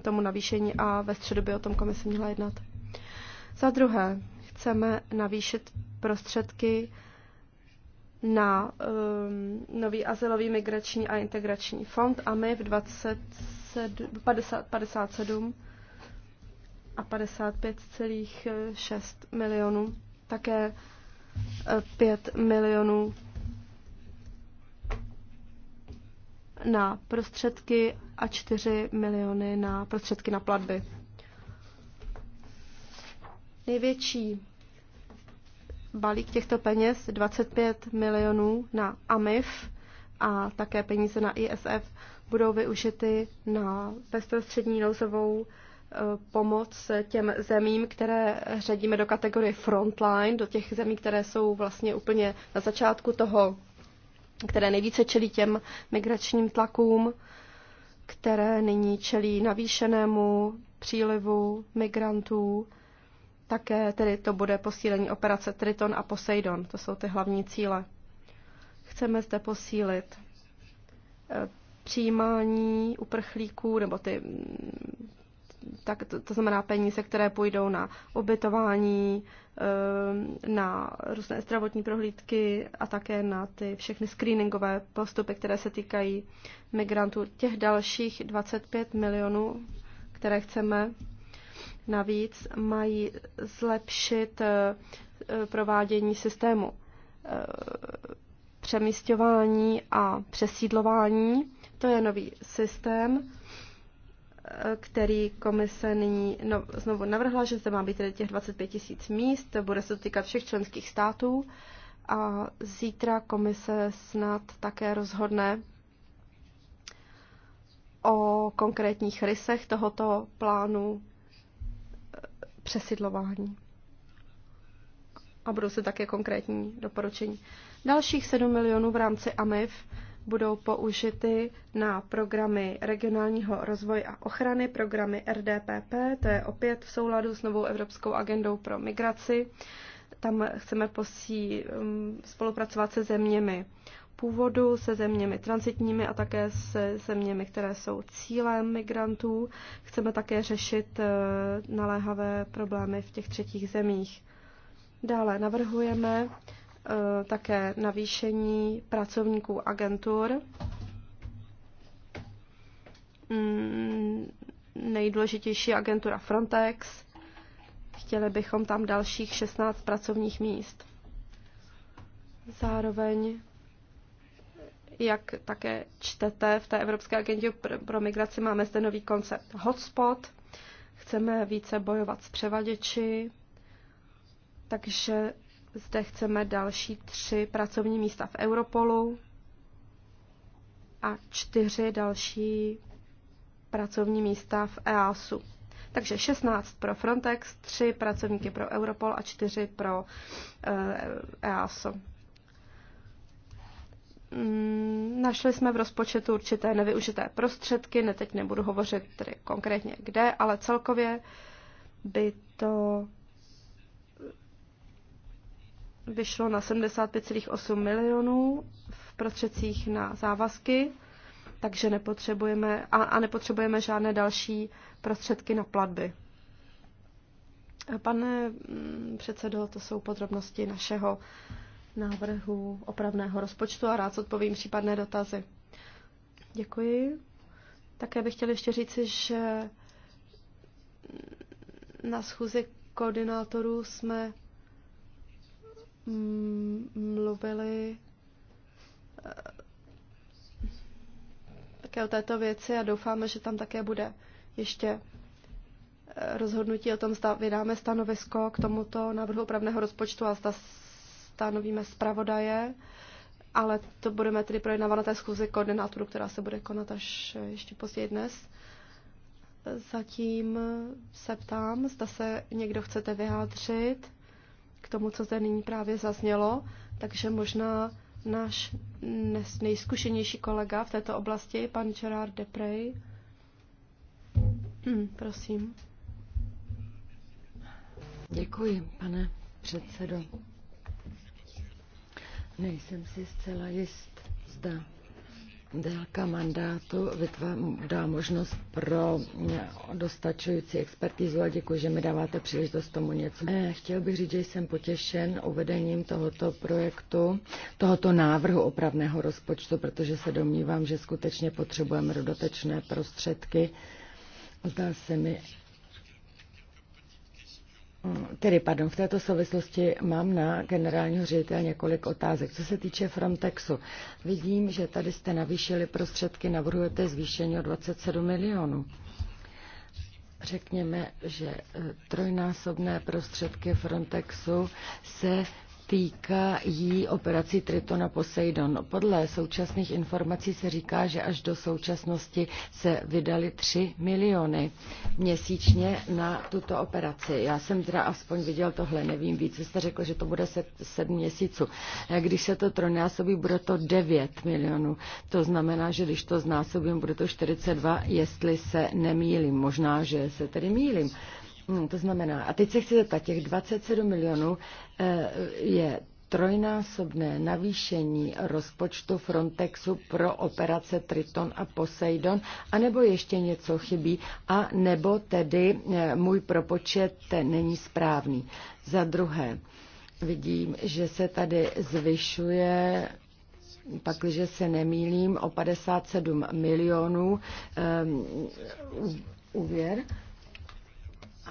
tomu navýšení a ve středu by o tom komise měla jednat. Za druhé, chceme navýšit prostředky na um, nový asilový migrační a integrační fond a my v 27, 50, 57 a 55,6 milionů, také 5 eh, milionů na prostředky a 4 miliony na prostředky na platby. Největší balík těchto peněz 25 milionů na AMIF a také peníze na ISF budou využity na bezprostřední nouzovou e, pomoc těm zemím, které řadíme do kategorie frontline, do těch zemí, které jsou vlastně úplně na začátku toho, které nejvíce čelí těm migračním tlakům, které nyní čelí navýšenému přílivu migrantů také tedy to bude posílení operace Triton a Poseidon. To jsou ty hlavní cíle. Chceme zde posílit eh, přijímání uprchlíků, nebo ty, mm, tak to, to znamená peníze, které půjdou na ubytování, eh, na různé zdravotní prohlídky a také na ty všechny screeningové postupy, které se týkají migrantů. Těch dalších 25 milionů, které chceme Navíc mají zlepšit eh, eh, provádění systému eh, přemysťování a přesídlování. To je nový systém, který komise nyní no, znovu navrhla, že zde má být tedy těch 25 tisíc míst, bude se to týkat všech členských států a zítra komise snad také rozhodne o konkrétních rysech tohoto plánu přesidlování. A budou se také konkrétní doporučení. Dalších 7 milionů v rámci AMIF budou použity na programy regionálního rozvoje a ochrany, programy RDPP, to je opět v souladu s novou Evropskou agendou pro migraci. Tam chceme posí, um, spolupracovat se zeměmi původu, se zeměmi transitními a také se zeměmi, které jsou cílem migrantů. Chceme také řešit eh, naléhavé problémy v těch třetích zemích. Dále navrhujeme eh, také navýšení pracovníků agentur. Mm, nejdůležitější agentura Frontex. Chtěli bychom tam dalších 16 pracovních míst. Zároveň jak také čtete v té Evropské agendě pro migraci, máme zde nový koncept hotspot. Chceme více bojovat s převaděči, takže zde chceme další tři pracovní místa v Europolu a čtyři další pracovní místa v EASu. Takže 16 pro Frontex, 3 pracovníky pro Europol a 4 pro EASO. Eh, e Mm, našli jsme v rozpočetu určité nevyužité prostředky, ne teď nebudu hovořit tedy konkrétně kde, ale celkově by to vyšlo na 75,8 milionů v prostředcích na závazky, takže nepotřebujeme a, a nepotřebujeme žádné další prostředky na platby. Pane mm, předsedo, to jsou podrobnosti našeho návrhu opravného rozpočtu a rád odpovím případné dotazy. Děkuji. Také bych chtěla ještě říci, že na schůzi koordinátorů jsme mm, mluvili eh, také o této věci a doufáme, že tam také bude ještě eh, rozhodnutí o tom, zda vydáme stanovisko k tomuto návrhu opravného rozpočtu a zda stanovíme zpravodaje, ale to budeme tedy projednávat na té schůzi koordinátoru, která se bude konat až ještě později dnes. Zatím se ptám, zda se někdo chcete vyjádřit k tomu, co zde nyní právě zaznělo, takže možná náš nejzkušenější kolega v této oblasti, pan Gerard Deprey. Hmm, prosím. Děkuji, pane předsedo. Nejsem si zcela jist, zda délka mandátu dá možnost pro eh, dostačující expertizu a děkuji, že mi dáváte příležitost tomu něco. Eh, chtěl bych říct, že jsem potěšen uvedením tohoto projektu, tohoto návrhu opravného rozpočtu, protože se domnívám, že skutečně potřebujeme dodatečné prostředky. Zdá se mi Tedy, pardon, v této souvislosti mám na generálního ředitele několik otázek. Co se týče Frontexu, vidím, že tady jste navýšili prostředky, navrhujete zvýšení o 27 milionů. Řekněme, že eh, trojnásobné prostředky Frontexu se týká jí operací Tritona Poseidon. Podle současných informací se říká, že až do současnosti se vydali 3 miliony měsíčně na tuto operaci. Já jsem teda aspoň viděl tohle, nevím víc. Vy jste řekl, že to bude 7 měsíců. Eh, když se to trojnásobí, bude to 9 milionů. To znamená, že když to znásobím, bude to 42, jestli se nemýlím. Možná, že se tedy mýlím. Hmm, to znamená, a teď se chci zeptat, těch 27 milionů eh, je trojnásobné navýšení rozpočtu Frontexu pro operace Triton a Poseidon, anebo ještě něco chybí, a nebo tedy eh, můj propočet není správný. Za druhé, vidím, že se tady zvyšuje pakliže se nemýlím, o 57 milionů um, úvěr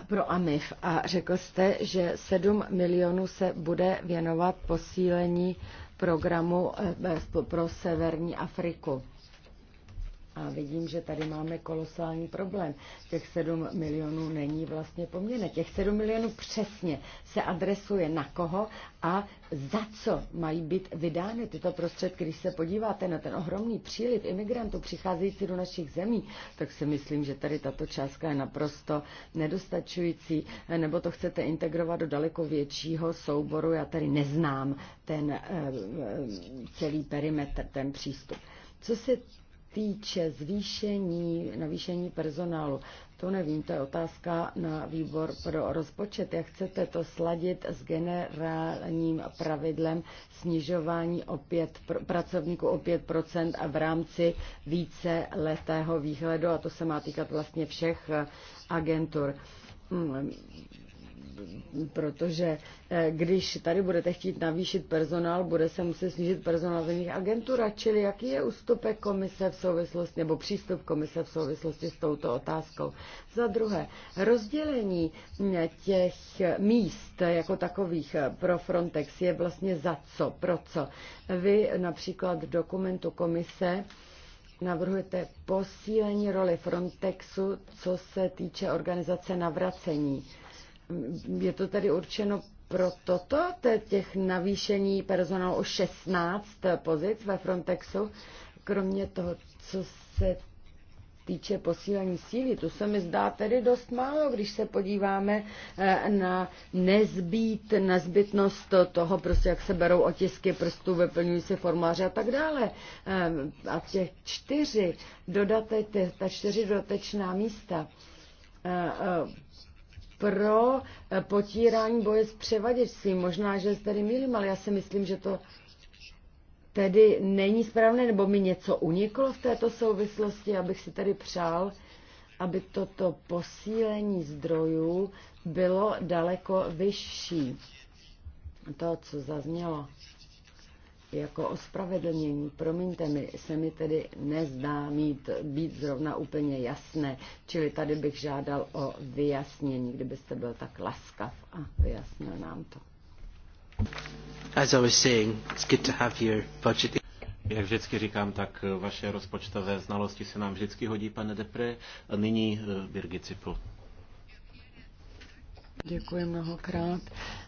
pro AMIF a řekl jste, že 7 milionů se bude věnovat posílení programu eh, pro severní Afriku. A vidím, že tady máme kolosální problém. Těch 7 milionů není vlastně poměrné. Těch 7 milionů přesně se adresuje na koho a za co mají být vydány tyto prostředky. Když se podíváte na ten ohromný příliv imigrantů přicházející do našich zemí, tak si myslím, že tady tato částka je naprosto nedostačující, nebo to chcete integrovat do daleko většího souboru. Já tady neznám ten eh, eh, celý perimetr, ten přístup. Co se týče zvýšení, navýšení personálu, to nevím, to je otázka na výbor pro rozpočet. Jak chcete to sladit s generálním pravidlem snižování o pr- pracovníků o 5% a v rámci více letého výhledu, a to se má týkat vlastně všech agentur hmm, protože eh, když tady budete chtít navýšit personál, bude se muset snížit personál v nich. Agentura, čili jaký je ústupek komise v souvislosti, nebo přístup komise v souvislosti s touto otázkou. Za druhé, rozdělení mm, těch míst jako takových eh, pro Frontex je vlastně za co, pro co. Vy například v dokumentu komise navrhujete posílení roli Frontexu, co se týče organizace navracení je to tedy určeno pro toto, těch navýšení personálu o 16 pozic ve Frontexu, kromě toho, co se týče posílení síly, to se mi zdá tedy dost málo, když se podíváme eh, na nezbýt, na zbytnost toho, prostě jak se berou otisky prstů, vyplňují se formáře a tak dále. Eh, a těch čtyři, dodate, ta čtyři dodatečná místa, eh, pro eh, potírání boje s převaděčstvím. Možná, že se tady mýlím, ale já si myslím, že to tedy není správné, nebo mi něco uniklo v této souvislosti, abych si tady přál, aby toto posílení zdrojů bylo daleko vyšší. To, co zaznělo jako ospravedlnění, promiňte mi, se mi tedy nezdá mít být zrovna úplně jasné, čili tady bych žádal o vyjasnění, kdybyste byl tak laskav a vyjasnil nám to. As I was saying, it's good to have your budget. Jak vždycky říkám, tak vaše rozpočtové znalosti se nám vždycky hodí, pane Depre. A nyní eh, Birgit Cipl. Děkuji mnohokrát.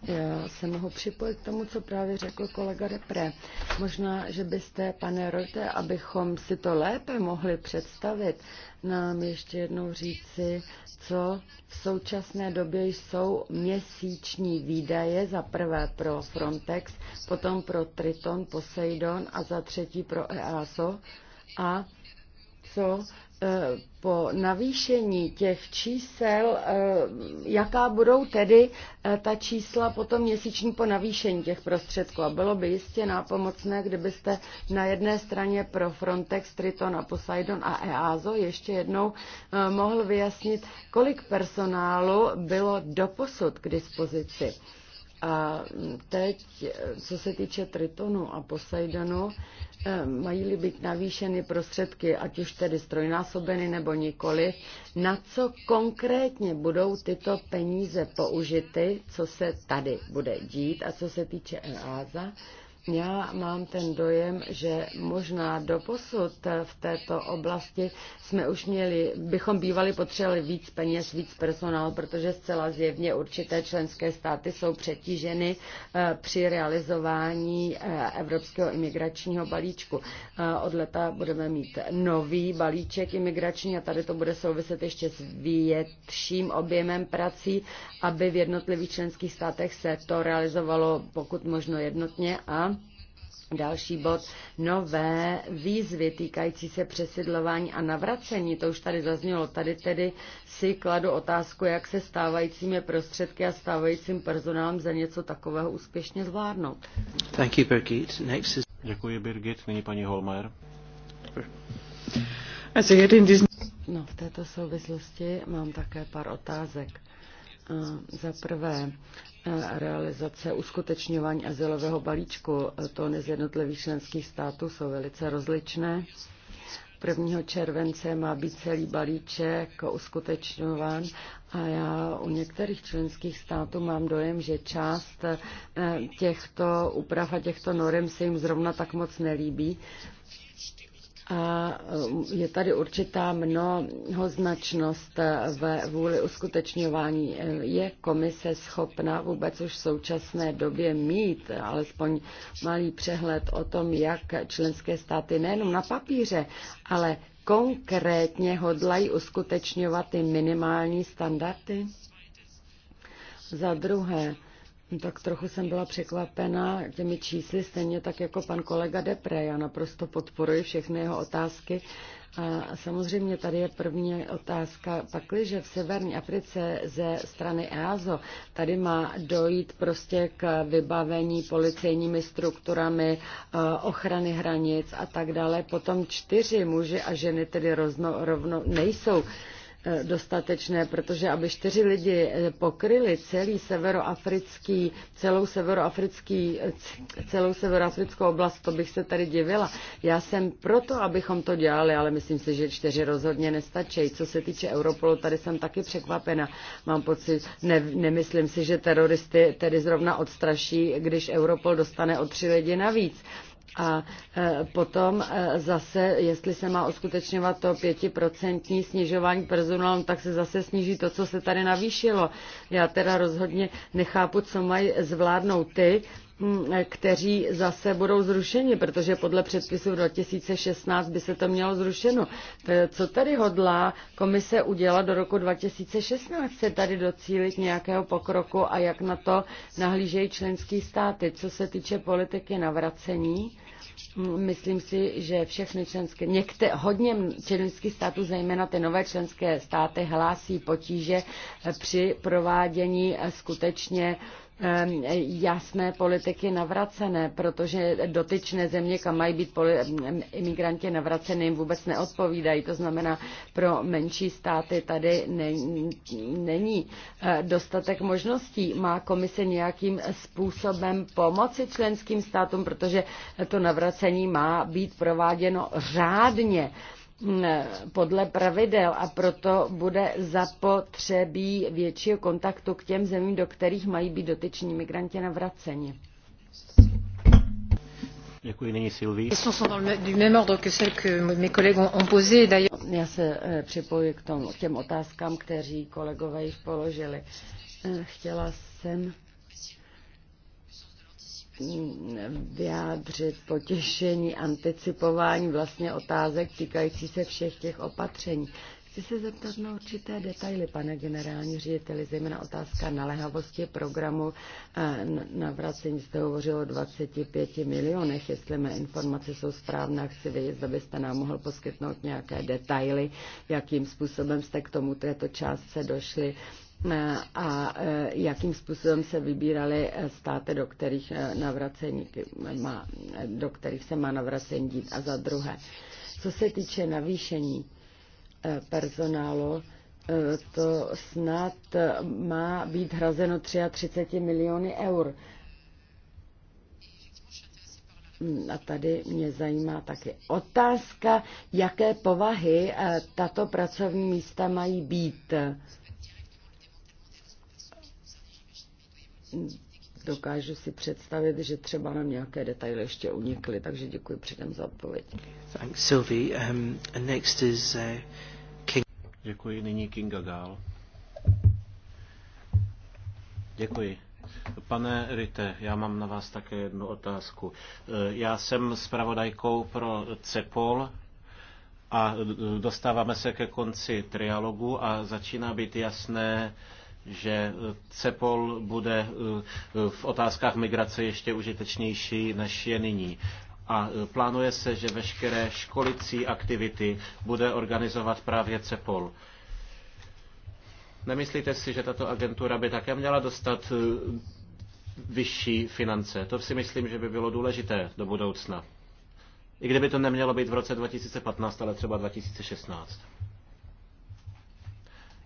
Já se mohu připojit k tomu, co právě řekl kolega Repre. Možná, že byste, pane Rote, abychom si to lépe mohli představit, nám ještě jednou říci, co v současné době jsou měsíční výdaje, za prvé pro Frontex, potom pro Triton, Poseidon a za třetí pro EASO a co Eh, po navýšení těch čísel, eh, jaká budou tedy eh, ta čísla potom měsíční po navýšení těch prostředků. A bylo by jistě nápomocné, kdybyste na jedné straně pro Frontex, Triton a Poseidon a EASO ještě jednou mohl vyjasnit, kolik personálu bylo doposud k dispozici a teď, co se týče Tritonu a Poseidonu, eh, mají-li být navýšeny prostředky, ať už tedy strojnásobeny nebo nikoli, na co konkrétně budou tyto peníze použity, co se tady bude dít a co se týče EASA, já mám ten dojem, že možná doposud v této oblasti jsme už měli, bychom bývali potřebovali víc peněz, víc personálu, protože zcela zjevně určité členské státy jsou přetíženy eh, při realizování eh, evropského imigračního balíčku. Eh, od leta budeme mít nový balíček imigrační a tady to bude souviset ještě s větším objemem prací, aby v jednotlivých členských státech se to realizovalo pokud možno jednotně a Další bod, nové výzvy týkající se přesidlování a navracení, to už tady zaznělo. Tady tedy si kladu otázku, jak se stávajícími prostředky a stávajícím personálem za něco takového úspěšně zvládnout. Thank you, Birgit. Next is... Děkuji, Birgit. Nyní paní Holmer. No, v této souvislosti mám také pár otázek. Za prvé, e, realizace uskutečňování azylového balíčku e, to z jednotlivých členských států jsou velice rozličné. 1. července má být celý balíček uskutečňován a já u některých členských států mám dojem, že část e, těchto úprav a těchto norem se jim zrovna tak moc nelíbí a e, je tady určitá mnohoznačnost e, ve vůli uskutečňování. E, je komise schopna vůbec už v současné době mít alespoň malý přehled o tom, jak členské státy nejenom na papíře, ale konkrétně hodlají uskutečňovat ty minimální standardy? Za druhé, tak trochu jsem byla překvapena těmi čísly, stejně tak jako pan kolega Depre. Já naprosto podporuji všechny jeho otázky. A samozřejmě tady je první otázka. Pakliže v severní Africe ze strany EASO tady má dojít prostě k vybavení policejními strukturami e, ochrany hranic a tak dále, potom čtyři muži a ženy tedy rozno, rovno nejsou dostatečné, protože aby čtyři lidi eh, pokryli celý severoafrický, celou severoafrický, celou severoafrickou oblast, to bych se tady divila. Já jsem proto, abychom to dělali, ale myslím si, že čtyři rozhodně nestačí. Co se týče Europolu, tady jsem taky překvapena. Mám pocit, ne, nemyslím si, že teroristy tedy zrovna odstraší, když Europol dostane o tři lidi navíc. A e, potom e, zase, jestli se má uskutečňovat to pětiprocentní snižování personálu, tak se zase sníží to, co se tady navýšilo. Já teda rozhodně nechápu, co mají zvládnout ty, kteří zase budou zrušeni, protože podle předpisu 2016 by se to mělo zrušeno. Eh, co tady hodlá komise udělat do roku 2016? Se tady docílit nějakého pokroku a jak na to nahlížejí členské státy? Co se týče politiky navracení, hm, Myslím si, že všechny členské, někte, hodně členských států, zejména ty nové členské státy, hlásí potíže eh, při provádění eh, skutečně Ehm, jasné politiky navracené, protože dotyčné země, kam mají být ehm, imigranti navraceny, jim vůbec neodpovídají. To znamená, pro menší státy tady není eh, dostatek možností. Má komise nějakým způsobem pomoci členským státům, protože to navracení má být prováděno řádně podle pravidel a proto bude zapotřebí většího kontaktu k těm zemím, do kterých mají být dotyční migranti navraceni. Děkuji, nyní Sylvie. Já se e, připojuji k, tomu, k těm otázkám, kteří kolegové již položili. E, chtěla jsem vyjádřit potěšení, anticipování vlastně otázek týkající se všech těch opatření. Chci se zeptat na určité detaily, pane generální řediteli, zejména otázka naléhavosti programu eh, na vracení. Jste hovořil o 25 milionech, jestli mé informace jsou správné, chci vědět, zda byste nám mohl poskytnout nějaké detaily, jakým způsobem jste k tomu této částce došli Eh, a eh, jakým způsobem se vybíraly eh, státy, do kterých, navracení, má, do kterých se má navracení dít. A za druhé, co se týče navýšení personálu, to snad má být hrazeno 33 miliony eur. Hmm, a tady mě zajímá taky otázka, jaké povahy tato pracovní místa mají být. dokážu si představit, že třeba nám nějaké detaily ještě unikly, takže děkuji předem za odpověď. Thanks, Sylvie. Um, next is, uh, King. Děkuji, nyní Kinga Gál. Děkuji. Pane Rite, já mám na vás také jednu otázku. Uh, já jsem zpravodajkou pro CEPOL, a uh, dostáváme se ke konci trialogu a začíná být jasné, že eh, CEPOL bude eh, v otázkách migrace ještě užitečnější, než je nyní a eh, plánuje se, že veškeré školicí aktivity bude organizovat právě CEPOL. Nemyslíte si, že tato agentura by také měla dostat vyšší finance? To si myslím, že by bylo důležité do budoucna. I kdyby to nemělo být v roce 2015, ale třeba 2016.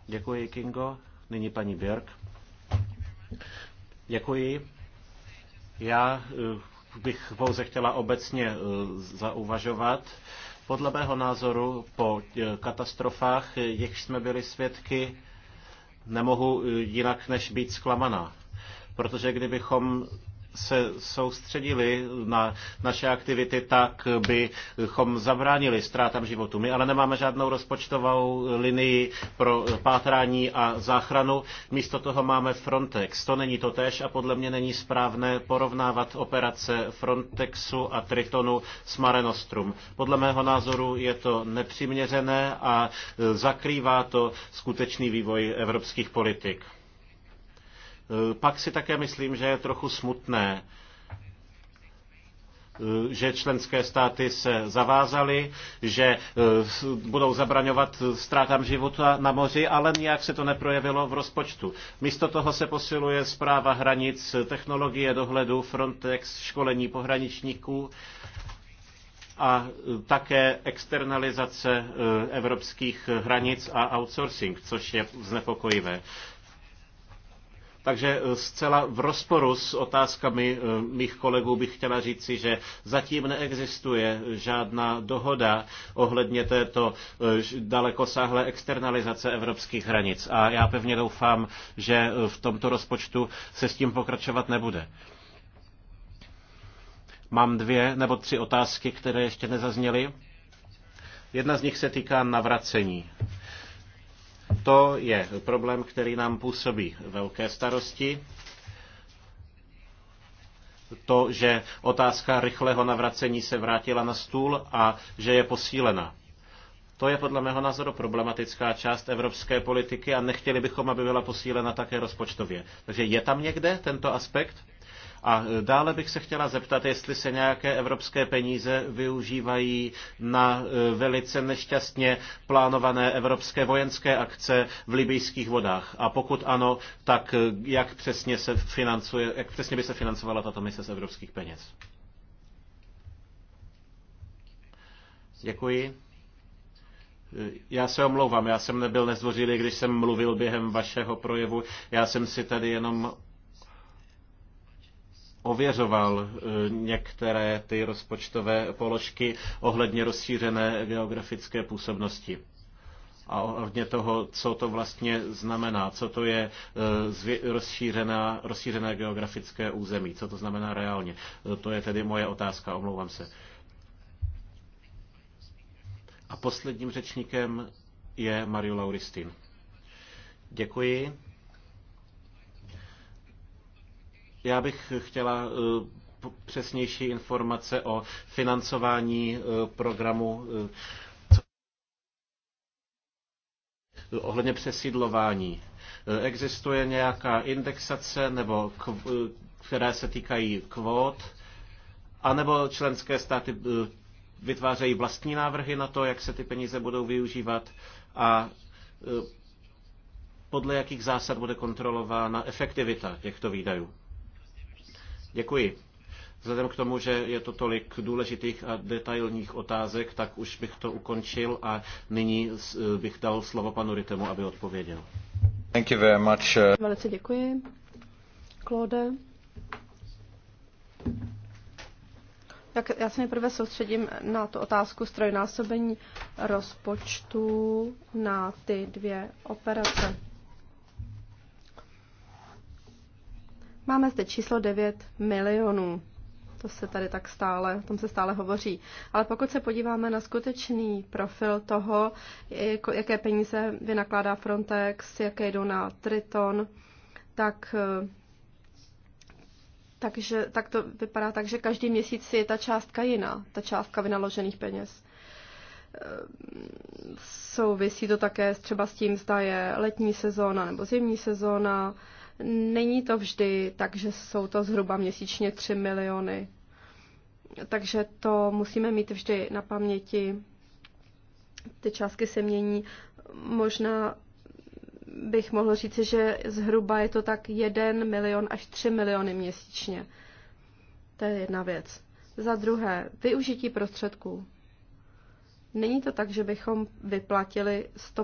Děkuji, Kingo. Nyní paní Björk. Děkuji. Já eh, bych pouze chtěla obecně eh, zauvažovat. Podle mého názoru po eh, katastrofách, jichž jsme byli svědky, nemohu jinak než být zklamaná. Protože kdybychom se soustředili na naše aktivity, tak bychom zabránili ztrátám životu. My ale nemáme žádnou rozpočtovou linii pro pátrání a záchranu. Místo toho máme Frontex. To není to tež a podle mě není správné porovnávat operace Frontexu a Tritonu s Mare Nostrum. Podle mého názoru je to nepřiměřené a zakrývá to skutečný vývoj evropských politik. Eh, pak si také myslím, že je trochu smutné, eh, že členské státy se zavázaly, že eh, budou zabraňovat ztrátám života na moři, ale nijak se to neprojevilo v rozpočtu. Místo toho se posiluje zpráva hranic, technologie dohledu, Frontex, školení pohraničníků a také externalizace evropských hranic a outsourcing, což je znepokojivé. Takže eh, zcela v rozporu s otázkami eh, mých kolegů bych chtěla říci, že zatím neexistuje žádná dohoda ohledně této eh, dalekosáhlé externalizace evropských hranic. A já pevně doufám, že v tomto rozpočtu se s tím pokračovat nebude. Mám dvě nebo tři otázky, které ještě nezazněly. Jedna z nich se týká navracení. To je problém, který nám působí velké starosti to, že otázka rychlého navracení se vrátila na stůl a že je posílena. To je podle mého názoru problematická část evropské politiky a nechtěli bychom, aby byla posílena také rozpočtově. Takže je tam někde tento aspekt? A e, dále bych se chtěla zeptat, jestli se nějaké evropské peníze využívají na e, velice nešťastně plánované evropské vojenské akce v libijských vodách. A pokud ano, tak e, jak přesně, se financuje, jak přesně by se financovala tato mise z evropských peněz? Děkuji. Já se omlouvám, já jsem nebyl nezdvořilý, když jsem mluvil během vašeho projevu. Já jsem si tady jenom ověřoval eh, některé ty rozpočtové položky ohledně rozšířené geografické působnosti a ohledně toho, co to vlastně znamená, co to je eh, rozšířená, rozšířené geografické území, co to znamená reálně. Eh, to je tedy moje otázka, omlouvám se. A posledním řečníkem je Mario Lauristin. Děkuji. Já bych chtěla eh, přesnější informace o financování eh, programu eh, ohledně přesídlování. Existuje nějaká indexace nebo které se týkají kvót, anebo členské státy vytvářejí vlastní návrhy na to, jak se ty peníze budou využívat a podle jakých zásad bude kontrolována efektivita těchto výdajů. Děkuji. Vzhledem k tomu, že je to tolik důležitých a detailních otázek, tak už bych to ukončil a nyní eh, bych dal slovo panu Ritemu, aby odpověděl. Thank you very much. Eh. Velice děkuji, Claude. Tak já se nejprve soustředím na tu otázku strojnásobení rozpočtu na ty dvě operace. Máme zde číslo 9 milionů. To se tady tak stále, o tom se stále hovoří. Ale pokud se podíváme na skutečný profil toho, jako, jaké peníze vynakládá Frontex, jaké jdou na Triton, tak eh, takže tak to vypadá tak, že každý měsíc je ta částka jiná, ta částka vynaložených peněz. Eh, souvisí to také třeba s tím, zda je letní sezóna nebo zimní sezóna, Není to vždy, takže jsou to zhruba měsíčně 3 miliony. Takže to musíme mít vždy na paměti. Ty částky se mění. Možná bych mohl říci, že zhruba je to tak 1 milion až 3 miliony měsíčně. To je jedna věc. Za druhé, využití prostředků. Není to tak, že bychom vyplatili 100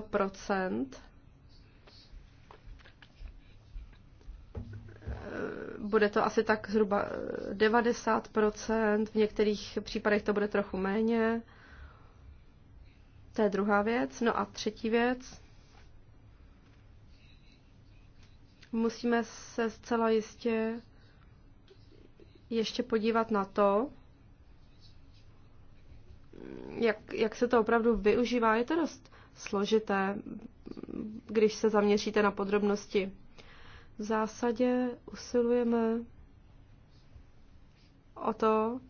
bude to asi tak zhruba 90%, eh, v některých případech to bude trochu méně. To je druhá věc. No a třetí věc. Musíme se zcela jistě ještě podívat na to, jak, jak se to opravdu využívá. Je to dost složité, když se zaměříte na podrobnosti v zásadě usilujeme o to,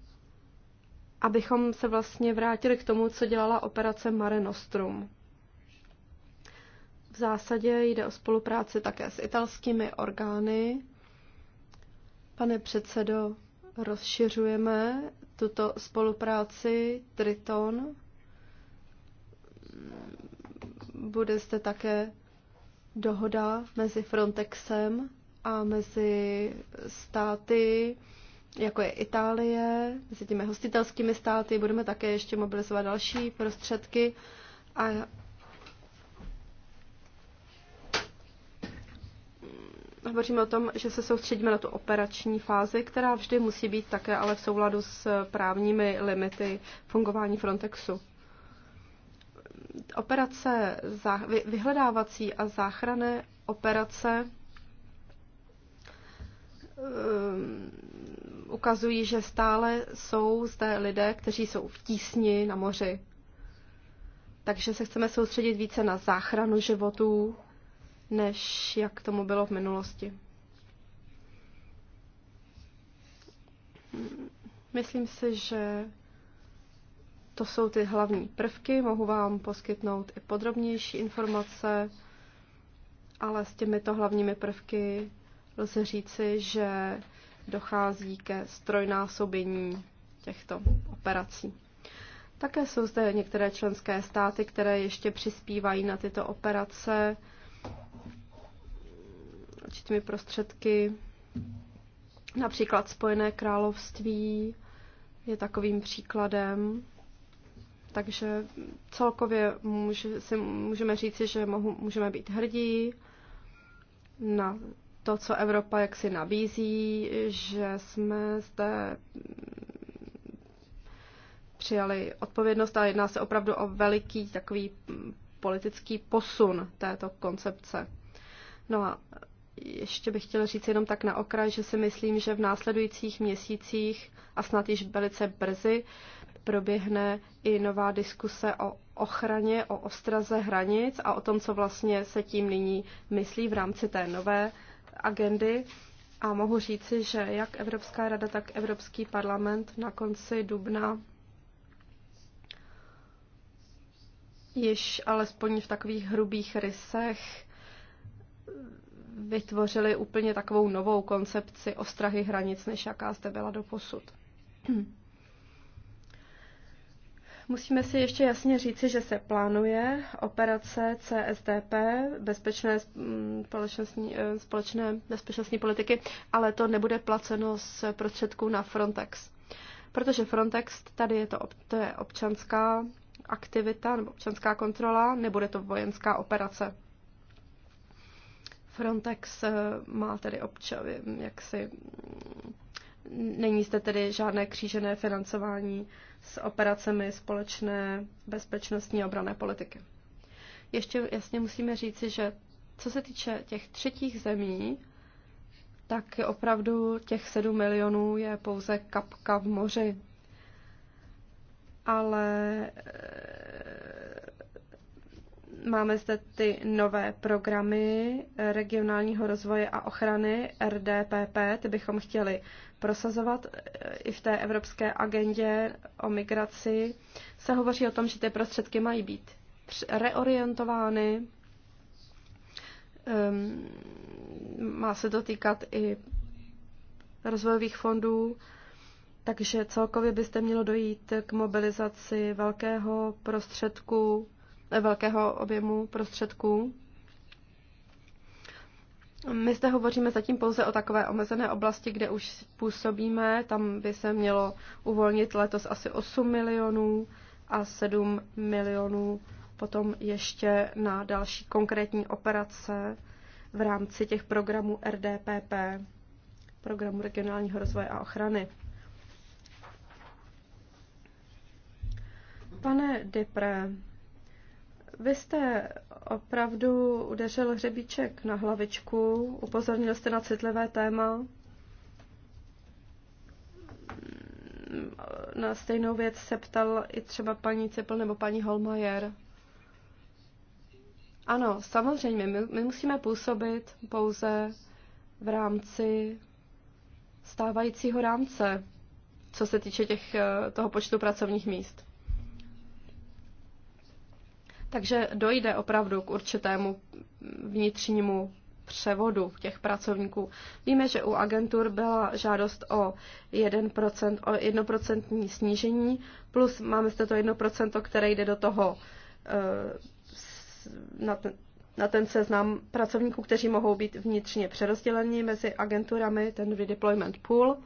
abychom se vlastně vrátili k tomu, co dělala operace Mare Nostrum. V zásadě jde o spolupráci také s italskými orgány. Pane předsedo, rozšiřujeme tuto spolupráci Triton. Bude zde také dohoda mezi Frontexem a mezi státy, jako je Itálie, mezi těmi hostitelskými státy. Budeme také ještě mobilizovat další prostředky. A hovoříme o tom, že se soustředíme na tu operační fázi, která vždy musí být také ale v souladu s právními limity fungování Frontexu operace vyhledávací a záchrané operace um, ukazují, že stále jsou zde lidé, kteří jsou v tísni na moři. Takže se chceme soustředit více na záchranu životů, než jak tomu bylo v minulosti. Myslím si, že to jsou ty hlavní prvky, mohu vám poskytnout i podrobnější informace, ale s těmito hlavními prvky lze říci, že dochází ke strojnásobení těchto operací. Také jsou zde některé členské státy, které ještě přispívají na tyto operace určitými prostředky. Například Spojené království je takovým příkladem. Takže celkově může, si můžeme říci, že mohu, můžeme být hrdí na to, co Evropa jaksi nabízí, že jsme zde přijali odpovědnost a jedná se opravdu o veliký takový politický posun této koncepce. No a ještě bych chtěla říct jenom tak na okraj, že si myslím, že v následujících měsících a snad již velice brzy proběhne i nová diskuse o ochraně, o ostraze hranic a o tom, co vlastně se tím nyní myslí v rámci té nové agendy. A mohu říci, že jak Evropská rada, tak Evropský parlament na konci dubna již alespoň v takových hrubých rysech vytvořili úplně takovou novou koncepci ostrahy hranic, než jaká zde byla do posud. Musíme si ještě jasně říci, že se plánuje operace CSDP, bezpečné mm, společnostní, eh, společné bezpečnostní politiky, ale to nebude placeno z prostředků na Frontex. Protože Frontex, tady je to, to je občanská aktivita nebo občanská kontrola, nebude to vojenská operace. Frontex eh, má tedy jak si Není zde tedy žádné křížené financování s operacemi společné bezpečnostní a obrané politiky. Ještě jasně musíme říci, že co se týče těch třetích zemí, tak opravdu těch 7 milionů je pouze kapka v moři. Ale Máme zde ty nové programy regionálního rozvoje a ochrany RDPP, ty bychom chtěli prosazovat e, i v té evropské agendě o migraci. Se hovoří o tom, že ty prostředky mají být reorientovány. Ehm, má se to týkat i rozvojových fondů, takže celkově byste mělo dojít k mobilizaci velkého prostředku velkého objemu prostředků. My zde hovoříme zatím pouze o takové omezené oblasti, kde už působíme. Tam by se mělo uvolnit letos asi 8 milionů a 7 milionů potom ještě na další konkrétní operace v rámci těch programů RDPP, programu regionálního rozvoje a ochrany. Pane Depre, vy jste opravdu udeřil hřebíček na hlavičku, upozornil jste na citlivé téma. Na stejnou věc se ptal i třeba paní Cepl nebo paní Holmajer. Ano, samozřejmě, my, my musíme působit pouze v rámci stávajícího rámce, co se týče těch, eh, toho počtu pracovních míst. Takže dojde opravdu k určitému vnitřnímu převodu těch pracovníků. Víme, že u agentur byla žádost o 1%, o 1% snížení, plus máme zde to 1%, které jde do toho eh, na ten, na ten seznam pracovníků, kteří mohou být vnitřně přerozděleni mezi agenturami, ten redeployment pool.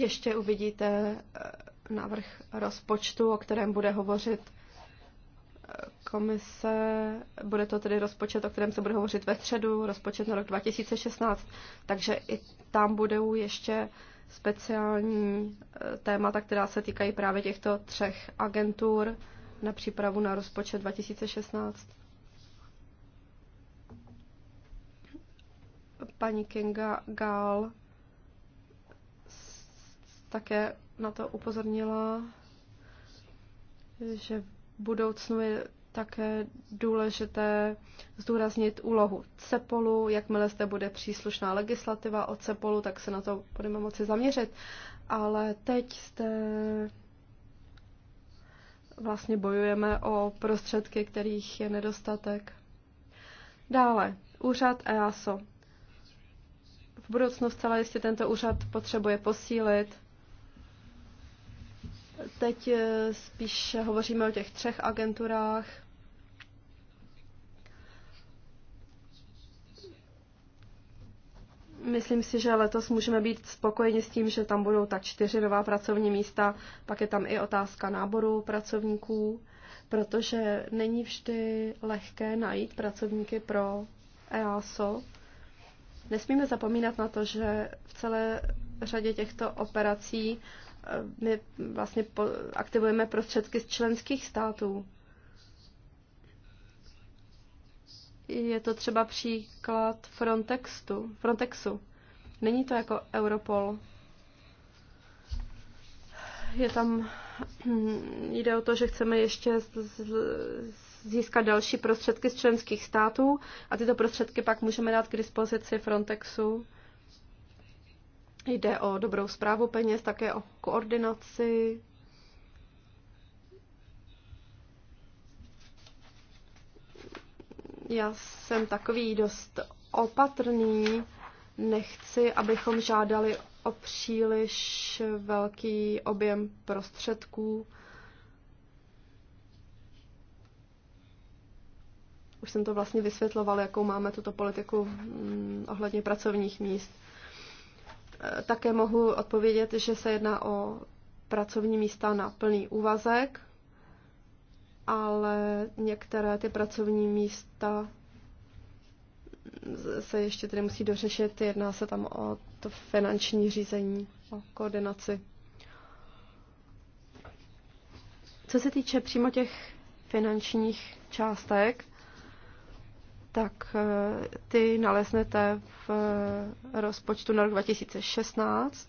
Ještě uvidíte eh, návrh rozpočtu, o kterém bude hovořit eh, komise, bude to tedy rozpočet, o kterém se bude hovořit ve středu, rozpočet na rok 2016, takže i tam budou ještě speciální eh, témata, která se týkají právě těchto třech agentur na přípravu na rozpočet 2016. Paní Kinga Gál také na to upozornila, že v budoucnu je také důležité zdůraznit úlohu CEPOLu. Jakmile zde bude příslušná legislativa o CEPOLu, tak se na to budeme moci zaměřit. Ale teď jste vlastně bojujeme o prostředky, kterých je nedostatek. Dále, úřad EASO. V budoucnu zcela jistě tento úřad potřebuje posílit. Teď eh, spíš hovoříme o těch třech agenturách. Myslím si, že letos můžeme být spokojeni s tím, že tam budou ta čtyři nová pracovní místa. Pak je tam i otázka náboru pracovníků, protože není vždy lehké najít pracovníky pro EASO. Nesmíme zapomínat na to, že v celé řadě těchto operací Eh, my vlastně aktivujeme prostředky z členských států. Je to třeba příklad Frontextu, Frontexu. Není to jako Europol. Je tam, hm, jde o to, že chceme ještě z, z, získat další prostředky z členských států a tyto prostředky pak můžeme dát k dispozici Frontexu Jde o dobrou zprávu peněz, také o koordinaci. Já jsem takový dost opatrný, nechci, abychom žádali o příliš velký objem prostředků. Už jsem to vlastně vysvětloval, jakou máme tuto politiku mm, ohledně pracovních míst. Eh, také mohu odpovědět, že se jedná o pracovní místa na plný úvazek, ale některé ty pracovní místa se ještě tedy musí dořešit. Jedná se tam o to finanční řízení, o koordinaci. Co se týče přímo těch finančních částek, tak eh, ty naleznete v eh, rozpočtu na rok 2016.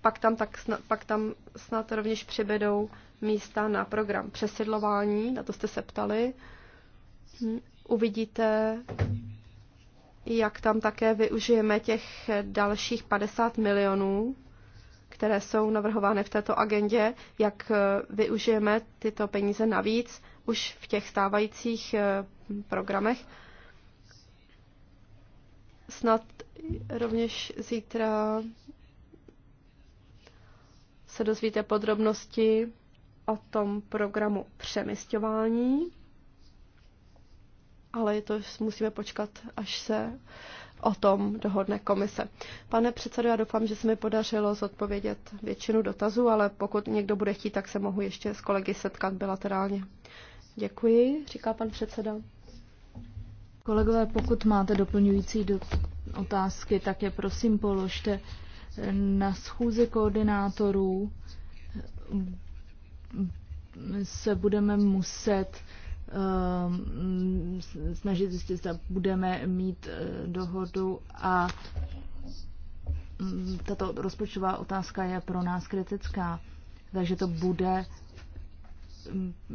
Pak tam, tak, pak tam snad rovněž přibydou místa na program přesedlování, na to jste se ptali. Hm, uvidíte, jak tam také využijeme těch dalších 50 milionů, které jsou navrhovány v této agendě, jak eh, využijeme tyto peníze navíc už v těch stávajících eh, programech. Snad rovněž zítra se dozvíte podrobnosti o tom programu přemysťování, ale to musíme počkat, až se o tom dohodne komise. Pane předsedo, já doufám, že se mi podařilo zodpovědět většinu dotazů, ale pokud někdo bude chtít, tak se mohu ještě s kolegy setkat bilaterálně. Děkuji, říká pan předseda. Kolegové, pokud máte doplňující do otázky, tak je prosím položte na schůzi koordinátorů. Se budeme muset ehm, snažit zjistit, zda budeme mít uh, dohodu a um, tato rozpočtová otázka je pro nás kritická, takže to bude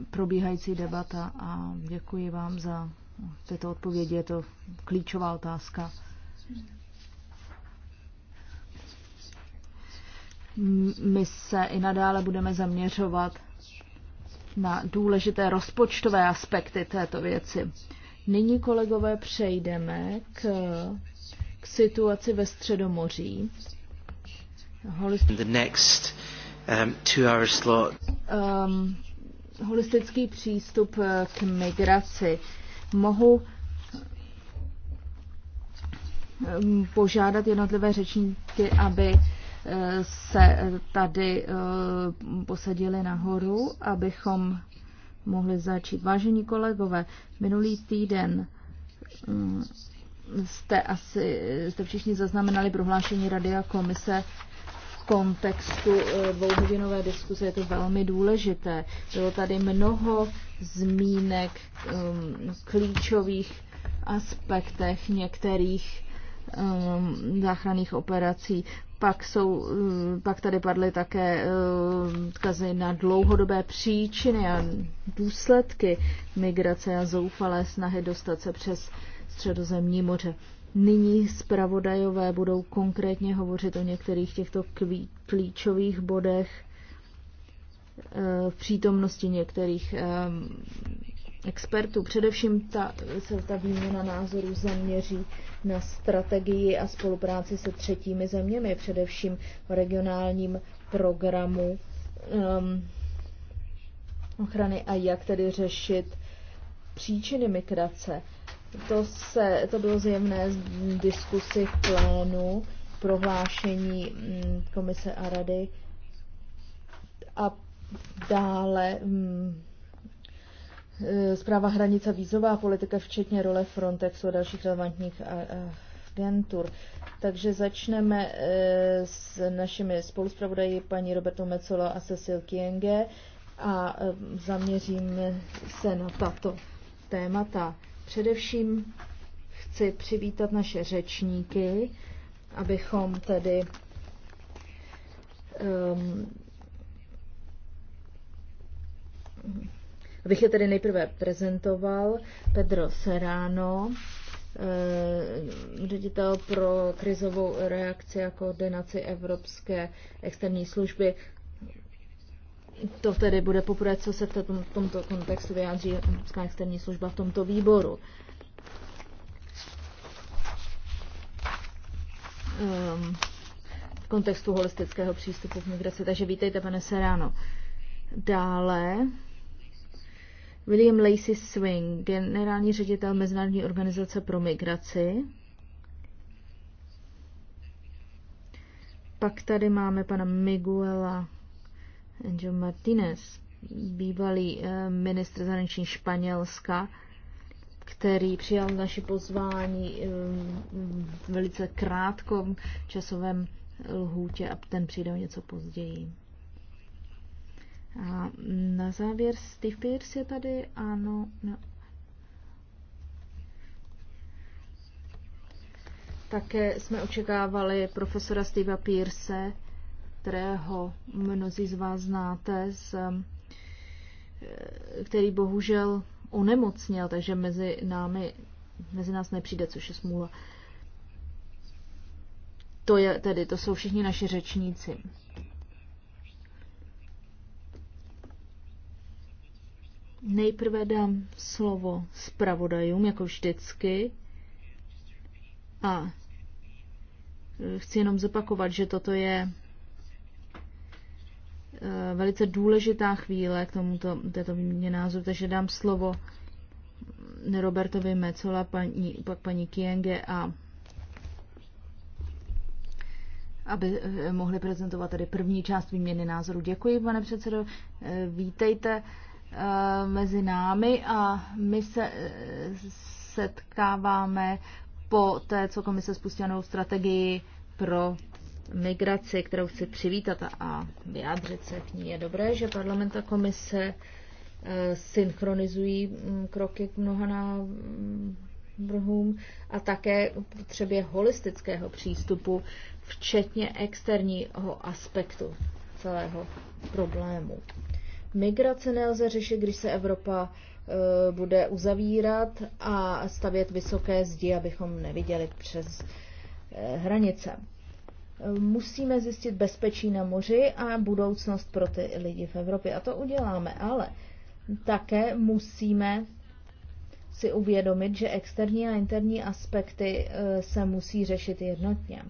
probíhající debata a děkuji vám za tyto odpovědi. Je to klíčová otázka. My se i nadále budeme zaměřovat na důležité rozpočtové aspekty této věci. Nyní, kolegové, přejdeme k, k situaci ve Středomoří. Holist... The next um, two hour slot. Um, holistický přístup eh, k migraci. Mohu ehm, požádat jednotlivé řečníky, aby eh, se tady eh, posadili nahoru, abychom mohli začít. Vážení kolegové, minulý týden ehm, jste asi jste všichni zaznamenali prohlášení Rady a komise kontextu eh, dvouhodinové diskuze je to velmi důležité. Bylo tady mnoho zmínek ehm, klíčových aspektech některých ehm, záchranných operací. Pak, jsou, eh, pak tady padly také eh, odkazy na dlouhodobé příčiny a důsledky migrace a zoufalé snahy dostat se přes středozemní moře. Nyní zpravodajové budou konkrétně hovořit o některých těchto klíčových bodech eh, v přítomnosti některých eh, expertů. Především ta, se ta výměna názorů zaměří na strategii a spolupráci se třetími zeměmi, především v regionálním programu um, ochrany a jak tedy řešit příčiny migrace to, se, to bylo zjevné z diskusy v plénu, prohlášení mm, komise a rady a dále mm, e, zpráva hranice vízová politika, včetně role Frontexu a dalších relevantních agentur. Takže začneme e, s našimi spoluspravodaji paní Robertou Mecolo a Cecil Kienge a e, zaměříme se na tato témata. Především chci přivítat naše řečníky, abychom tedy um, abych je tedy nejprve prezentoval, Pedro Serrano, eh, ředitel pro krizovou reakci a koordinaci Evropské externí služby, to tedy bude poprvé, co se v tom, tomto kontextu vyjádří Evropská externí služba v tomto výboru. Um, v kontextu holistického přístupu k migraci. Takže vítejte, pane Seráno. Dále William Lacey Swing, generální ředitel Mezinárodní organizace pro migraci. Pak tady máme pana Miguela Angel Martinez, bývalý eh, ministr zahraniční Španělska, který přijal naše pozvání eh, v velice krátkom časovém lhůtě a ten přijde o něco později. A na závěr Steve Pierce je tady, ano, no. Také jsme očekávali profesora Steva Pierce, kterého mnozí z vás znáte, z, eh, který bohužel onemocněl, takže mezi námi, mezi nás nepřijde, což je smůla. To je tedy, to jsou všichni naši řečníci. Nejprve dám slovo zpravodajům, jako vždycky. A eh, chci jenom zopakovat, že toto je Eh, velice důležitá chvíle k tomuto, této výměně názoru, takže dám slovo Robertovi Mecola, paní, pak paní Kienge a aby eh, mohli prezentovat tady první část výměny názoru. Děkuji, pane předsedo. Eh, vítejte mezi námi a my se setkáváme po té, co komise spustila novou strategii pro migraci, kterou chci přivítat a vyjádřit se k ní. Je dobré, že parlament a komise eh, synchronizují mm, kroky k mnoha návrhům mm, a také potřebě holistického přístupu, včetně externího aspektu celého problému. Migrace nelze řešit, když se Evropa eh, bude uzavírat a stavět vysoké zdi, abychom neviděli přes eh, hranice musíme zjistit bezpečí na moři a budoucnost pro ty lidi v Evropě. A to uděláme, ale také musíme si uvědomit, že externí a interní aspekty eh, se musí řešit jednotně.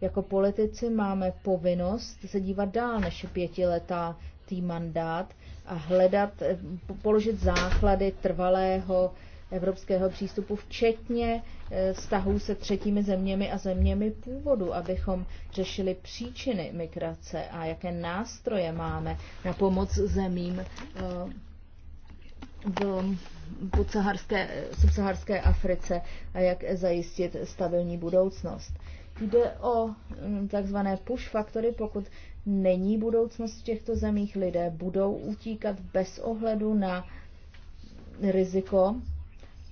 Jako politici máme povinnost se dívat dál než pětiletá tý mandát a hledat, eh, položit základy trvalého evropského přístupu, včetně eh, vztahů se třetími zeměmi a zeměmi původu, abychom řešili příčiny migrace a jaké nástroje máme na pomoc zemím eh, v subsaharské Africe a jak zajistit stabilní budoucnost. Jde o hm, takzvané push faktory, pokud není budoucnost v těchto zemích, lidé budou utíkat bez ohledu na riziko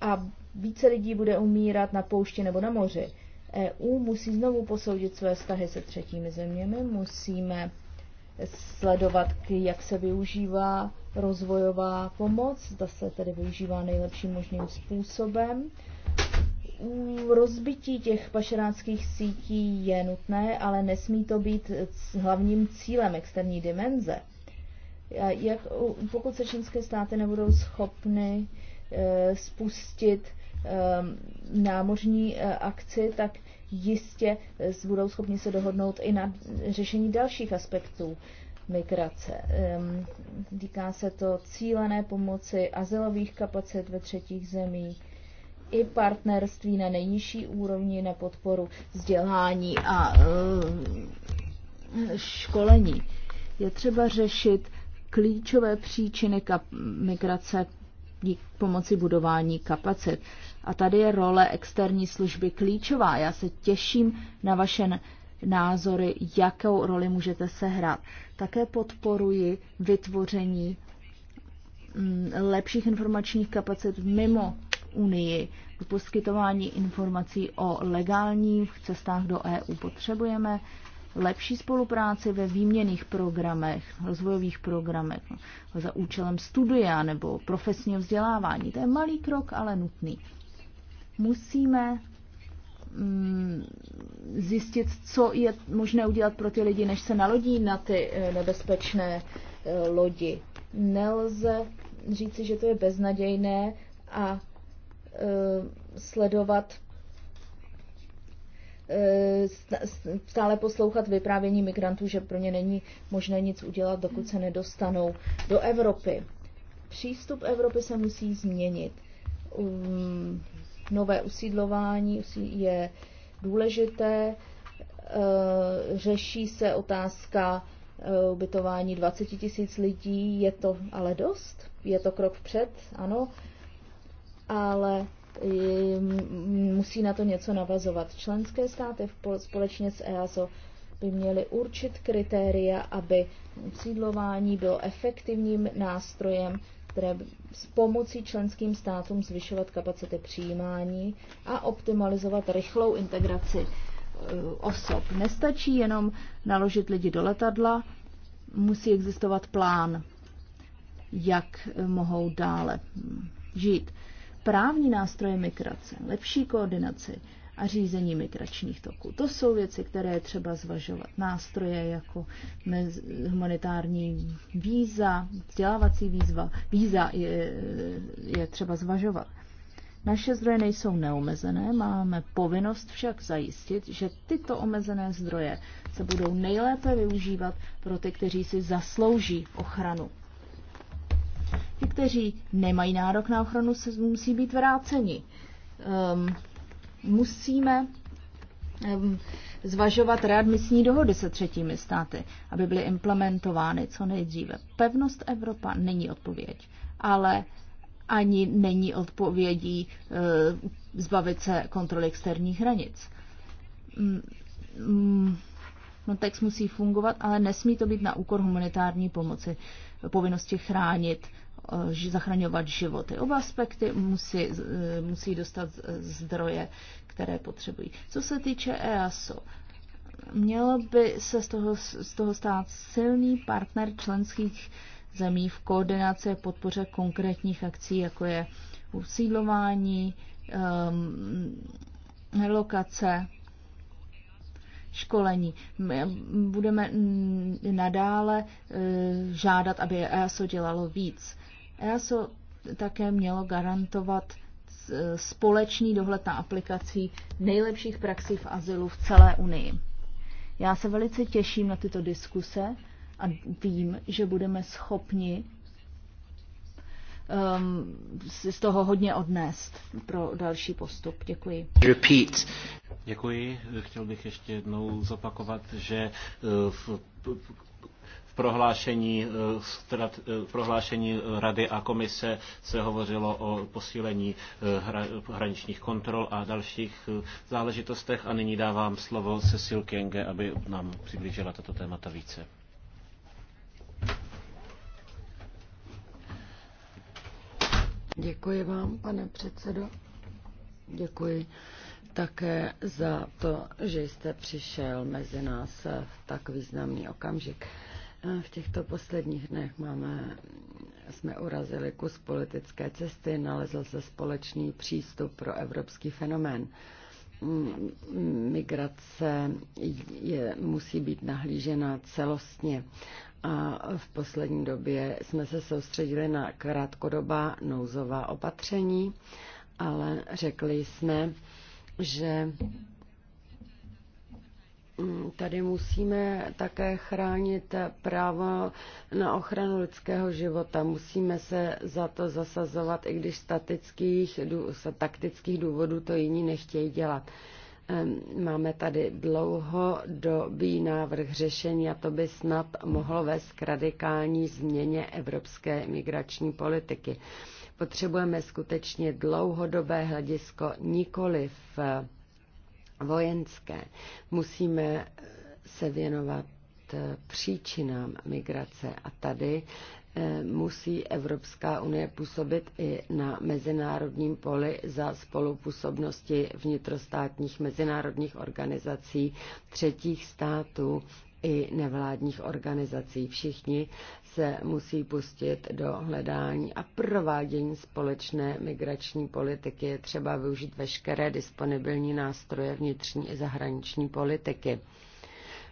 a více lidí bude umírat na poušti nebo na moři. EU musí znovu posoudit své vztahy se třetími zeměmi, musíme sledovat, jak se využívá rozvojová pomoc, zda se tedy využívá nejlepším možným způsobem. U rozbití těch pašeránských sítí je nutné, ale nesmí to být hlavním cílem externí dimenze. Jak, pokud se čínské státy nebudou schopny Eh, spustit eh, námořní eh, akci, tak jistě budou schopni se dohodnout i na řešení dalších aspektů migrace. Ehm, týká se to cílené pomoci, azylových kapacit ve třetích zemích, i partnerství na nejnižší úrovni na podporu vzdělání a školení. Je třeba řešit klíčové příčiny migrace dík pomoci budování kapacit. A tady je role externí služby klíčová. Já se těším na vaše názory, jakou roli můžete sehrát. Také podporuji vytvoření mm, lepších informačních kapacit mimo Unii. Poskytování informací o legálních cestách do EU potřebujeme lepší spolupráci ve výměných programech, rozvojových programech za účelem studia nebo profesního vzdělávání. To je malý krok, ale nutný. Musíme mm, zjistit, co je možné udělat pro ty lidi, než se nalodí na ty eh, nebezpečné eh, lodi. Nelze říci, že to je beznadějné a eh, sledovat Eh, stále poslouchat vyprávění migrantů, že pro ně není možné nic udělat, dokud se nedostanou do Evropy. Přístup Evropy se musí změnit. Um, nové usídlování je důležité. Eh, řeší se otázka eh, ubytování 20 tisíc lidí. Je to ale dost? Je to krok vpřed? Ano. Ale musí na to něco navazovat. Členské státy společně s EASO by měly určit kritéria, aby sídlování bylo efektivním nástrojem, které s pomocí členským státům zvyšovat kapacity přijímání a optimalizovat rychlou integraci e, osob. Nestačí jenom naložit lidi do letadla, musí existovat plán, jak e, mohou dále žít právní nástroje migrace, lepší koordinaci a řízení migračních toků. To jsou věci, které je třeba zvažovat. Nástroje jako humanitární víza, vzdělávací výzva, víza je, je třeba zvažovat. Naše zdroje nejsou neomezené, máme povinnost však zajistit, že tyto omezené zdroje se budou nejlépe využívat pro ty, kteří si zaslouží ochranu. Ti, kteří nemají nárok na ochranu, se musí být vráceni. Um, musíme um, zvažovat readmisní dohody se třetími státy, aby byly implementovány co nejdříve. Pevnost Evropa není odpověď, ale ani není odpovědí uh, zbavit se kontroly externích hranic. Mm, mm, text musí fungovat, ale nesmí to být na úkor humanitární pomoci, povinnosti chránit Eh, zachraňovat životy. Oba aspekty musí, eh, musí dostat zdroje, které potřebují. Co se týče EASO, mělo by se z toho, z toho stát silný partner členských zemí v koordinaci a podpoře konkrétních akcí, jako je usídlování, um, relokace, školení. My budeme nadále eh, žádat, aby ESO dělalo víc. EASO také mělo garantovat eh, společný dohled na aplikací nejlepších praxí v azylu v celé Unii. Já se velice těším na tyto diskuse a vím, že budeme schopni um, si z toho hodně odnést pro další postup. Děkuji. Repeat. Děkuji. Chtěl bych ještě jednou zopakovat, že eh, v prohlášení, eh, teda eh, prohlášení Rady a komise se hovořilo o posílení eh, hra, hraničních kontrol a dalších záležitostech a nyní dávám slovo Cecil Kienge, aby nám přiblížila tato témata více. Děkuji vám, pane předsedo. Děkuji také za to, že jste přišel mezi nás v tak významný okamžik. V těchto posledních dnech máme, jsme urazili kus politické cesty, nalezl se společný přístup pro evropský fenomén. Mm, migrace je, musí být nahlížena celostně a v poslední době jsme se soustředili na krátkodobá nouzová opatření, ale řekli jsme, že Mm, tady musíme také chránit právo na ochranu lidského života. Musíme se za to zasazovat, i když statických, z taktických důvodů to jiní nechtějí dělat. Máme tady dlouhodobý návrh řešení a to by snad mohlo vést k radikální změně evropské migrační politiky. Potřebujeme skutečně dlouhodobé hledisko, nikoli v vojenské. Musíme se věnovat eh, příčinám migrace a tady eh, musí Evropská unie působit i na mezinárodním poli za spolupůsobnosti vnitrostátních mezinárodních organizací třetích států i nevládních organizací. Všichni se musí pustit do hledání a provádění společné migrační politiky. Je třeba využít veškeré disponibilní nástroje vnitřní i zahraniční politiky.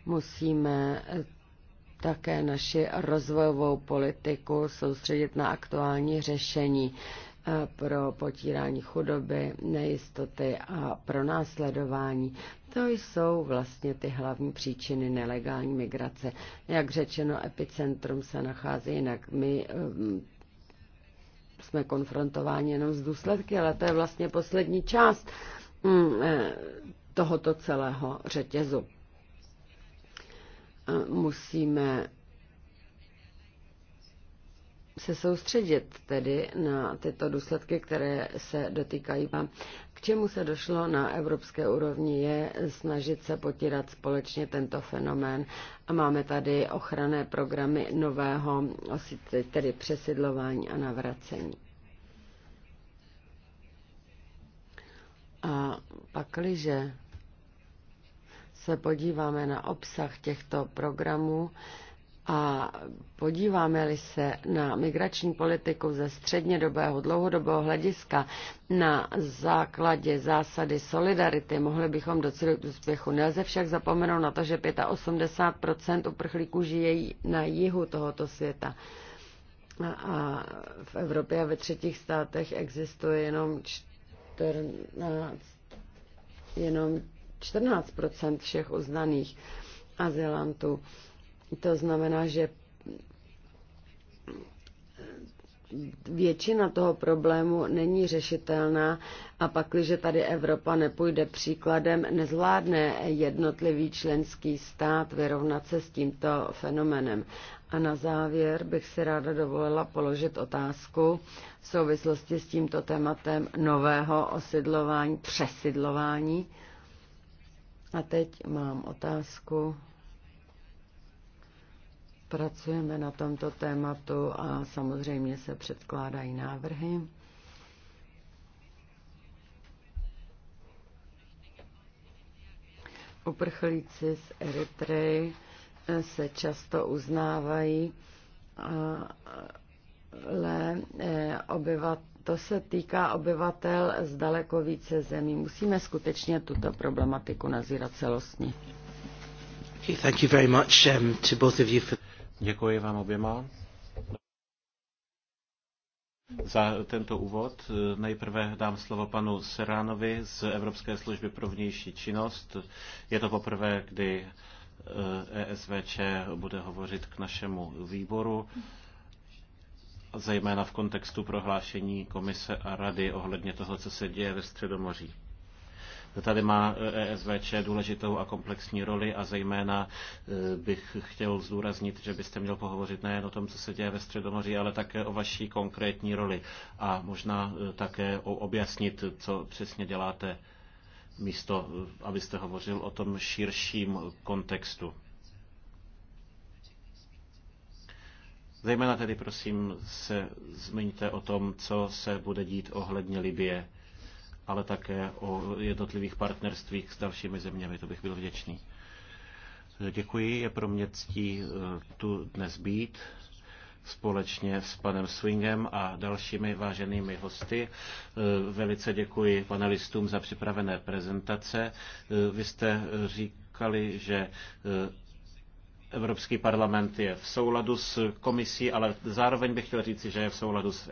Musíme také naši rozvojovou politiku soustředit na aktuální řešení pro potírání chudoby, nejistoty a pro následování. To jsou vlastně ty hlavní příčiny nelegální migrace. Jak řečeno, epicentrum se nachází jinak. My eh, jsme konfrontováni jenom s důsledky, ale to je vlastně poslední část hm, eh, tohoto celého řetězu. Eh, musíme se soustředit tedy na tyto důsledky, které se dotýkají vám. K čemu se došlo na evropské úrovni je snažit se potírat společně tento fenomén a máme tady ochranné programy nového tedy přesidlování a navracení. A pakliže se podíváme na obsah těchto programů, a podíváme-li se na migrační politiku ze střednědobého, dlouhodobého hlediska na základě zásady solidarity, mohli bychom docílit úspěchu. Nelze však zapomenout na to, že 85 uprchlíků žije na jihu tohoto světa. A v Evropě a ve třetích státech existuje jenom 14, jenom 14 všech uznaných azylantů. To znamená, že většina toho problému není řešitelná a pak, když tady Evropa nepůjde příkladem, nezvládne jednotlivý členský stát vyrovnat se s tímto fenomenem. A na závěr bych si ráda dovolila položit otázku v souvislosti s tímto tématem nového osidlování, přesidlování. A teď mám otázku Pracujeme na tomto tématu a samozřejmě se předkládají návrhy. Uprchlíci z Eritreji eh, se často uznávají, ale eh, to se týká obyvatel z daleko více zemí. Musíme skutečně tuto problematiku nazírat celostně. thank you very much, um, to both of you for... Děkuji vám oběma za tento úvod. Nejprve dám slovo panu Seránovi z Evropské služby pro vnější činnost. Je to poprvé, kdy ESVČ eh, e bude hovořit k našemu výboru, zejména v kontextu prohlášení komise a rady ohledně toho, co se děje ve Středomoří. Tady má ESVČ eh, e důležitou a komplexní roli a zejména eh, bych chtěl zdůraznit, že byste měl pohovořit nejen o tom, co se děje ve Středomoří, ale také o vaší konkrétní roli a možná eh, také o objasnit, co přesně děláte místo, abyste hovořil o tom širším kontextu. Zejména tedy prosím se zmiňte o tom, co se bude dít ohledně Libie ale také o jednotlivých partnerstvích s dalšími zeměmi. To bych byl vděčný. Děkuji, je pro mě ctí e, tu dnes být společně s panem Swingem a dalšími váženými hosty. E, velice děkuji panelistům za připravené prezentace. E, vy jste říkali, že Evropský parlament je v souladu s komisí, ale zároveň bych chtěl říci, že je v souladu s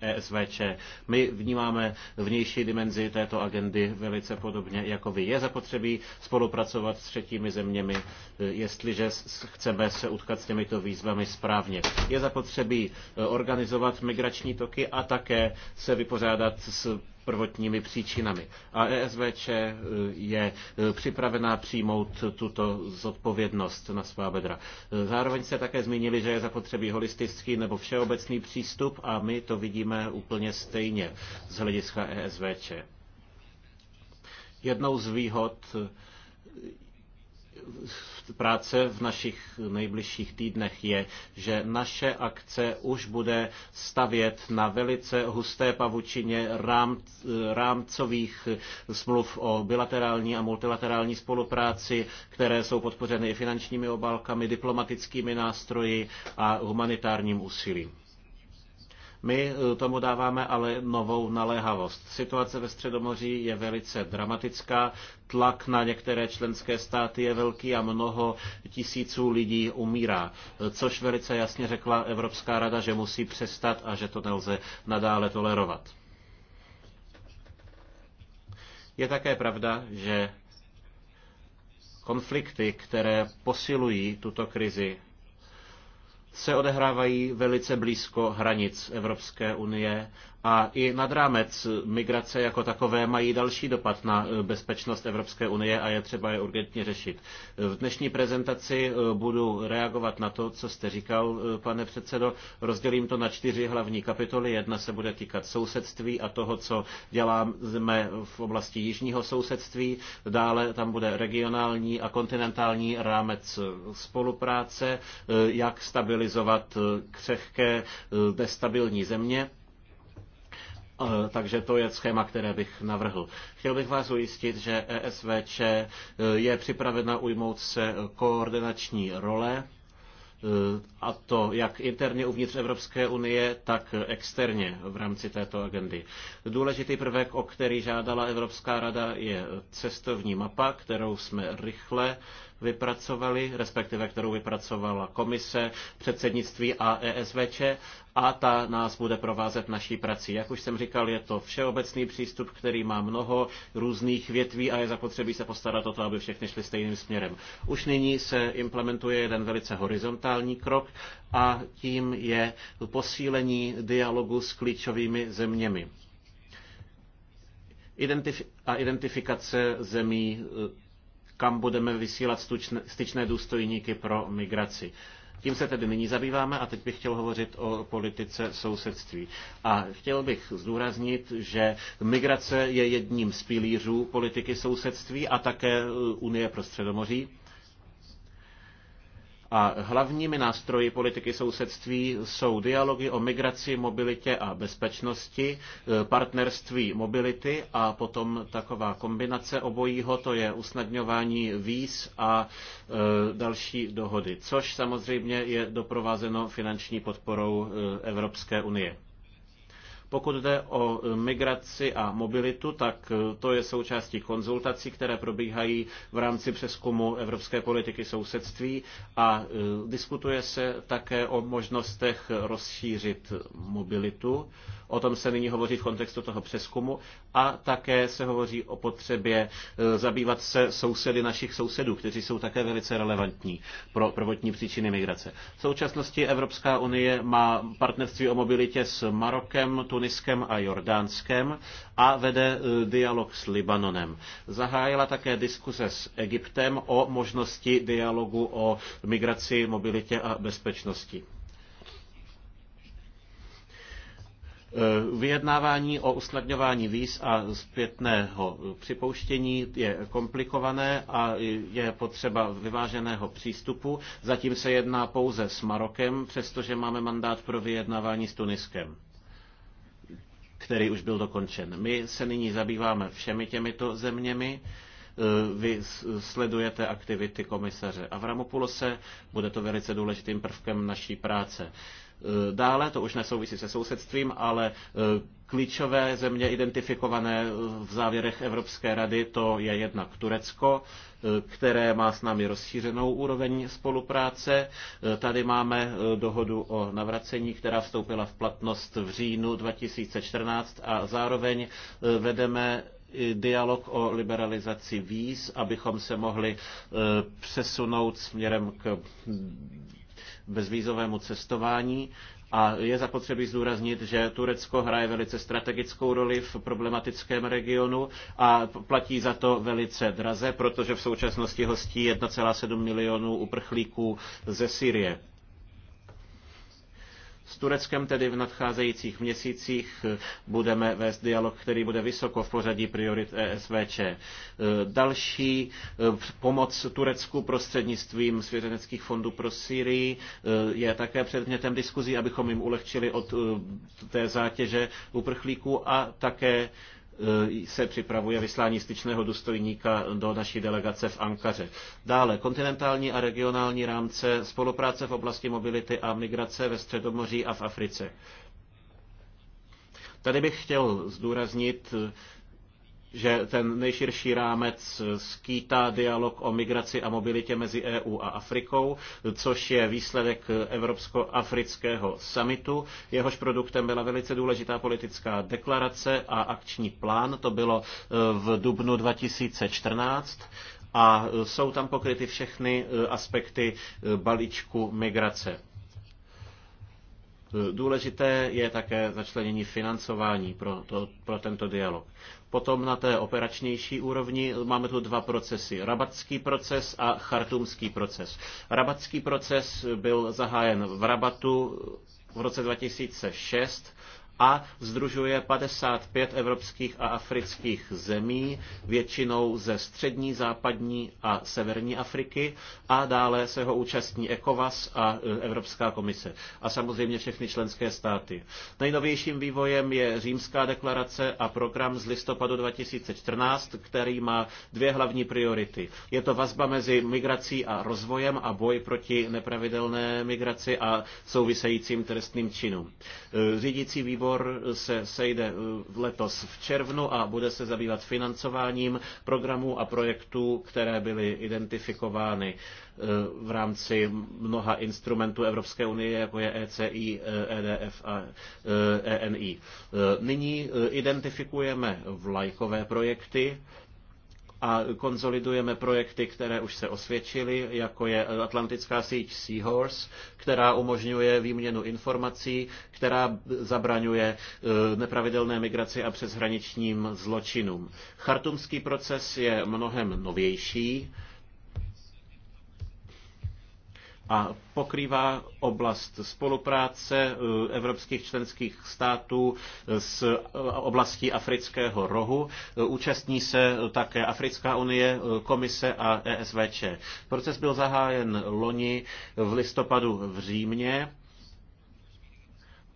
ESVČ. My vnímáme vnější dimenzi této agendy velice podobně jako vy. Je zapotřebí spolupracovat s třetími zeměmi, jestliže chceme se utkat s těmito výzvami správně. Je zapotřebí eh, organizovat migrační toky a také se vypořádat s prvotními příčinami. A ESVČ e, je e, připravená přijmout tuto zodpovědnost na svá bedra. E, zároveň se také zmínili, že je zapotřebí holistický nebo všeobecný přístup a my to vidíme úplně stejně z hlediska ESVČ. Jednou z výhod práce v našich nejbližších týdnech je, že naše akce už bude stavět na velice husté pavučině rám, rámcových smluv o bilaterální a multilaterální spolupráci, které jsou podpořeny i finančními obálkami, diplomatickými nástroji a humanitárním úsilím. My e, tomu dáváme ale novou naléhavost. Situace ve Středomoří je velice dramatická, tlak na některé členské státy je velký a mnoho tisíců lidí umírá, e, což velice jasně řekla Evropská rada, že musí přestat a že to nelze nadále tolerovat. Je také pravda, že konflikty, které posilují tuto krizi, se odehrávají velice blízko hranic Evropské unie a i nad rámec migrace jako takové mají další dopad na eh, bezpečnost Evropské unie a je třeba je urgentně řešit. V dnešní prezentaci eh, budu reagovat na to, co jste říkal, eh, pane předsedo. Rozdělím to na čtyři hlavní kapitoly. Jedna se bude týkat sousedství a toho, co děláme v oblasti jižního sousedství. Dále tam bude regionální a kontinentální rámec spolupráce, jak stabilizovat křehké destabilní země Eh, takže to je schéma, které bych navrhl. Chtěl bych vás ujistit, že ESVČ eh, je připravena ujmout se koordinační role eh, a to jak interně uvnitř Evropské unie, tak externě v rámci této agendy. Důležitý prvek, o který žádala Evropská rada, je cestovní mapa, kterou jsme rychle vypracovali, respektive kterou vypracovala komise, předsednictví a ESVČ a ta nás bude provázet naší prací. Jak už jsem říkal, je to všeobecný přístup, který má mnoho různých větví a je zapotřebí se postarat o to, aby všechny šly stejným směrem. Už nyní se implementuje jeden velice horizontální krok a tím je posílení dialogu s klíčovými zeměmi. Identif- a identifikace zemí kam budeme vysílat styčné důstojníky pro migraci. Tím se tedy nyní zabýváme a teď bych chtěl hovořit o politice sousedství. A chtěl bych zdůraznit, že migrace je jedním z pilířů politiky sousedství a také Unie pro středomoří. A hlavními nástroji politiky sousedství jsou dialogy o migraci, mobilitě a bezpečnosti, e, partnerství mobility a potom taková kombinace obojího, to je usnadňování víz a e, další dohody, což samozřejmě je doprovázeno finanční podporou e, Evropské unie. Pokud jde o e, migraci a mobilitu, tak e, to je součástí konzultací, které probíhají v rámci přeskumu evropské politiky sousedství a e, diskutuje se také o možnostech rozšířit mobilitu O tom se nyní hovoří v kontextu toho přeskumu a také se hovoří o potřebě e, zabývat se sousedy našich sousedů, kteří jsou také velice relevantní pro prvotní příčiny migrace. V současnosti Evropská unie má partnerství o mobilitě s Marokem, Tuniskem a Jordánskem a vede e, dialog s Libanonem. Zahájila také diskuse s Egyptem o možnosti dialogu o migraci, mobilitě a bezpečnosti. Eh, vyjednávání o usnadňování víz a zpětného připouštění je komplikované a je potřeba vyváženého přístupu. Zatím se jedná pouze s Marokem, přestože máme mandát pro vyjednávání s Tuniskem který už byl dokončen. My se nyní zabýváme všemi těmito zeměmi. Eh, vy sledujete aktivity komisaře Avramopulose, bude to velice důležitým prvkem naší práce. Eh, dále, to už nesouvisí se sousedstvím, ale eh, klíčové země identifikované eh, v závěrech Evropské rady, to je jednak Turecko, které má s námi rozšířenou úroveň spolupráce. Tady máme dohodu o navracení, která vstoupila v platnost v říjnu 2014 a zároveň vedeme dialog o liberalizaci víz, abychom se mohli přesunout směrem k bezvízovému cestování a je zapotřebí zdůraznit, že Turecko hraje velice strategickou roli v problematickém regionu a platí za to velice draze, protože v současnosti hostí 1,7 milionů uprchlíků ze Syrie. S Tureckem tedy v nadcházejících měsících eh, budeme vést dialog, který bude vysoko v pořadí priorit ESVČ. Eh, další eh, pomoc Turecku prostřednictvím svěřeneckých fondů pro Syrii je také předmětem diskuzí, abychom jim ulehčili od té zátěže uprchlíků a také Eh, se připravuje vyslání styčného důstojníka do naší delegace v Ankaře. Dále kontinentální a regionální rámce spolupráce v oblasti mobility a migrace ve Středomoří a v Africe. Tady bych chtěl zdůraznit, že ten nejširší rámec skýtá dialog o migraci a mobilitě mezi EU a Afrikou, což je výsledek Evropsko-afrického samitu. Jehož produktem byla velice důležitá politická deklarace a akční plán. To bylo e, v dubnu 2014 a jsou tam pokryty všechny e, aspekty e, balíčku migrace. Důležité je také začlenění financování pro, to, pro tento dialog. Potom na té operačnější úrovni máme tu dva procesy. Rabatský proces a chartumský proces. Rabatský proces byl zahájen v Rabatu v roce 2006 a združuje 55 evropských a afrických zemí, většinou ze střední, západní a severní Afriky a dále se ho účastní ECOWAS a e, Evropská komise a samozřejmě všechny členské státy. Nejnovějším vývojem je Římská deklarace a program z listopadu 2014, který má dvě hlavní priority. Je to vazba mezi migrací a rozvojem a boj proti nepravidelné migraci a souvisejícím trestným činům. E, řídící vývoj Výbor se sejde eh, letos v červnu a bude se zabývat financováním programů a projektů, které byly identifikovány eh, v rámci mnoha instrumentů Evropské unie, jako je ECI, EDF eh, e a ENI. E nyní identifikujeme vlajkové projekty, a konzolidujeme projekty, které už se osvědčily, jako je Atlantická síť Seahorse, která umožňuje výměnu informací, která zabraňuje e, nepravidelné migraci a přeshraničním zločinům. Chartumský proces je mnohem novější, a pokrývá oblast spolupráce eh, evropských členských států eh, s eh, oblastí afrického rohu. Účastní se také Africká unie, komise a ESVČ. Proces byl zahájen loni v listopadu v Římě.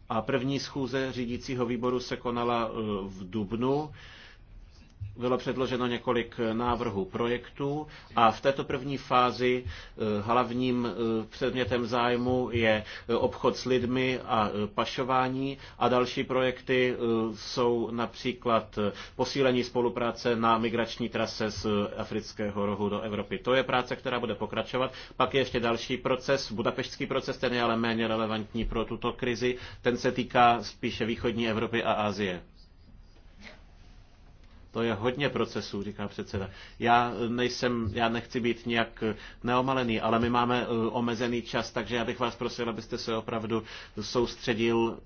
A první schůze řídícího výboru se konala v Dubnu bylo předloženo několik návrhů projektů a v této první fázi eh, hlavním eh, předmětem zájmu je eh, obchod s lidmi a pašování a další projekty jsou například posílení spolupráce na migrační trase z afrického rohu do Evropy. To je práce, která bude pokračovat. Pak je ještě další proces, budapeštský proces, ten je ale méně relevantní pro tuto krizi, ten se týká spíše východní Evropy a Asie. To je hodně procesů, říká předseda. Já nejsem, já nechci být nějak neomalený, ale my máme e, omezený čas, takže já bych vás prosil, abyste se opravdu soustředil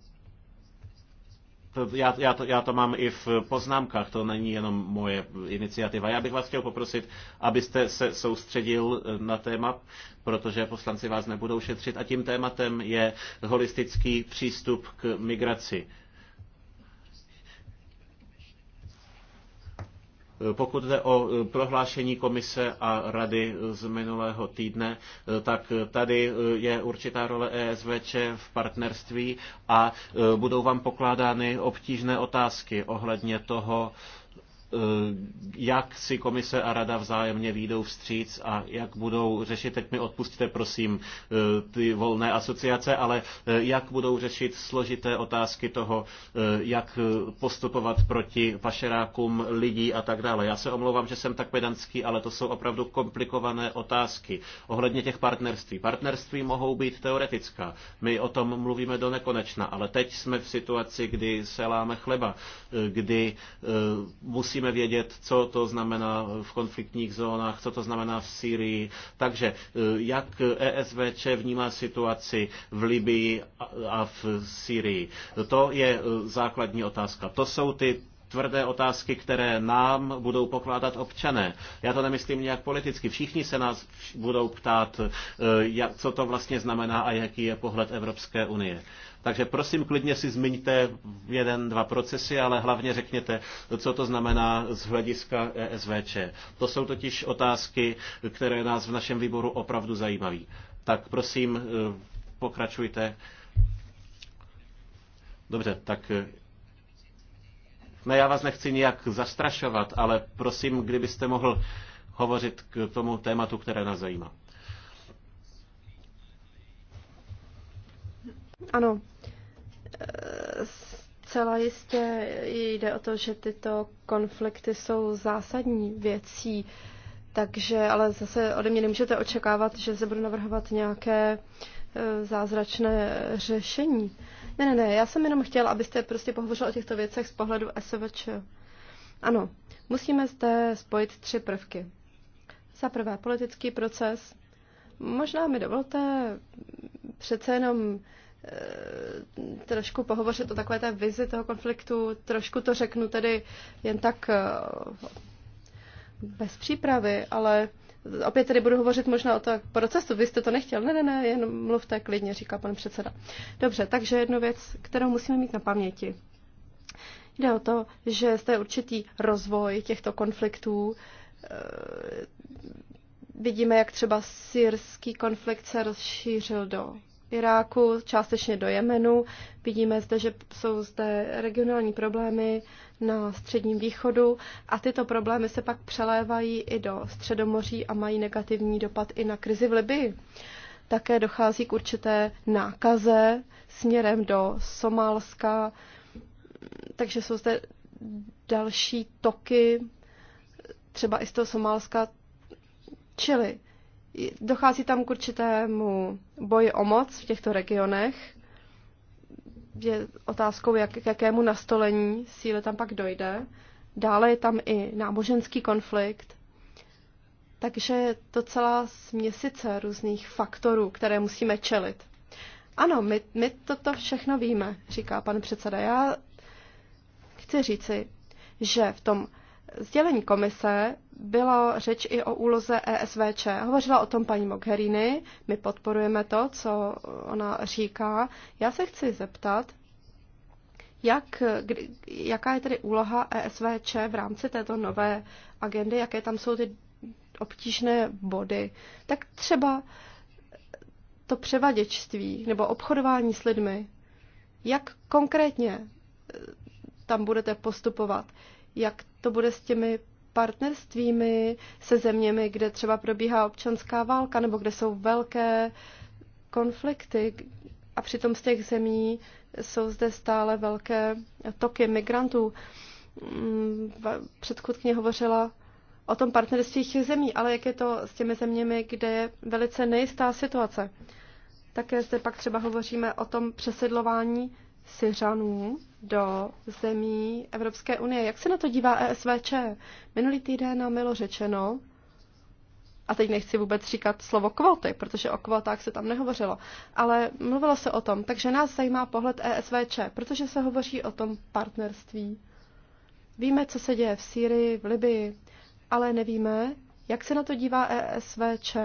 já, já, to, já to mám i v poznámkách, to není jenom moje iniciativa. Já bych vás chtěl poprosit, abyste se soustředil e, na téma, protože poslanci vás nebudou šetřit a tím tématem je holistický přístup k migraci. Pokud jde o e, prohlášení komise a rady z minulého týdne, e, tak tady e, je určitá role ESVČ v partnerství a budou vám pokládány obtížné otázky ohledně toho, Eh, jak si komise a rada vzájemně výjdou vstříc a jak budou řešit, teď mi odpustíte prosím eh, ty volné asociace, ale eh, jak budou řešit složité otázky toho, jak postupovat proti pašerákům lidí a tak dále. Já se omlouvám, že jsem tak pedantský, ale to jsou opravdu komplikované otázky ohledně těch partnerství. Partnerství mohou být teoretická. My o tom mluvíme do nekonečna, ale teď jsme v situaci, kdy se láme chleba, kdy musí musíme vědět, co to znamená v konfliktních zónách, co to znamená v Syrii. Takže eh, jak ESVČ vnímá situaci v Libii a v Syrii? To je eh, základní otázka. To jsou ty tvrdé otázky, které nám budou pokládat občané. Já to nemyslím nějak politicky. Všichni se nás budou ptát, eh, co to vlastně znamená a jaký je pohled Evropské unie. Takže prosím, klidně si zmiňte jeden, dva procesy, ale hlavně řekněte, co to znamená z hlediska ESVČ. To jsou totiž otázky, které nás v našem výboru opravdu zajímaví. Tak prosím, eh, pokračujte. Dobře, tak eh, ne, no já vás nechci nijak zastrašovat, ale prosím, kdybyste mohl hovořit k tomu tématu, které nás zajímá. Ano, Zcela jistě jde o to, že tyto konflikty jsou zásadní věcí, takže ale zase ode mě nemůžete očekávat, že se budu navrhovat nějaké e, zázračné řešení. Ne, ne, ne, já jsem jenom chtěla, abyste prostě pohovořil o těchto věcech z pohledu SVČ. Ano, musíme zde spojit tři prvky. Za prvé politický proces. Možná mi dovolte přece jenom Eh, trošku pohovořit o takové té vizi toho konfliktu. Trošku to řeknu tedy jen tak eh, bez přípravy, ale opět tedy budu hovořit možná o tom procesu. Vy jste to nechtěl. Ne, ne, ne, jen mluvte klidně, říká pan předseda. Dobře, takže jednu věc, kterou musíme mít na paměti. Jde o to, že zde je určitý rozvoj těchto konfliktů. Eh, vidíme, jak třeba syrský konflikt se rozšířil do Iráku, částečně do Jemenu. Vidíme zde, že jsou zde regionální problémy na středním východu a tyto problémy se pak přelévají i do středomoří a mají negativní dopad i na krizi v Libii. Také dochází k určité nákaze směrem do Somálska, takže jsou zde další toky, třeba i z toho Somálska, čili Dochází tam k určitému boji o moc v těchto regionech. Je otázkou, jak, k jakému nastolení síly tam pak dojde. Dále je tam i náboženský konflikt. Takže je to celá směsice různých faktorů, které musíme čelit. Ano, my, my toto všechno víme, říká pan předseda. Já chci říci, že v tom sdělení komise byla řeč i o úloze ESVČ. Hovořila o tom paní Mogherini, my podporujeme to, co ona říká. Já se chci zeptat, jak, jaká je tedy úloha ESVČ v rámci této nové agendy, jaké tam jsou ty obtížné body. Tak třeba to převaděčství nebo obchodování s lidmi, jak konkrétně tam budete postupovat, jak to bude s těmi partnerstvími se zeměmi, kde třeba probíhá občanská válka nebo kde jsou velké konflikty a přitom z těch zemí jsou zde stále velké toky migrantů. Mm, Předchůdkně hovořila o tom partnerství těch zemí, ale jak je to s těmi zeměmi, kde je velice nejistá situace. Také zde pak třeba hovoříme o tom přesedlování Syřanů do zemí Evropské unie. Jak se na to dívá ESVČ? Minulý týden nám bylo řečeno, a teď nechci vůbec říkat slovo kvóty, protože o kvótách se tam nehovořilo, ale mluvilo se o tom, takže nás zajímá pohled ESVČ, protože se hovoří o tom partnerství. Víme, co se děje v Sýrii, v Libii, ale nevíme, jak se na to dívá ESVČ.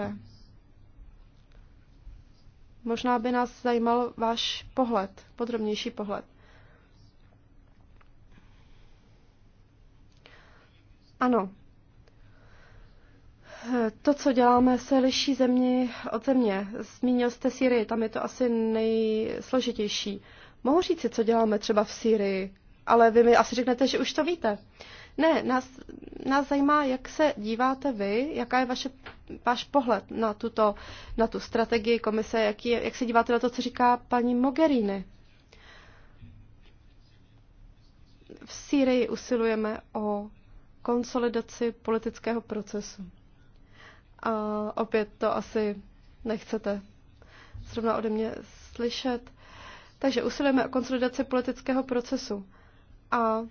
Možná by nás zajímal váš pohled, podrobnější pohled. Ano. To, co děláme, se liší země od země. Zmínil jste Syrii, tam je to asi nejsložitější. Mohu říct si, co děláme třeba v Syrii, ale vy mi asi řeknete, že už to víte. Ne, nás, nás zajímá, jak se díváte vy, jaká je vaše, váš pohled na, tuto, na tu strategii komise, jak, je, jak se díváte na to, co říká paní Mogherini. V Sýrii usilujeme o konsolidaci politického procesu. A opět to asi nechcete zrovna ode mě slyšet. Takže usilujeme o konsolidaci politického procesu. A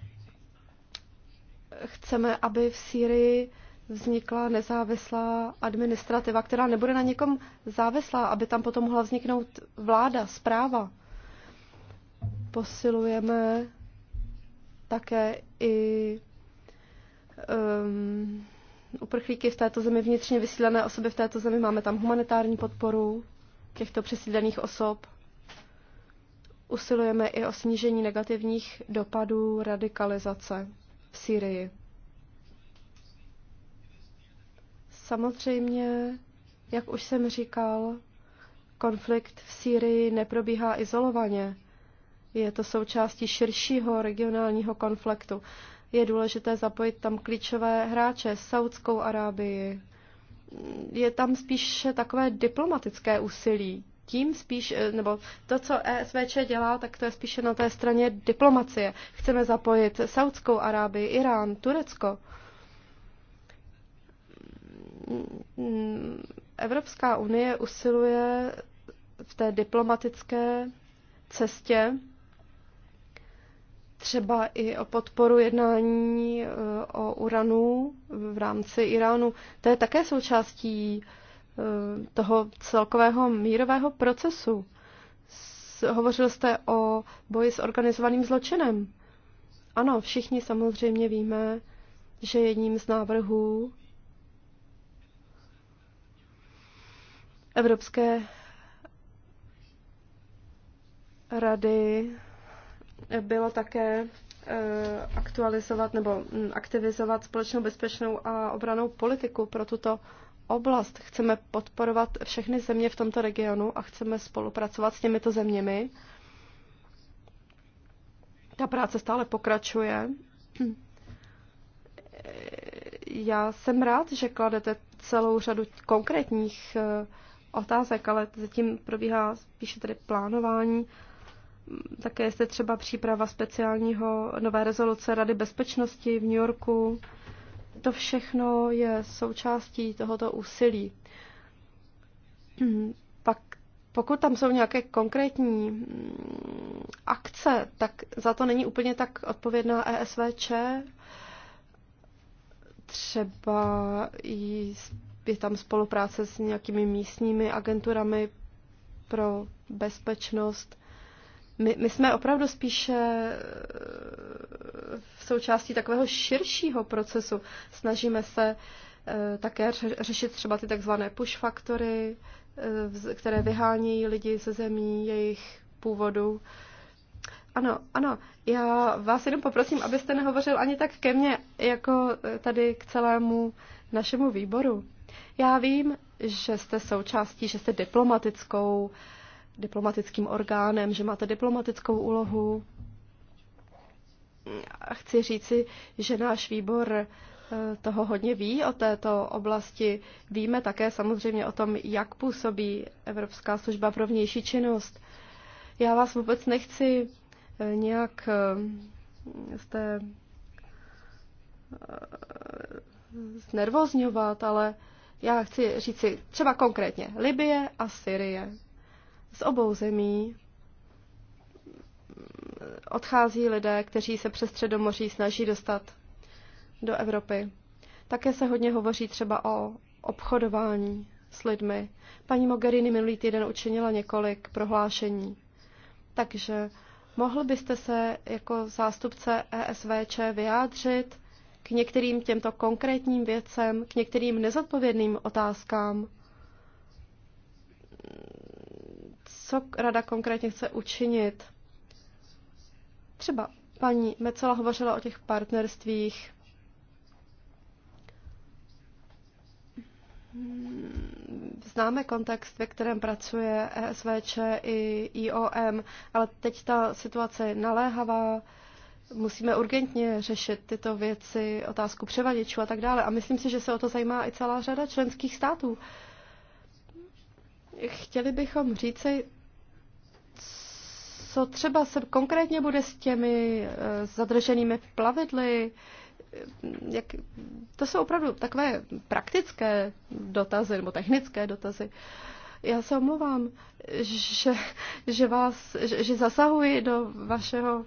chceme, aby v Sýrii vznikla nezávislá administrativa, která nebude na někom závislá, aby tam potom mohla vzniknout vláda, zpráva. Posilujeme také i um, uprchlíky v této zemi, vnitřně vysílené osoby v této zemi. Máme tam humanitární podporu těchto přesídlených osob. Usilujeme i o snížení negativních dopadů radikalizace v Syrii. Samozřejmě, jak už jsem říkal, konflikt v Syrii neprobíhá izolovaně. Je to součástí širšího regionálního konfliktu. Je důležité zapojit tam klíčové hráče, Saudskou Arábii. Je tam spíše takové diplomatické úsilí tím spíš, eh, nebo to, co ESVČ dělá, tak to je spíše na té straně diplomacie. Chceme zapojit Saudskou Arábii, Irán, Turecko. Evropská unie usiluje v té diplomatické cestě třeba i o podporu jednání eh, o uranu v rámci Iránu. To je také součástí Eh, toho celkového mírového procesu. Hovořil jste o boji s organizovaným zločinem. Ano, všichni samozřejmě víme, že jedním z návrhů Evropské rady bylo také eh, aktualizovat nebo hm, aktivizovat společnou bezpečnou a obranou politiku pro tuto oblast. Chceme podporovat všechny země v tomto regionu a chceme spolupracovat s těmito zeměmi. Ta práce stále pokračuje. Já jsem rád, že kladete celou řadu konkrétních eh, otázek, ale zatím probíhá spíše tedy plánování. Také jste třeba příprava speciálního nové rezoluce Rady bezpečnosti v New Yorku to všechno je součástí tohoto úsilí. Pak pokud tam jsou nějaké konkrétní mm, akce, tak za to není úplně tak odpovědná ESVČ. Třeba je tam spolupráce s nějakými místními agenturami pro bezpečnost. My, my jsme opravdu spíše eh, v součástí takového širšího procesu. Snažíme se eh, také řešit třeba ty takzvané push faktory, eh, které vyhánějí lidi ze zemí jejich původu. Ano, ano. Já vás jenom poprosím, abyste nehovořil ani tak ke mně, jako tady k celému našemu výboru. Já vím, že jste součástí, že jste diplomatickou uh, diplomatickým orgánem, že máte diplomatickou úlohu. A chci říci, že náš výbor eh, toho hodně ví o této oblasti. Víme také samozřejmě o tom, jak působí Evropská služba pro vnější činnost. Já vás vůbec nechci eh, nějak jste eh, znervozňovat, ale já chci říci třeba konkrétně Libie a Syrie z obou zemí odchází lidé, kteří se přes Středomoří snaží dostat do Evropy. Také se hodně hovoří třeba o obchodování s lidmi. Paní Mogherini minulý týden učinila několik prohlášení. Takže mohl byste se jako zástupce ESVČ vyjádřit k některým těmto konkrétním věcem, k některým nezodpovědným otázkám, co rada konkrétně chce učinit. Třeba paní Mecela hovořila o těch partnerstvích. Známe kontext, ve kterém pracuje ESVČ i IOM, ale teď ta situace je naléhavá. Musíme urgentně řešit tyto věci, otázku převaděčů a tak dále. A myslím si, že se o to zajímá i celá řada členských států. Chtěli bychom říci co třeba se konkrétně bude s těmi eh, zadrženými plavidly, jak, to jsou opravdu takové praktické dotazy nebo technické dotazy. Já se omlouvám, že, že vás, že, že zasahuji do vašeho,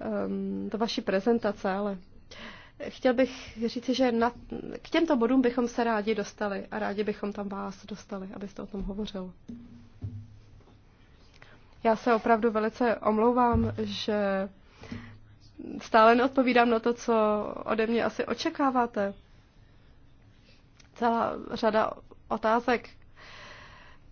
ehm, do vaší prezentace, ale chtěl bych říci, že na, k těmto bodům bychom se rádi dostali a rádi bychom tam vás dostali, abyste o tom hovořil. Já se opravdu velice omlouvám, že stále neodpovídám na to, co ode mě asi očekáváte. Celá řada otázek,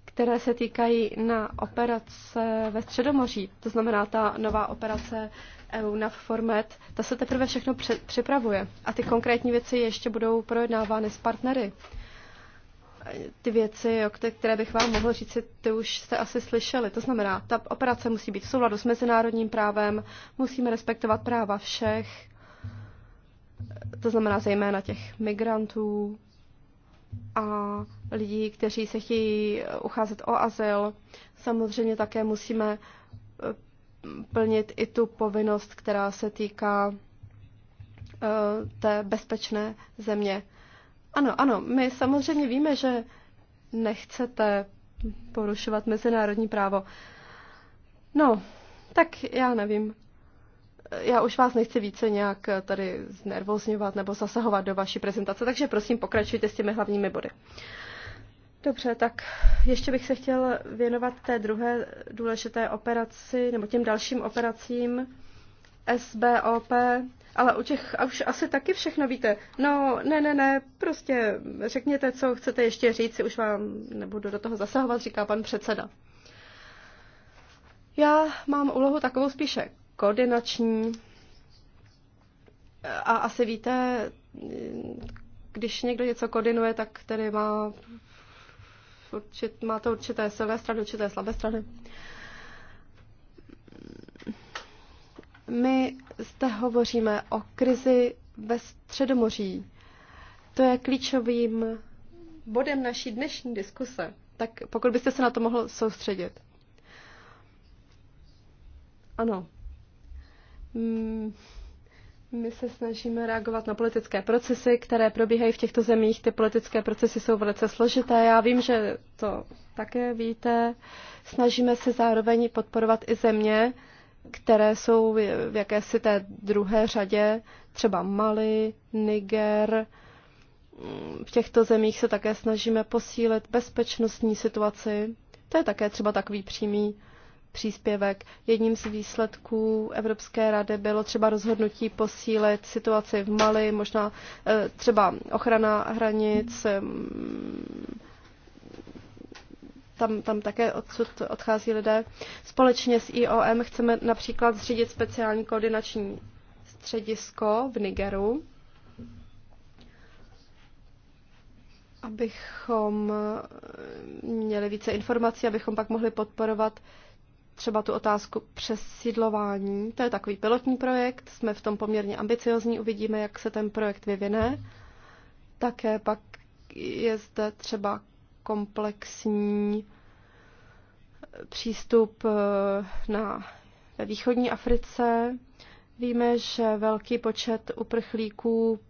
které se týkají na operace ve Středomoří, to znamená ta nová operace EU na format, ta se teprve všechno připravuje a ty konkrétní věci ještě budou projednávány s partnery ty věci, které bych vám mohl říct, ty už jste asi slyšeli. To znamená, ta operace musí být v souladu s mezinárodním právem, musíme respektovat práva všech, to znamená zejména těch migrantů a lidí, kteří se chtějí ucházet o azyl. Samozřejmě také musíme eh, plnit i tu povinnost, která se týká eh, té bezpečné země. Ano, ano, my samozřejmě víme, že nechcete porušovat mezinárodní právo. No, tak já nevím. Já už vás nechci více nějak tady znervozňovat nebo zasahovat do vaší prezentace, takže prosím pokračujte s těmi hlavními body. Dobře, tak ještě bych se chtěl věnovat té druhé důležité operaci, nebo těm dalším operacím SBOP, ale u těch a už asi taky všechno víte. No, ne, ne, ne, prostě řekněte, co chcete ještě říct, už vám nebudu do toho zasahovat, říká pan předseda. Já mám úlohu takovou spíše koordinační. A asi víte, když někdo něco koordinuje, tak tedy má, určit, má to určité silné strany, určité slabé strany. Uh, My zde hovoříme o krizi ve Středomoří. To je klíčovým bodem naší dnešní diskuse. Tak pokud byste se na to mohl soustředit. Ano. Mm, my se snažíme reagovat na politické procesy, které probíhají v těchto zemích. Ty politické procesy jsou velice složité. Já vím, že to také víte. Snažíme se zároveň podporovat i země, které jsou v jakési té druhé řadě, třeba Mali, Niger. V těchto zemích se také snažíme posílit bezpečnostní situaci. To je také třeba takový přímý příspěvek. Jedním z výsledků Evropské rady bylo třeba rozhodnutí posílit situaci v Mali, možná eh, třeba ochrana hranic, mm, tam, tam také odsud odchází lidé. Společně s IOM chceme například zřídit speciální koordinační středisko v Nigeru, abychom měli více informací, abychom pak mohli podporovat třeba tu otázku přesídlování. To je takový pilotní projekt, jsme v tom poměrně ambiciozní, uvidíme, jak se ten projekt vyvine. Také pak je zde třeba komplexní přístup eh, na, ve východní Africe. Víme, že velký počet uprchlíků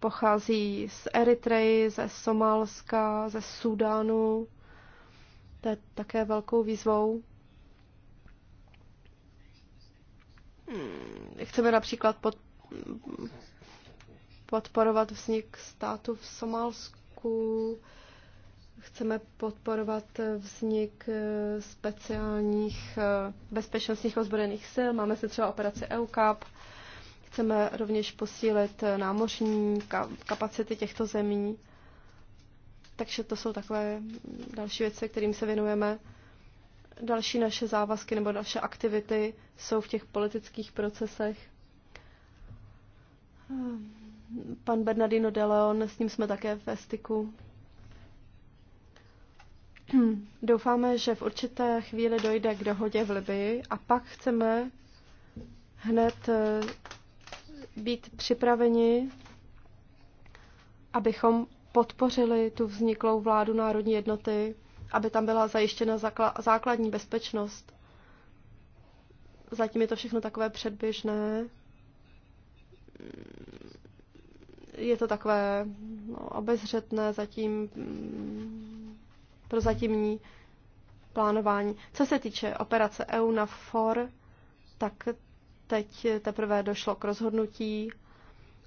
pochází z Eritreji, ze Somálska, ze Sudánu. To je také velkou výzvou. Hmm, chceme například pod, podporovat vznik státu v Somálsku. Chceme podporovat vznik eh, speciálních eh, bezpečnostních ozbrojených sil. Máme se třeba operaci EUCAP. Chceme rovněž posílit eh, námořní kapacity těchto zemí. Takže to jsou takové další věci, kterým se věnujeme. Další naše závazky nebo naše aktivity jsou v těch politických procesech. Pan Bernardino de Leon, s ním jsme také ve styku. Hmm. Doufáme, že v určité chvíli dojde k dohodě v Libii a pak chceme hned eh, být připraveni, abychom podpořili tu vzniklou vládu národní jednoty, aby tam byla zajištěna základní bezpečnost. Zatím je to všechno takové předběžné. Je to takové no, obezřetné, zatím hmm, prozatímní plánování. Co se týče operace EU tak teď teprve došlo k rozhodnutí.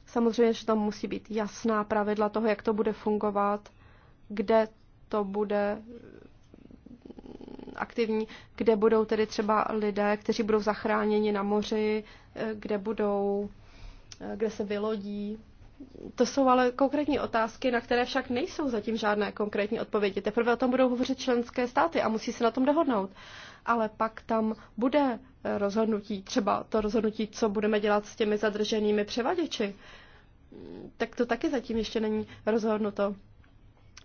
Samozřejmě, že tam musí být jasná pravidla toho, jak to bude fungovat, kde to bude aktivní, kde budou tedy třeba lidé, kteří budou zachráněni na moři, eh, kde budou, eh, kde se vylodí to jsou ale konkrétní otázky, na které však nejsou zatím žádné konkrétní odpovědi. Teprve o tom budou hovořit členské státy a musí se na tom dohodnout. Ale pak tam bude rozhodnutí, třeba to rozhodnutí, co budeme dělat s těmi zadrženými převaděči. Tak to taky zatím ještě není rozhodnuto.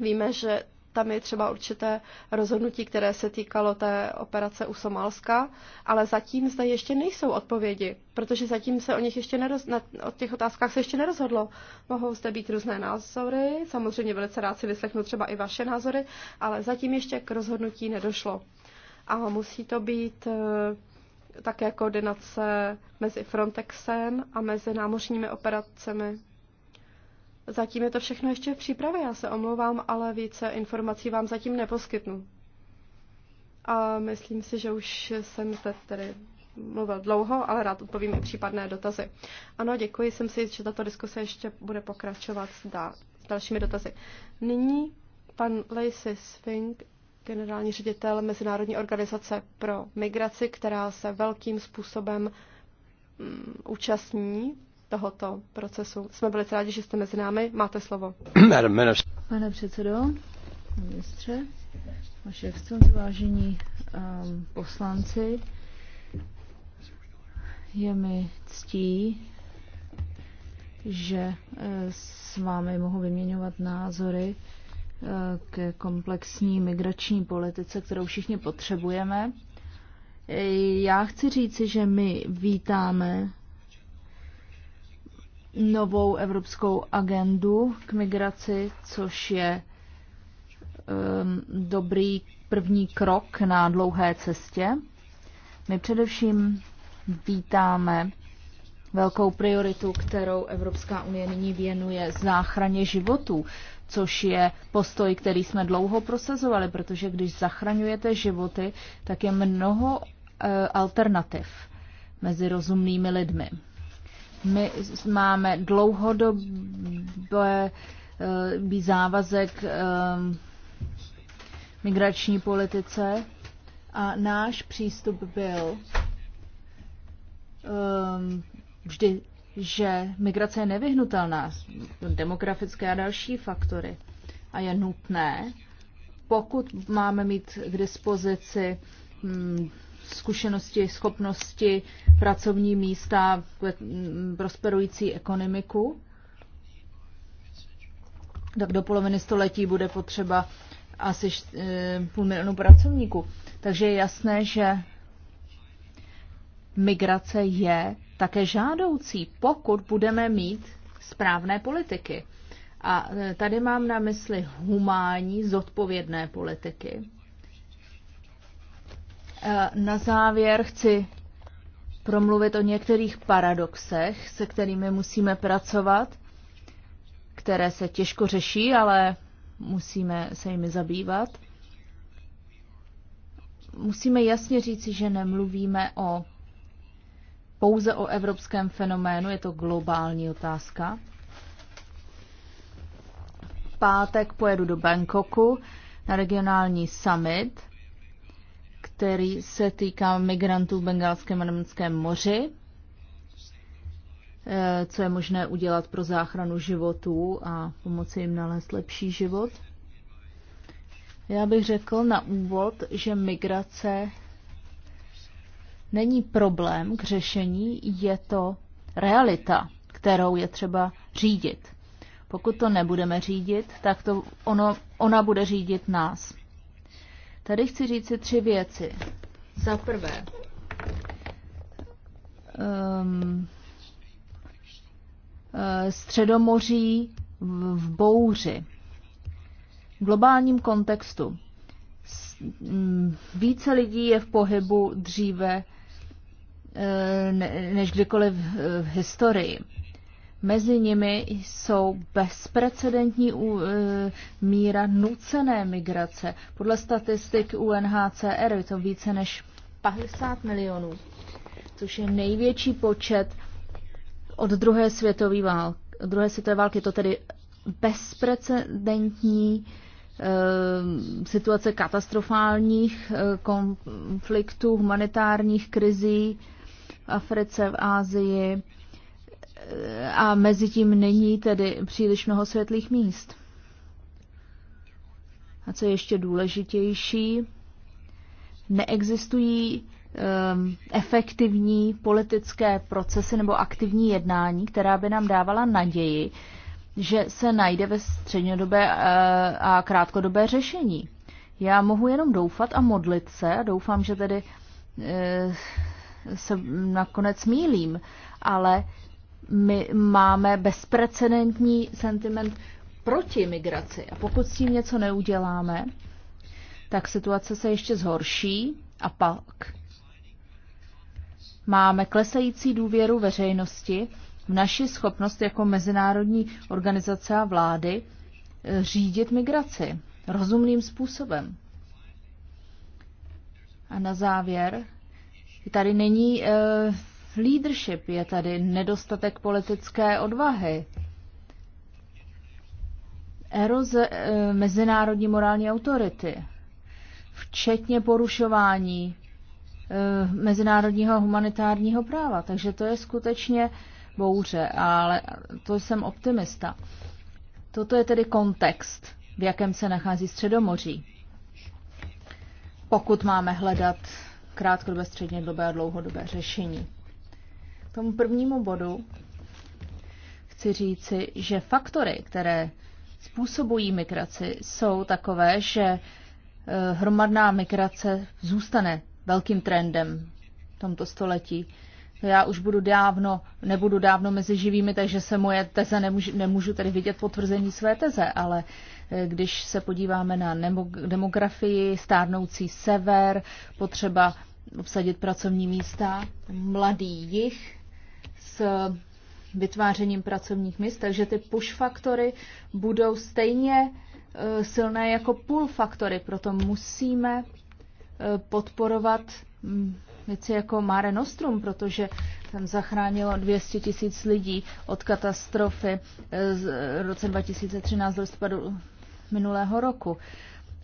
Víme, že tam je třeba určité rozhodnutí, které se týkalo té operace u Somálska, ale zatím zde ještě nejsou odpovědi, protože zatím se o nich ještě neroz, na, o těch otázkách se ještě nerozhodlo. Mohou zde být různé názory, samozřejmě velice rád si vyslechnu třeba i vaše názory, ale zatím ještě k rozhodnutí nedošlo. A musí to být eh, také koordinace mezi Frontexem a mezi námořními operacemi Zatím je to všechno ještě v přípravě, já se omlouvám, ale více informací vám zatím neposkytnu. A myslím si, že už jsem zde tedy mluvil dlouho, ale rád odpovím i případné dotazy. Ano, děkuji, jsem si, že tato diskuse ještě bude pokračovat s, dalšími dotazy. Nyní pan Lacey Swing, generální ředitel Mezinárodní organizace pro migraci, která se velkým způsobem mm, účastní tohoto procesu. Jsme velice rádi, že jste mezi námi. Máte slovo. Pane předsedo, ministře, vaše excelence, vážení um, poslanci, je mi ctí, že eh, s vámi mohu vyměňovat názory eh, k komplexní migrační politice, kterou všichni potřebujeme. Eh, já chci říci, že my vítáme novou evropskou agendu k migraci, což je um, dobrý první krok na dlouhé cestě. My především vítáme velkou prioritu, kterou Evropská unie nyní věnuje záchraně životů, což je postoj, který jsme dlouho prosazovali, protože když zachraňujete životy, tak je mnoho eh, alternativ mezi rozumnými lidmi. My máme dlouhodobý eh, závazek eh, migrační politice a náš přístup byl eh, vždy, že migrace je nevyhnutelná, demografické a další faktory a je nutné, pokud máme mít k dispozici hm, zkušenosti, schopnosti, pracovní místa, mm, prosperující ekonomiku. Tak do poloviny století bude potřeba asi e, půl milionu pracovníků. Takže je jasné, že migrace je také žádoucí, pokud budeme mít správné politiky. A e, tady mám na mysli humánní, zodpovědné politiky, Eh, na závěr chci promluvit o některých paradoxech, se kterými musíme pracovat, které se těžko řeší, ale musíme se jimi zabývat. Musíme jasně říci, že nemluvíme o pouze o evropském fenoménu, je to globální otázka. V pátek pojedu do Bangkoku na regionální summit který se týká migrantů v Bengalském a Nemeckém moři, eh, co je možné udělat pro záchranu životů a pomoci jim nalézt lepší život. Já bych řekl na úvod, že migrace není problém k řešení, je to realita, kterou je třeba řídit. Pokud to nebudeme řídit, tak to ono, ona bude řídit nás. Tady chci říct si tři věci. Za prvé, um, středomoří v, v bouři. V globálním kontextu mm, více lidí je v pohybu dříve eh, než kdykoliv v historii. Mezi nimi jsou bezprecedentní e, míra nucené migrace. Podle statistik UNHCR je to více než 50 milionů, což je největší počet od druhé světové války. Od druhé světové války je to tedy bezprecedentní e, situace katastrofálních e, konfliktů, humanitárních krizí v Africe, v Ázii a mezi tím není tedy příliš mnoho světlých míst. A co je ještě důležitější, neexistují um, efektivní politické procesy nebo aktivní jednání, která by nám dávala naději, že se najde ve střednědobé eh, a krátkodobé řešení. Já mohu jenom doufat a modlit se a doufám, že tedy eh, se nakonec mílím, ale my máme bezprecedentní sentiment proti migraci. A pokud s tím něco neuděláme, tak situace se ještě zhorší a pak máme klesající důvěru veřejnosti v naši schopnost jako mezinárodní organizace a vlády eh, řídit migraci rozumným způsobem. A na závěr, tady není eh, leadership, je tady nedostatek politické odvahy. Eroze eh, mezinárodní morální autority, včetně porušování eh, mezinárodního humanitárního práva. Takže to je skutečně bouře, ale to jsem optimista. Toto je tedy kontext, v jakém se nachází Středomoří. Pokud máme hledat krátkodobé, střednědobé a dlouhodobé řešení tomu prvnímu bodu chci říci, že faktory, které způsobují migraci, jsou takové, že eh, hromadná migrace zůstane velkým trendem v tomto století. Já už budu dávno, nebudu dávno mezi živými, takže se moje teze nemůžu, nemůžu tedy vidět potvrzení své teze, ale eh, když se podíváme na demografii, stárnoucí sever, potřeba obsadit pracovní místa, mladý jich, s eh, vytvářením pracovních míst, takže ty push faktory budou stejně eh, silné jako pull faktory, proto musíme eh, podporovat mm, věci jako Mare Nostrum, protože tam zachránilo 200 tisíc lidí od katastrofy z roce 2013 do listopadu minulého roku.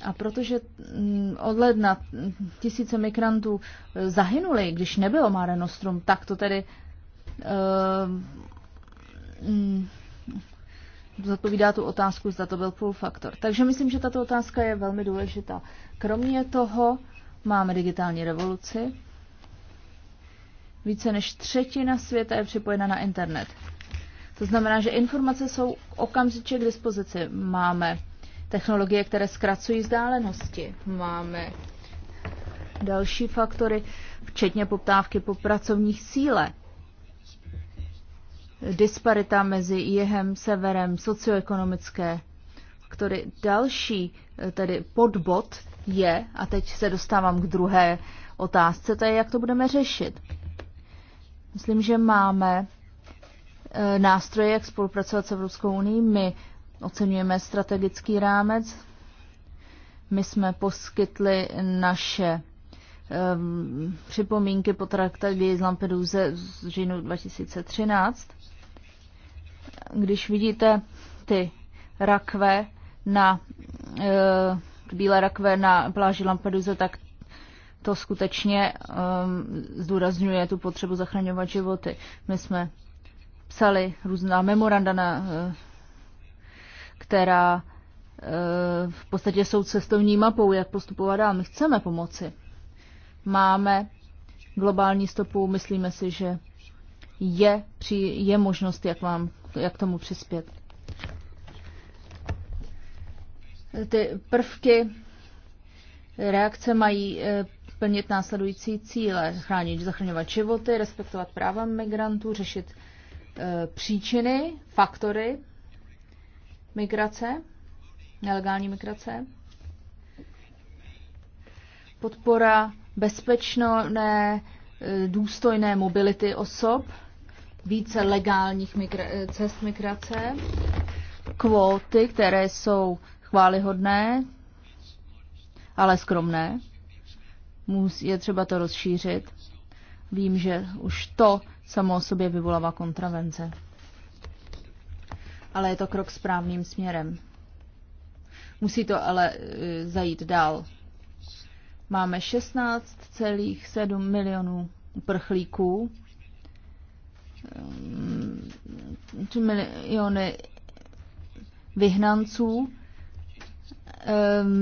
A protože mm, od ledna mm, tisíce migrantů zahynuli, když nebylo Mare Nostrum, tak to tedy Ehm, mm, zodpovídá tu otázku, zda to byl pull faktor. Takže myslím, že tato otázka je velmi důležitá. Kromě toho máme digitální revoluci. Více než třetina světa je připojena na internet. To znamená, že informace jsou okamžitě k dispozici. Máme technologie, které zkracují vzdálenosti. Máme další faktory, včetně poptávky po pracovních síle disparita mezi jihem, severem, socioekonomické který Další eh, tedy podbod je, a teď se dostávám k druhé otázce, to je, jak to budeme řešit. Myslím, že máme eh, nástroje, jak spolupracovat s Evropskou unii. My oceňujeme strategický rámec. My jsme poskytli naše um, připomínky po tragédii z Lampedusa z říjnu 2013. Když vidíte ty rakve na e, bílé rakve na pláži Lampedusa, tak to skutečně um, zdůrazňuje tu potřebu zachraňovat životy. My jsme psali různá memoranda, na, e, která e, v podstatě jsou cestovní mapou, jak postupovat dál. My chceme pomoci. Máme globální stopu, myslíme si, že je, při, je možnost, jak vám jak tomu přispět. Ty prvky reakce mají e, plnit následující cíle. Chránit, zachraňovat životy, respektovat práva migrantů, řešit e, příčiny, faktory migrace, nelegální migrace, podpora bezpečné, e, důstojné mobility osob, více legálních migra- eh, cest migrace, kvóty, které jsou chválihodné, ale skromné. Je třeba to rozšířit. Vím, že už to samo o sobě vyvolává kontravence. Ale je to krok správným směrem. Musí to ale eh, zajít dál. Máme 16,7 milionů uprchlíků 3 um, miliony vyhnanců. Um,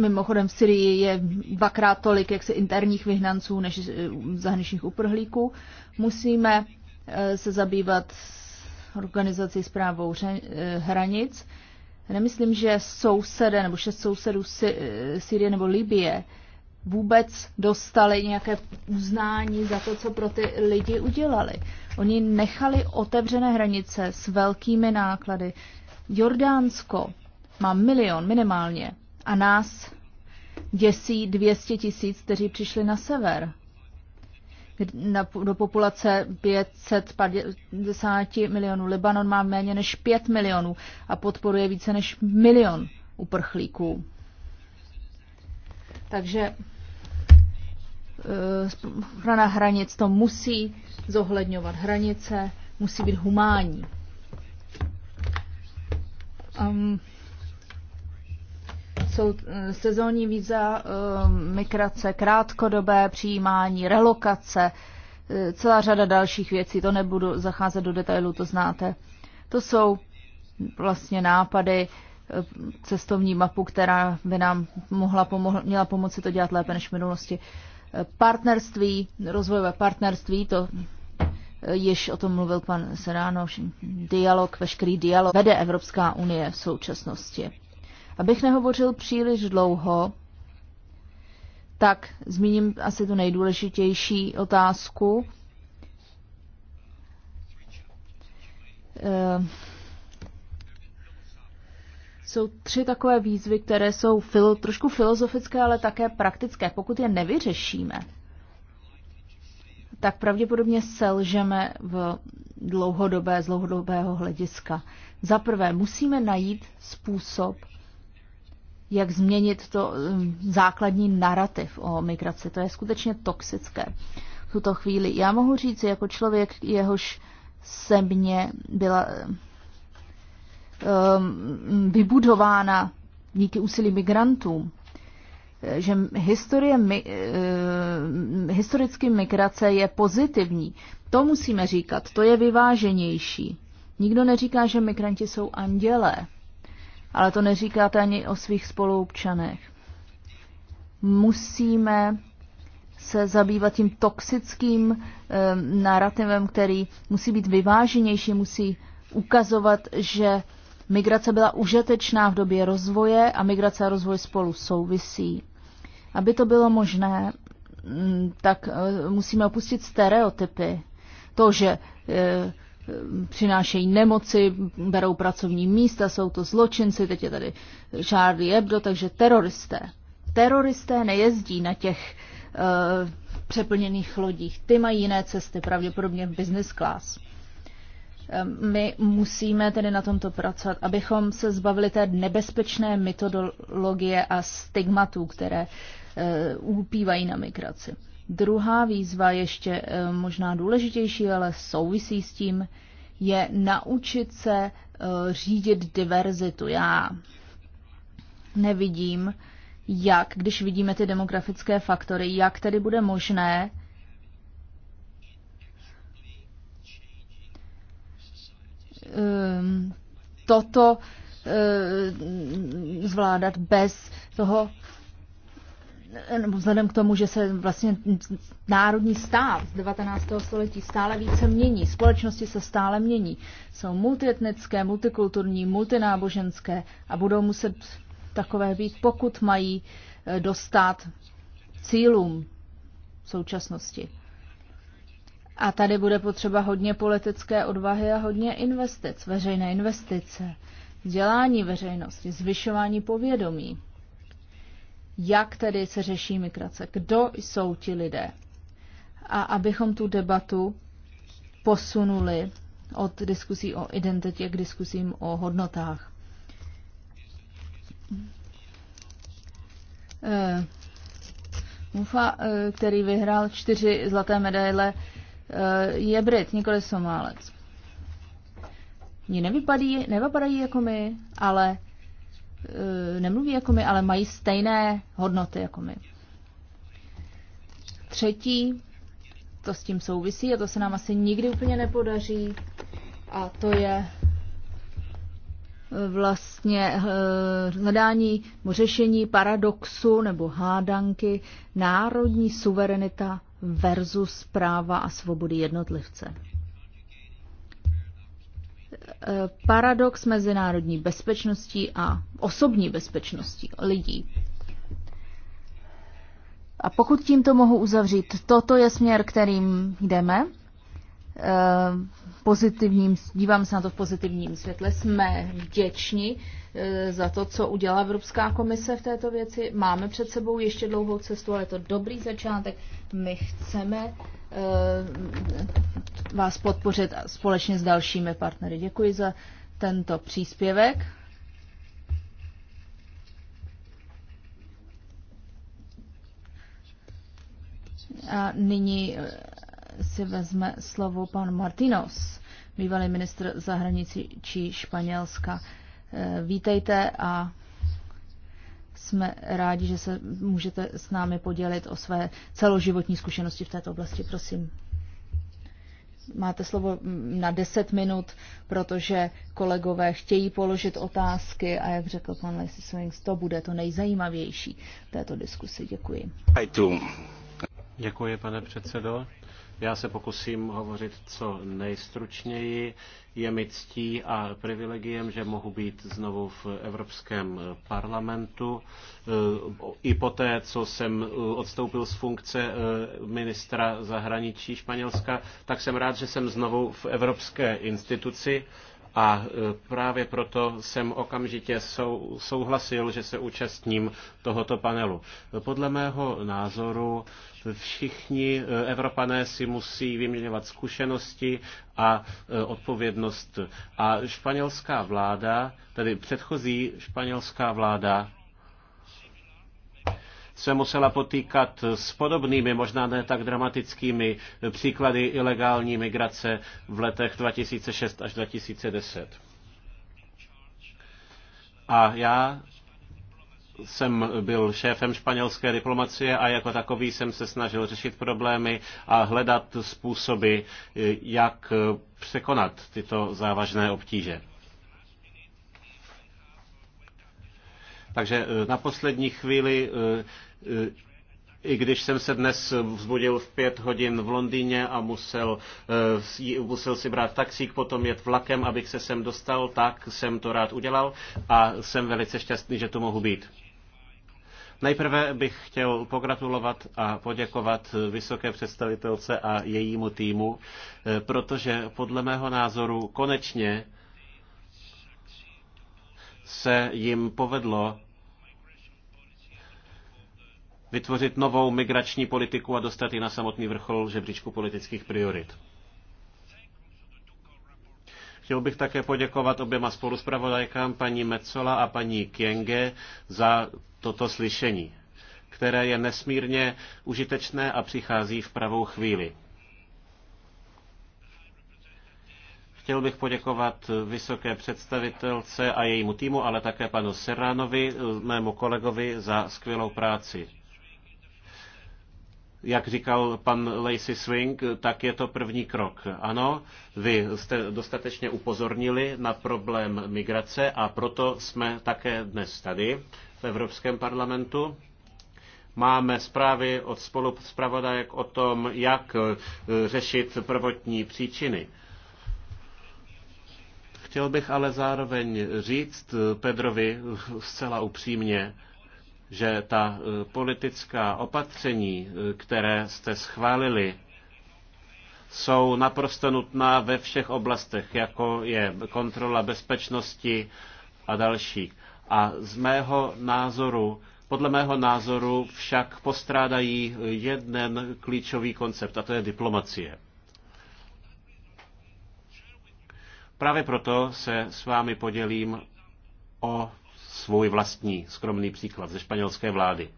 mimochodem v Syrii je dvakrát tolik jak se interních vyhnanců než eh, zahraničních uprhlíků. Musíme eh, se zabývat organizací zprávou eh, hranic. Nemyslím, že sousede nebo šest sousedů Syrie nebo Libie vůbec dostali nějaké uznání za to, co pro ty lidi udělali. Oni nechali otevřené hranice s velkými náklady. Jordánsko má milion minimálně a nás děsí 200 tisíc, kteří přišli na sever. Na, do populace 550 milionů. Libanon má méně než 5 milionů a podporuje více než milion uprchlíků. Takže eh, ochrana hranic to musí zohledňovat. Hranice musí být humánní. Um, jsou eh, sezónní víza, e, migrace, krátkodobé přijímání, relokace, celá řada dalších věcí. To nebudu zacházet do detailu, to znáte. To jsou vlastně nápady, cestovní mapu, která by nám mohla pomoh- měla pomoci to dělat lépe než v minulosti. Partnerství, rozvojové partnerství, to eh, již o tom mluvil pan Seráno, dialog, veškerý dialog vede Evropská unie v současnosti. Abych nehovořil příliš dlouho, tak zmíním asi tu nejdůležitější otázku. Eh, jsou tři takové výzvy, které jsou filo, trošku filozofické, ale také praktické. Pokud je nevyřešíme, tak pravděpodobně selžeme v dlouhodobé, z dlouhodobého hlediska. Za prvé, musíme najít způsob, jak změnit to um, základní narrativ o migraci. To je skutečně toxické v tuto chvíli. Já mohu říct, jako člověk, jehož se mě byla Um, vybudována díky úsilí migrantů. Že historie, eh, historicky migrace je pozitivní. To musíme říkat, to je vyváženější. Nikdo neříká, že migranti jsou andělé, ale to neříkáte ani o svých spoluobčanech. Musíme se zabývat tím toxickým um, narrativem, který musí být vyváženější, musí ukazovat, že Migrace byla užitečná v době rozvoje a migrace a rozvoj spolu souvisí. Aby to bylo možné, mm, tak eh, musíme opustit stereotypy. To, že eh, přinášejí nemoci, berou pracovní místa, jsou to zločinci, teď je tady Charlie Hebdo, takže teroristé. Teroristé nejezdí na těch uh, přeplněných lodích, ty mají jiné cesty, pravděpodobně v business class. Ehm, my musíme tedy na tomto pracovat, abychom se zbavili té nebezpečné metodologie a stigmatů, které eh, úpívají na migraci. Druhá výzva, ještě eh, možná důležitější, ale souvisí s tím, je naučit se eh, řídit diverzitu. Já nevidím, jak, když vidíme ty demografické faktory, jak tedy bude možné Ehm, toto ehm, zvládat bez toho, nebo vzhledem k tomu, že se vlastně národní stát z 19. století stále více mění, společnosti se stále mění, jsou multietnické, multikulturní, multináboženské a budou muset takové být, pokud mají eh, dostat cílům současnosti. A tady bude potřeba hodně politické odvahy a hodně investic, veřejné investice, vzdělání veřejnosti, zvyšování povědomí. Jak tedy se řeší migrace? Kdo jsou ti lidé? A abychom tu debatu posunuli od diskusí o identitě k diskusím o hodnotách. Eh, Mufa, eh, který vyhrál čtyři zlaté medaile, Eh, je Brit, nikoli Somálec. Oni Nevypadí, nevypadají jako my, ale eh, nemluví jako my, ale mají stejné hodnoty jako my. Třetí, to s tím souvisí a to se nám asi nikdy úplně nepodaří, a to je eh, vlastně hledání řešení paradoxu nebo hádanky národní suverenita versus práva a svobody jednotlivce. Paradox mezinárodní bezpečnosti a osobní bezpečnosti lidí. A pokud tímto mohu uzavřít, toto je směr, kterým jdeme. Eh, pozitivním, dívám se na to v pozitivním světle, jsme vděční eh, za to, co udělá Evropská komise v této věci. Máme před sebou ještě dlouhou cestu, ale je to dobrý začátek. My chceme eh, vás podpořit společně s dalšími partnery. Děkuji za tento příspěvek. A nyní si vezme slovo pan Martinos, bývalý ministr zahraničí či Španělska. Eh, vítejte a jsme rádi, že se můžete s námi podělit o své celoživotní zkušenosti v této oblasti. Prosím. Máte slovo mm, na 10 minut, protože kolegové chtějí položit otázky a jak řekl pan Leslie Swings, to bude to nejzajímavější této diskusi. Děkuji. Děkuji, pane předsedo. Já se pokusím hovořit co nejstručněji. Je mi ctí a privilegiem, že mohu být znovu v Evropském parlamentu. E, I poté, co jsem e, odstoupil z funkce e, ministra zahraničí Španělska, tak jsem rád, že jsem znovu v Evropské instituci. A e, právě proto jsem okamžitě sou, souhlasil, že se účastním tohoto panelu. Podle mého názoru všichni e, Evropané si musí vyměňovat zkušenosti a e, odpovědnost. A španělská vláda, tedy předchozí španělská vláda, se musela potýkat s podobnými, možná ne tak dramatickými příklady ilegální migrace v letech 2006 až 2010. A já jsem byl šéfem španělské diplomacie a jako takový jsem se snažil řešit problémy a hledat způsoby, jak překonat tyto závažné obtíže. Takže e, na poslední chvíli e, e, i když jsem se dnes vzbudil v pět hodin v Londýně a musel, musel si brát taxík, potom jet vlakem, abych se sem dostal, tak jsem to rád udělal a jsem velice šťastný, že tu mohu být. Nejprve bych chtěl pogratulovat a poděkovat vysoké představitelce a jejímu týmu, protože podle mého názoru konečně se jim povedlo vytvořit novou migrační politiku a dostat ji na samotný vrchol žebříčku politických priorit. Chtěl bych také poděkovat oběma spoluspravodajkám, paní Metzola a paní Kienge, za toto slyšení, které je nesmírně užitečné a přichází v pravou chvíli. Chtěl bych poděkovat vysoké představitelce a jejímu týmu, ale také panu Serránovi, mému kolegovi, za skvělou práci. Jak říkal pan Lacey Swing, tak je to první krok. Ano, vy jste dostatečně upozornili na problém migrace a proto jsme také dnes tady v Evropském parlamentu máme zprávy od spoluzpravodajek o tom, jak eh, řešit prvotní příčiny. Chtěl bych ale zároveň říct Pedrovi zcela upřímně, že ta e, politická opatření, e, které jste schválili, jsou naprosto nutná ve všech oblastech, jako je kontrola bezpečnosti a další. A z mého názoru, podle mého názoru však postrádají jeden klíčový koncept, a to je diplomacie. Právě proto se s vámi podělím o svůj vlastní skromný příklad ze španělské vlády.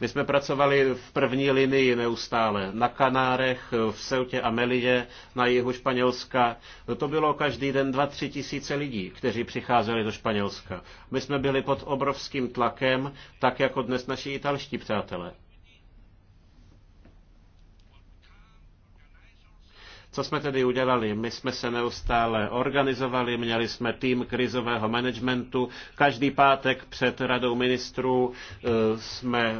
My jsme pracovali v první linii neustále. Na Kanárech, v Seutě a Melidě, na jihu Španělska. To bylo každý den 2-3 tisíce lidí, kteří přicházeli do Španělska. My jsme byli pod obrovským tlakem, tak jako dnes naši italští přátelé. Co jsme tedy udělali? My jsme se neustále organizovali, měli jsme tým krizového managementu. Každý pátek před radou ministrů eh, jsme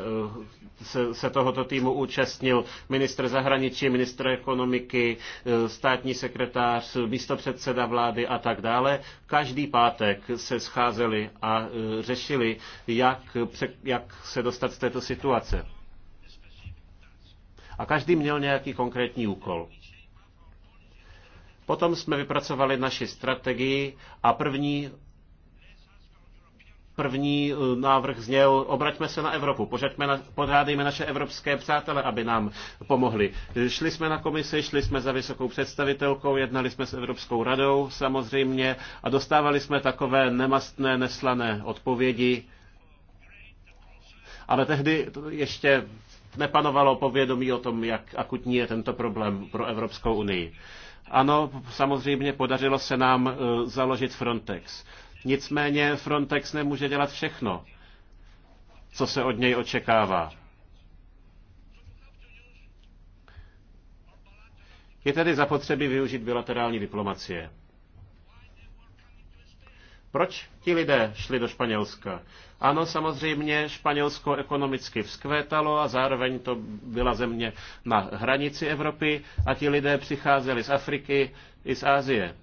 eh, se, tohoto týmu účastnil ministr zahraničí, ministr ekonomiky, eh, státní sekretář, místopředseda vlády a tak dále. Každý pátek se scházeli a řešili, jak, jak se dostat z této situace. A každý měl nějaký konkrétní úkol. Potom jsme vypracovali naši strategii a první První eh, návrh zněl, obraťme se na Evropu, požaďme na, podrádejme naše evropské přátele, aby nám pomohli. Šli jsme na komisi, šli jsme za vysokou představitelkou, jednali jsme s Evropskou radou samozřejmě a dostávali jsme takové nemastné, neslané odpovědi. Ale tehdy ještě nepanovalo povědomí o tom, jak akutní je tento problém pro Evropskou unii. Ano, samozřejmě podařilo se nám e, založit Frontex. Nicméně Frontex nemůže dělat všechno, co se od něj očekává. Je tedy zapotřebí využít bilaterální diplomacie. Proč ti lidé šli do Španělska? Ano, samozřejmě Španělsko ekonomicky vzkvétalo a zároveň to byla země na hranici Evropy a ti lidé přicházeli z Afriky i z Asie.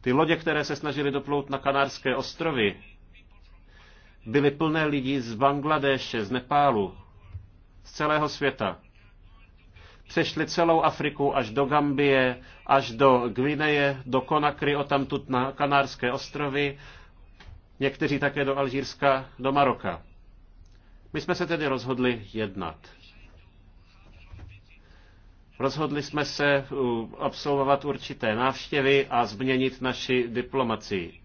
Ty lodě, které se snažily doplout na Kanárské ostrovy, byly plné lidí z Bangladéše, z Nepálu, z celého světa přešli celou Afriku až do Gambie, až do Gvineje, do Konakry, tamtud na Kanárské ostrovy, někteří také do Alžírska, do Maroka. My jsme se tedy rozhodli jednat. Rozhodli jsme se uh, absolvovat určité návštěvy a změnit naši diplomacii.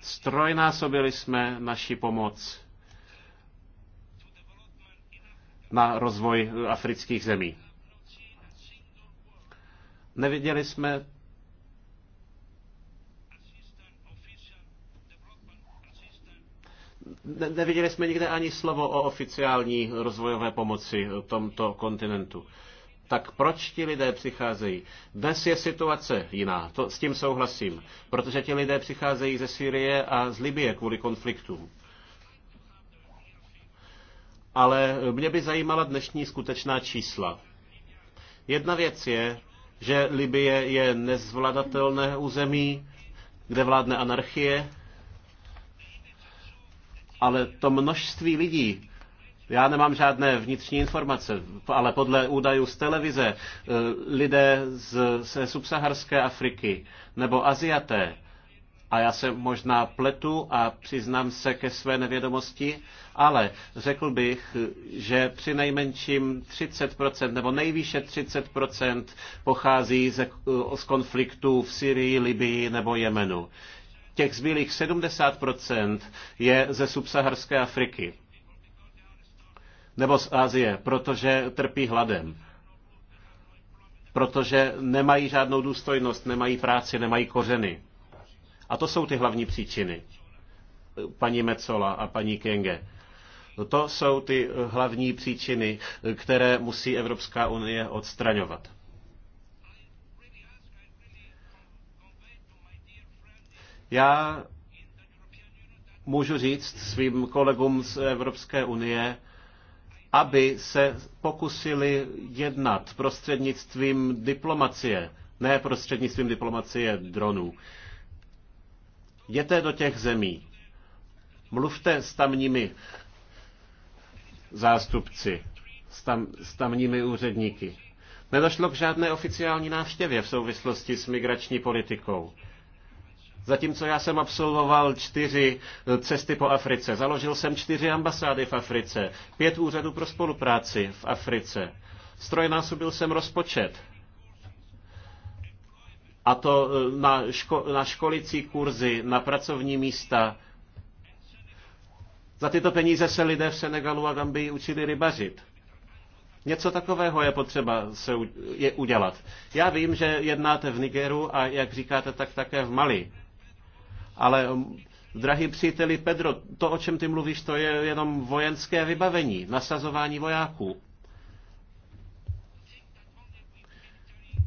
Strojnásobili jsme naši pomoc na rozvoj afrických zemí. Neviděli jsme neviděli jsme nikde ani slovo o oficiální rozvojové pomoci tomto kontinentu. Tak proč ti lidé přicházejí? Dnes je situace jiná, to, s tím souhlasím, protože ti lidé přicházejí ze Syrie a z Libie kvůli konfliktům ale mě by zajímala dnešní skutečná čísla. Jedna věc je, že Libie je nezvladatelné území, kde vládne anarchie, ale to množství lidí, já nemám žádné vnitřní informace, ale podle údajů z televize, eh, lidé z, ze subsaharské Afriky nebo Aziaté, a já se možná pletu a přiznám se ke své nevědomosti, ale řekl bych, že při nejmenším 30% nebo nejvýše 30% pochází eh, z, z konfliktů v Syrii, Libii nebo Jemenu. Těch zbylých 70% je ze subsaharské Afriky nebo z Asie, protože trpí hladem protože nemají žádnou důstojnost, nemají práci, nemají kořeny. A to jsou ty hlavní příčiny. Paní Mecola a paní Kenge. To jsou ty hlavní příčiny, které musí Evropská unie odstraňovat. Já můžu říct svým kolegům z Evropské unie, aby se pokusili jednat prostřednictvím diplomacie, ne prostřednictvím diplomacie dronů. Jděte do těch zemí. Mluvte s tamními zástupci, s, tam, s tamními úředníky. Nedošlo k žádné oficiální návštěvě v souvislosti s migrační politikou. Zatímco já jsem absolvoval čtyři eh, cesty po Africe, založil jsem čtyři ambasády v Africe, pět úřadů pro spolupráci v Africe, strojnásobil jsem rozpočet, a to e, na, ško- na školicí kurzy, na pracovní místa. Za tyto peníze se lidé v Senegalu a Gambii učili rybařit. Něco takového je potřeba se u, je udělat. Já vím, že jednáte v Nigeru a jak říkáte, tak také v Mali. Ale, drahý příteli Pedro, to, o čem ty mluvíš, to je jenom vojenské vybavení, nasazování vojáků.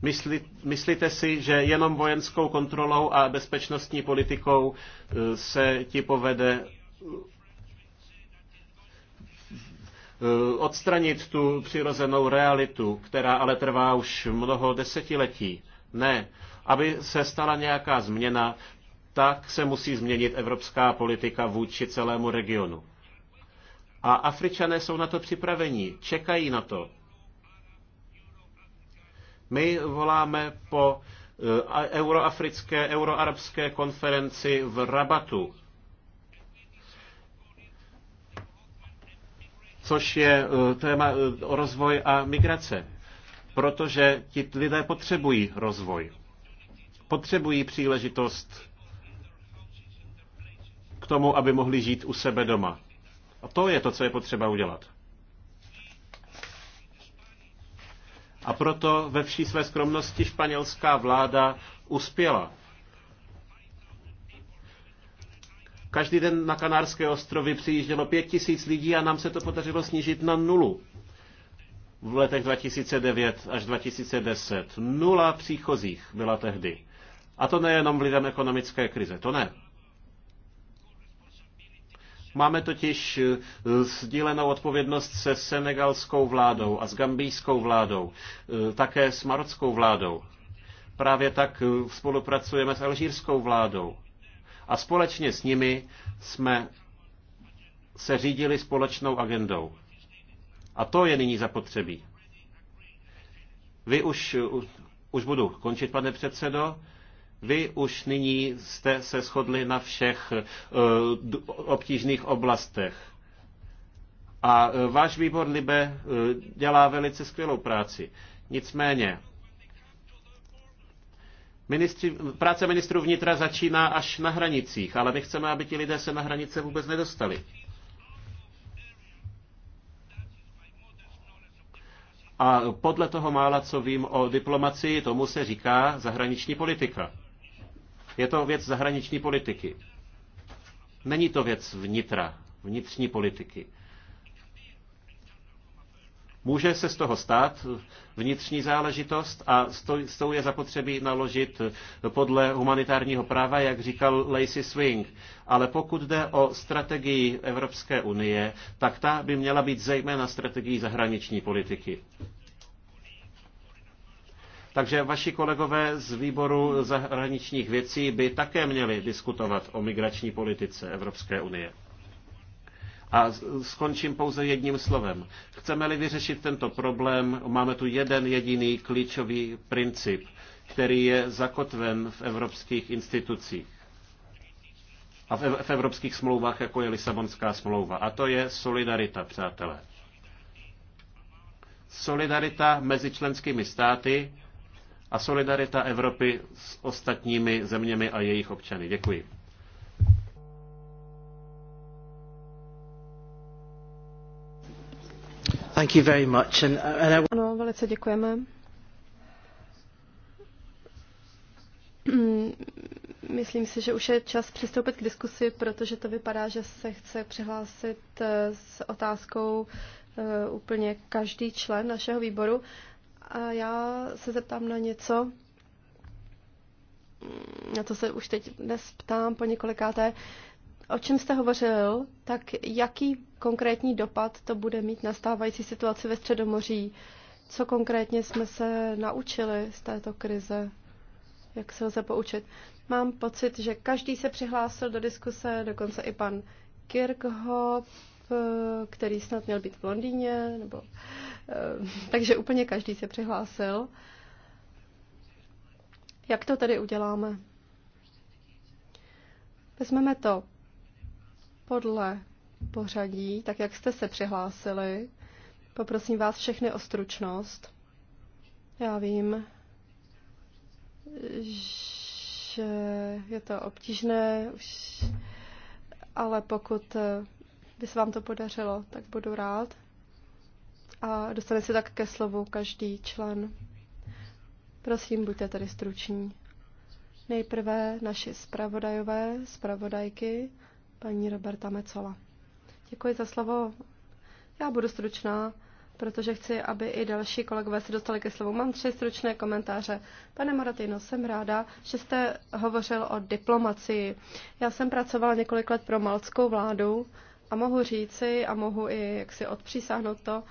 Myslí, myslíte si, že jenom vojenskou kontrolou a bezpečnostní politikou e, se ti povede e, odstranit tu přirozenou realitu, která ale trvá už mnoho desetiletí? Ne. Aby se stala nějaká změna, tak se musí změnit evropská politika vůči celému regionu. A Afričané jsou na to připraveni, čekají na to. My voláme po eh, euroafrické, euroarabské konferenci v Rabatu, což je eh, téma eh, o rozvoj a migrace, protože ti lidé potřebují rozvoj. Potřebují příležitost k tomu, aby mohli žít u sebe doma. A to je to, co je potřeba udělat. A proto ve vší své skromnosti španělská vláda uspěla. Každý den na Kanárské ostrovy přijíždělo pět tisíc lidí a nám se to podařilo snížit na nulu v letech 2009 až 2010. Nula příchozích byla tehdy. A to nejenom vlivem ekonomické krize, to ne. Máme totiž eh, sdílenou odpovědnost se senegalskou vládou a s gambijskou vládou, eh, také s marockou vládou. Právě tak eh, spolupracujeme s alžírskou vládou. A společně s nimi jsme se řídili společnou agendou. A to je nyní zapotřebí. Vy už, už budu končit, pane předsedo. Vy už nyní jste se shodli na všech eh, obtížných oblastech. A eh, váš výbor Libe eh, dělá velice skvělou práci. Nicméně, Ministři, práce ministrů vnitra začíná až na hranicích, ale my chceme, aby ti lidé se na hranice vůbec nedostali. A podle toho mála, co vím o diplomacii, tomu se říká zahraniční politika. Je to věc zahraniční politiky. Není to věc vnitra, vnitřní politiky. Může se z toho stát vnitřní záležitost a s tou je zapotřebí naložit podle humanitárního práva, jak říkal Lacey Swing. Ale pokud jde o strategii Evropské unie, tak ta by měla být zejména strategií zahraniční politiky. Takže vaši kolegové z výboru zahraničních věcí by také měli diskutovat o migrační politice Evropské unie. A skončím pouze jedním slovem. Chceme-li vyřešit tento problém, máme tu jeden jediný klíčový princip, který je zakotven v evropských institucích a v evropských smlouvách, jako je Lisabonská smlouva. A to je solidarita, přátelé. Solidarita mezi členskými státy a solidarita Evropy s ostatními zeměmi a jejich občany. Děkuji. Thank you very much. And, uh, and I... Ano, velice děkujeme. Mm, myslím si, že už je čas přistoupit k diskusi, protože to vypadá, že se chce přihlásit eh, s otázkou eh, úplně každý člen našeho výboru. A já se zeptám na něco, na to se už teď dnes ptám po několikáté. O čem jste hovořil, tak jaký konkrétní dopad to bude mít na stávající situaci ve Středomoří? Co konkrétně jsme se naučili z této krize? Jak se lze poučit? Mám pocit, že každý se přihlásil do diskuse, dokonce i pan Kirchhoff, Eh, který snad měl být v Londýně, nebo, eh, takže úplně každý se přihlásil. Jak to tedy uděláme? Vezmeme to podle pořadí, tak jak jste se přihlásili. Poprosím vás všechny o stručnost. Já vím, že je to obtížné, už, ale pokud eh, by se vám to podařilo, tak budu rád. A dostane se tak ke slovu každý člen. Prosím, buďte tedy struční. Nejprve naši zpravodajové, zpravodajky, paní Roberta Mecola. Děkuji za slovo. Já budu stručná, protože chci, aby i další kolegové se dostali ke slovu. Mám tři stručné komentáře. Pane Moratino, jsem ráda, že jste hovořil o diplomacii. Já jsem pracovala několik let pro malckou vládu mohu říci a mohu i jaksi odpřísáhnout to,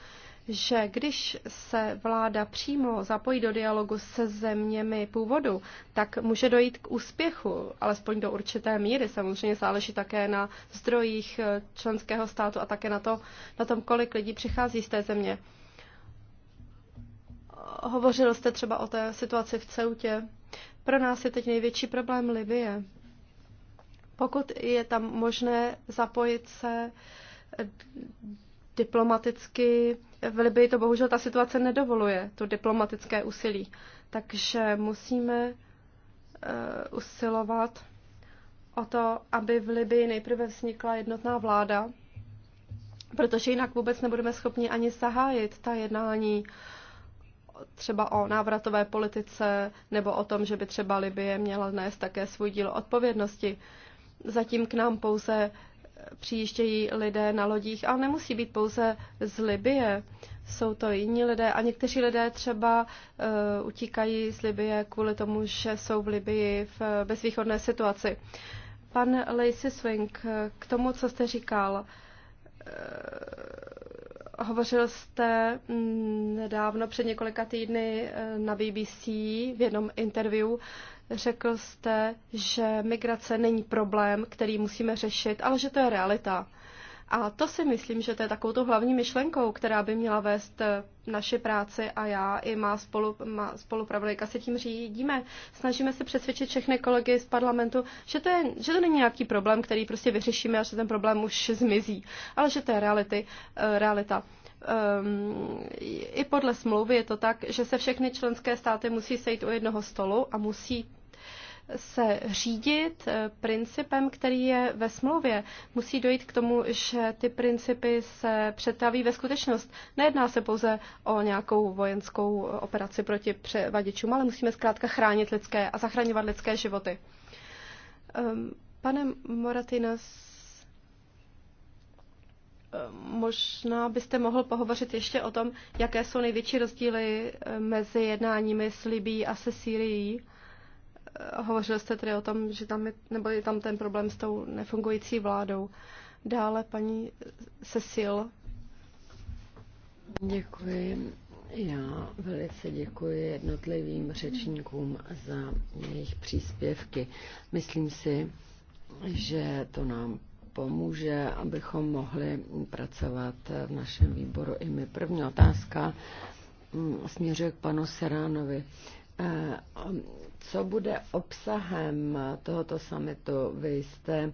že když se vláda přímo zapojí do dialogu se zeměmi původu, tak může dojít k úspěchu, alespoň do určité míry. Samozřejmě záleží také na zdrojích eh, členského státu a také na, to, na tom, kolik lidí přichází z té země. Hovořil jste třeba o té situaci v Ceutě. Pro nás je teď největší problém Libie. Pokud je tam možné zapojit se eh, diplomaticky, v Libii to bohužel ta situace nedovoluje, to diplomatické úsilí. Takže musíme uh, usilovat o to, aby v Libii nejprve vznikla jednotná vláda, protože jinak vůbec nebudeme schopni ani zahájit ta jednání třeba o návratové politice nebo o tom, že by třeba Libie měla nést také svůj díl odpovědnosti. Uh, Zatím k nám pouze přijíždějí lidé na lodích a nemusí být pouze z Libie. Jsou to jiní lidé a někteří lidé třeba uh, utíkají z Libie kvůli tomu, že jsou v Libii v eh, bezvýchodné situaci. Pan Lacey Swing, eh, k tomu, co jste říkal, uh, hovořil jste mm, nedávno před několika týdny na BBC v jednom interview Řekl jste, že migrace není problém, který musíme řešit, ale že to je realita. A to si myslím, že to je takovou tou hlavní myšlenkou, která by měla vést eh, naši práci a já i má, spolu, má spolupravodajka se tím řídíme. Snažíme se přesvědčit všechny kolegy z parlamentu, že to, je, že to není nějaký problém, který prostě vyřešíme a že ten problém už zmizí, ale že to je reality, eh, realita um, i podle smlouvy je to tak, že se všechny členské státy musí sejít u jednoho stolu a musí se řídit eh, principem, který je ve smlouvě. Musí dojít k tomu, že ty principy se přetaví ve skutečnost. Nejedná se pouze o nějakou vojenskou operaci proti převaděčům, ale musíme zkrátka chránit lidské a zachraňovat lidské životy. Ehm, pane Moratinas, Možná byste mohl pohovořit ještě o tom, jaké jsou největší rozdíly eh, mezi jednáními s Libí a se Syrií. Eh, hovořil jste tedy o tom, že tam je, nebo je tam ten problém s tou nefungující vládou. Dále paní Cecil. Děkuji. Já velice děkuji jednotlivým řečníkům za jejich příspěvky. Myslím si, že to nám pomůže, abychom mohli pracovat v našem výboru i my. První otázka mm, směřuje k panu Seránovi. Eh, co bude obsahem tohoto summitu? Vy jste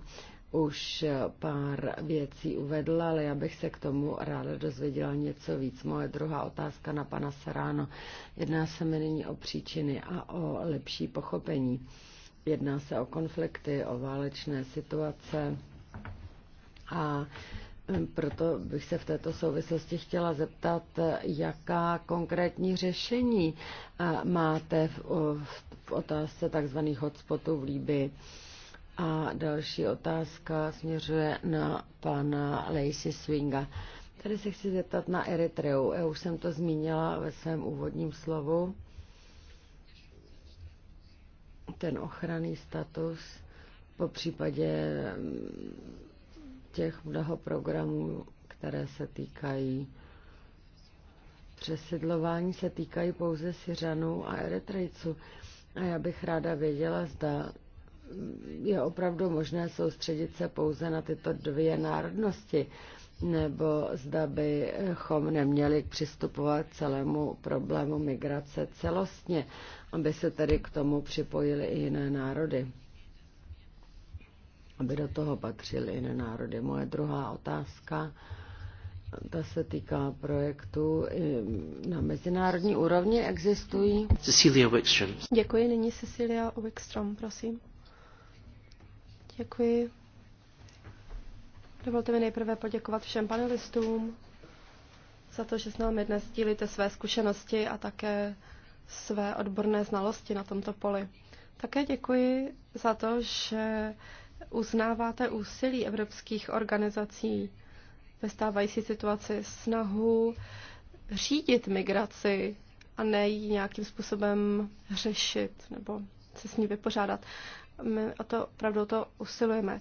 už pár věcí uvedla, ale já bych se k tomu ráda dozvěděla něco víc. Moje druhá otázka na pana Seráno. Jedná se mi nyní o příčiny a o lepší pochopení. Jedná se o konflikty, o válečné situace, a e, proto bych se v této souvislosti chtěla zeptat, e, jaká konkrétní řešení e, máte v, v otázce tzv. hotspotů v Líbii. A další otázka směřuje na pana Lacey Swinga. Tady se chci zeptat na Eritreu. Já už jsem to zmínila ve svém úvodním slovu. Ten ochranný status, po případě těch mnoho programů, které se týkají přesidlování, se týkají pouze Syřanů a Eritrejců. A já bych ráda věděla, zda je opravdu možné soustředit se pouze na tyto dvě národnosti, nebo zda bychom neměli přistupovat k celému problému migrace celostně, aby se tedy k tomu připojily i jiné národy aby do toho patřili jiné národy. Moje druhá otázka, ta se týká projektu na mezinárodní úrovni existují. Cecilia Wickstrom. Děkuji, nyní Cecilia Wickstrom, prosím. Děkuji. Dovolte mi nejprve poděkovat všem panelistům za to, že s námi dnes sdílíte své zkušenosti a také své odborné znalosti na tomto poli. Také děkuji za to, že uznáváte úsilí evropských organizací ve stávající situaci, snahu řídit migraci a ne ji nějakým způsobem řešit nebo se s ní vypořádat. My o to opravdu to usilujeme.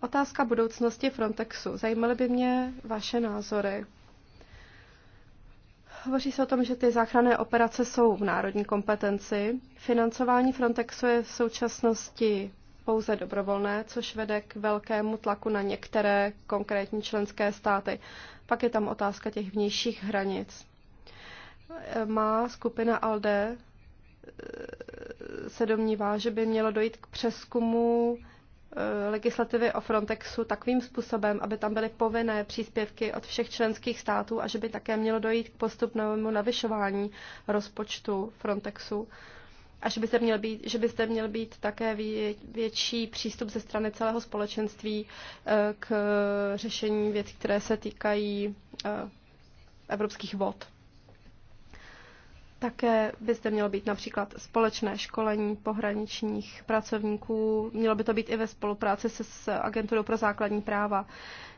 Otázka budoucnosti Frontexu. Zajímaly by mě vaše názory. Hovoří se o tom, že ty záchranné operace jsou v národní kompetenci. Financování Frontexu je v současnosti pouze dobrovolné, což vede k velkému tlaku na některé konkrétní členské státy. Pak je tam otázka těch vnějších hranic. Má skupina ALDE eh, se domnívá, že by mělo dojít k přeskumu eh, legislativy o Frontexu takovým způsobem, aby tam byly povinné příspěvky od všech členských států a že by také mělo dojít k postupnému navyšování rozpočtu Frontexu a že, by se měl být, že byste měl být také větší přístup ze strany celého společenství eh, k řešení věcí, které se týkají eh, evropských vod. Také by zde mělo být například společné školení pohraničních pracovníků, mělo by to být i ve spolupráci se s Agenturou pro základní práva.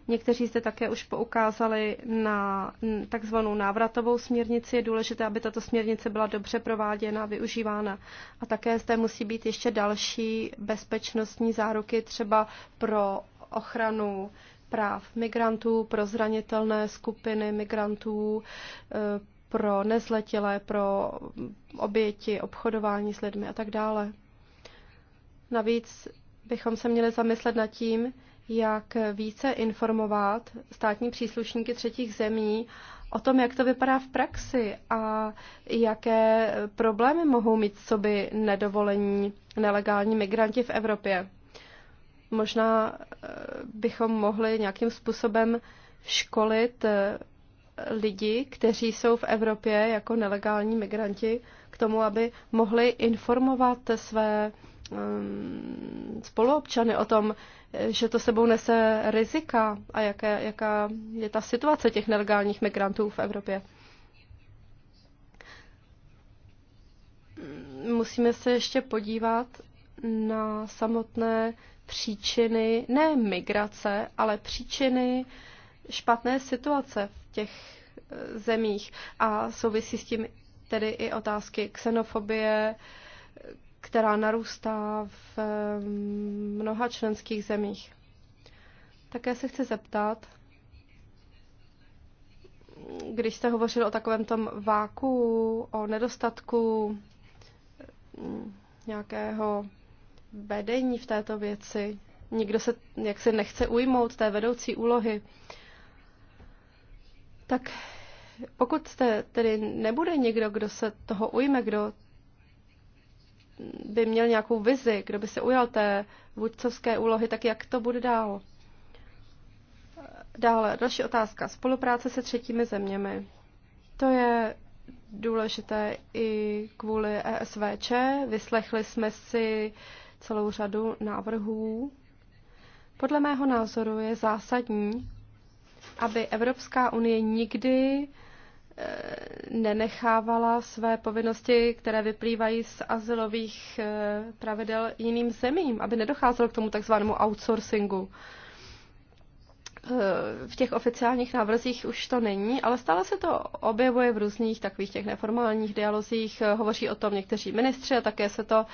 Někteří zde také už poukázali na takzvanou návratovou směrnici. Je důležité, aby tato směrnice byla dobře prováděna, využívána. A také zde musí být ještě další bezpečnostní záruky, třeba pro ochranu práv migrantů, pro zranitelné skupiny migrantů, eh, pro nezletilé, pro oběti, obchodování s lidmi a tak dále. Navíc bychom se měli zamyslet nad tím, jak více informovat státní příslušníky třetích zemí o tom, jak to vypadá v praxi a jaké problémy mohou mít sobě nedovolení nelegální migranti v Evropě. Možná eh, bychom mohli nějakým způsobem školit eh, lidi, kteří jsou v Evropě jako nelegální migranti, k tomu, aby mohli informovat své ehm, spoluobčany o tom, že to sebou nese rizika a jaké, jaká je ta situace těch nelegálních migrantů v Evropě. Musíme se ještě podívat na samotné příčiny, ne migrace, ale příčiny špatné situace těch eh, zemích. A souvisí s tím tedy i otázky xenofobie, která narůstá v eh, mnoha členských zemích. Také se chci zeptat, když jste hovořil o takovém tom váku, o nedostatku eh, nějakého vedení v této věci, nikdo se jaksi nechce ujmout té vedoucí úlohy, tak pokud jste, tedy nebude někdo, kdo se toho ujme, kdo by měl nějakou vizi, kdo by se ujal té vůdcovské úlohy, tak jak to bude dál? Dále, další otázka. Spolupráce se třetími zeměmi. To je důležité i kvůli ESVČ. Vyslechli jsme si celou řadu návrhů. Podle mého názoru je zásadní, aby Evropská unie nikdy eh, nenechávala své povinnosti, které vyplývají z asilových eh, pravidel jiným zemím, aby nedocházelo k tomu takzvanému outsourcingu. Eh, v těch oficiálních návrzích už to není, ale stále se to objevuje v různých takových těch neformálních dialozích. Hovoří o tom někteří ministři a také, se to,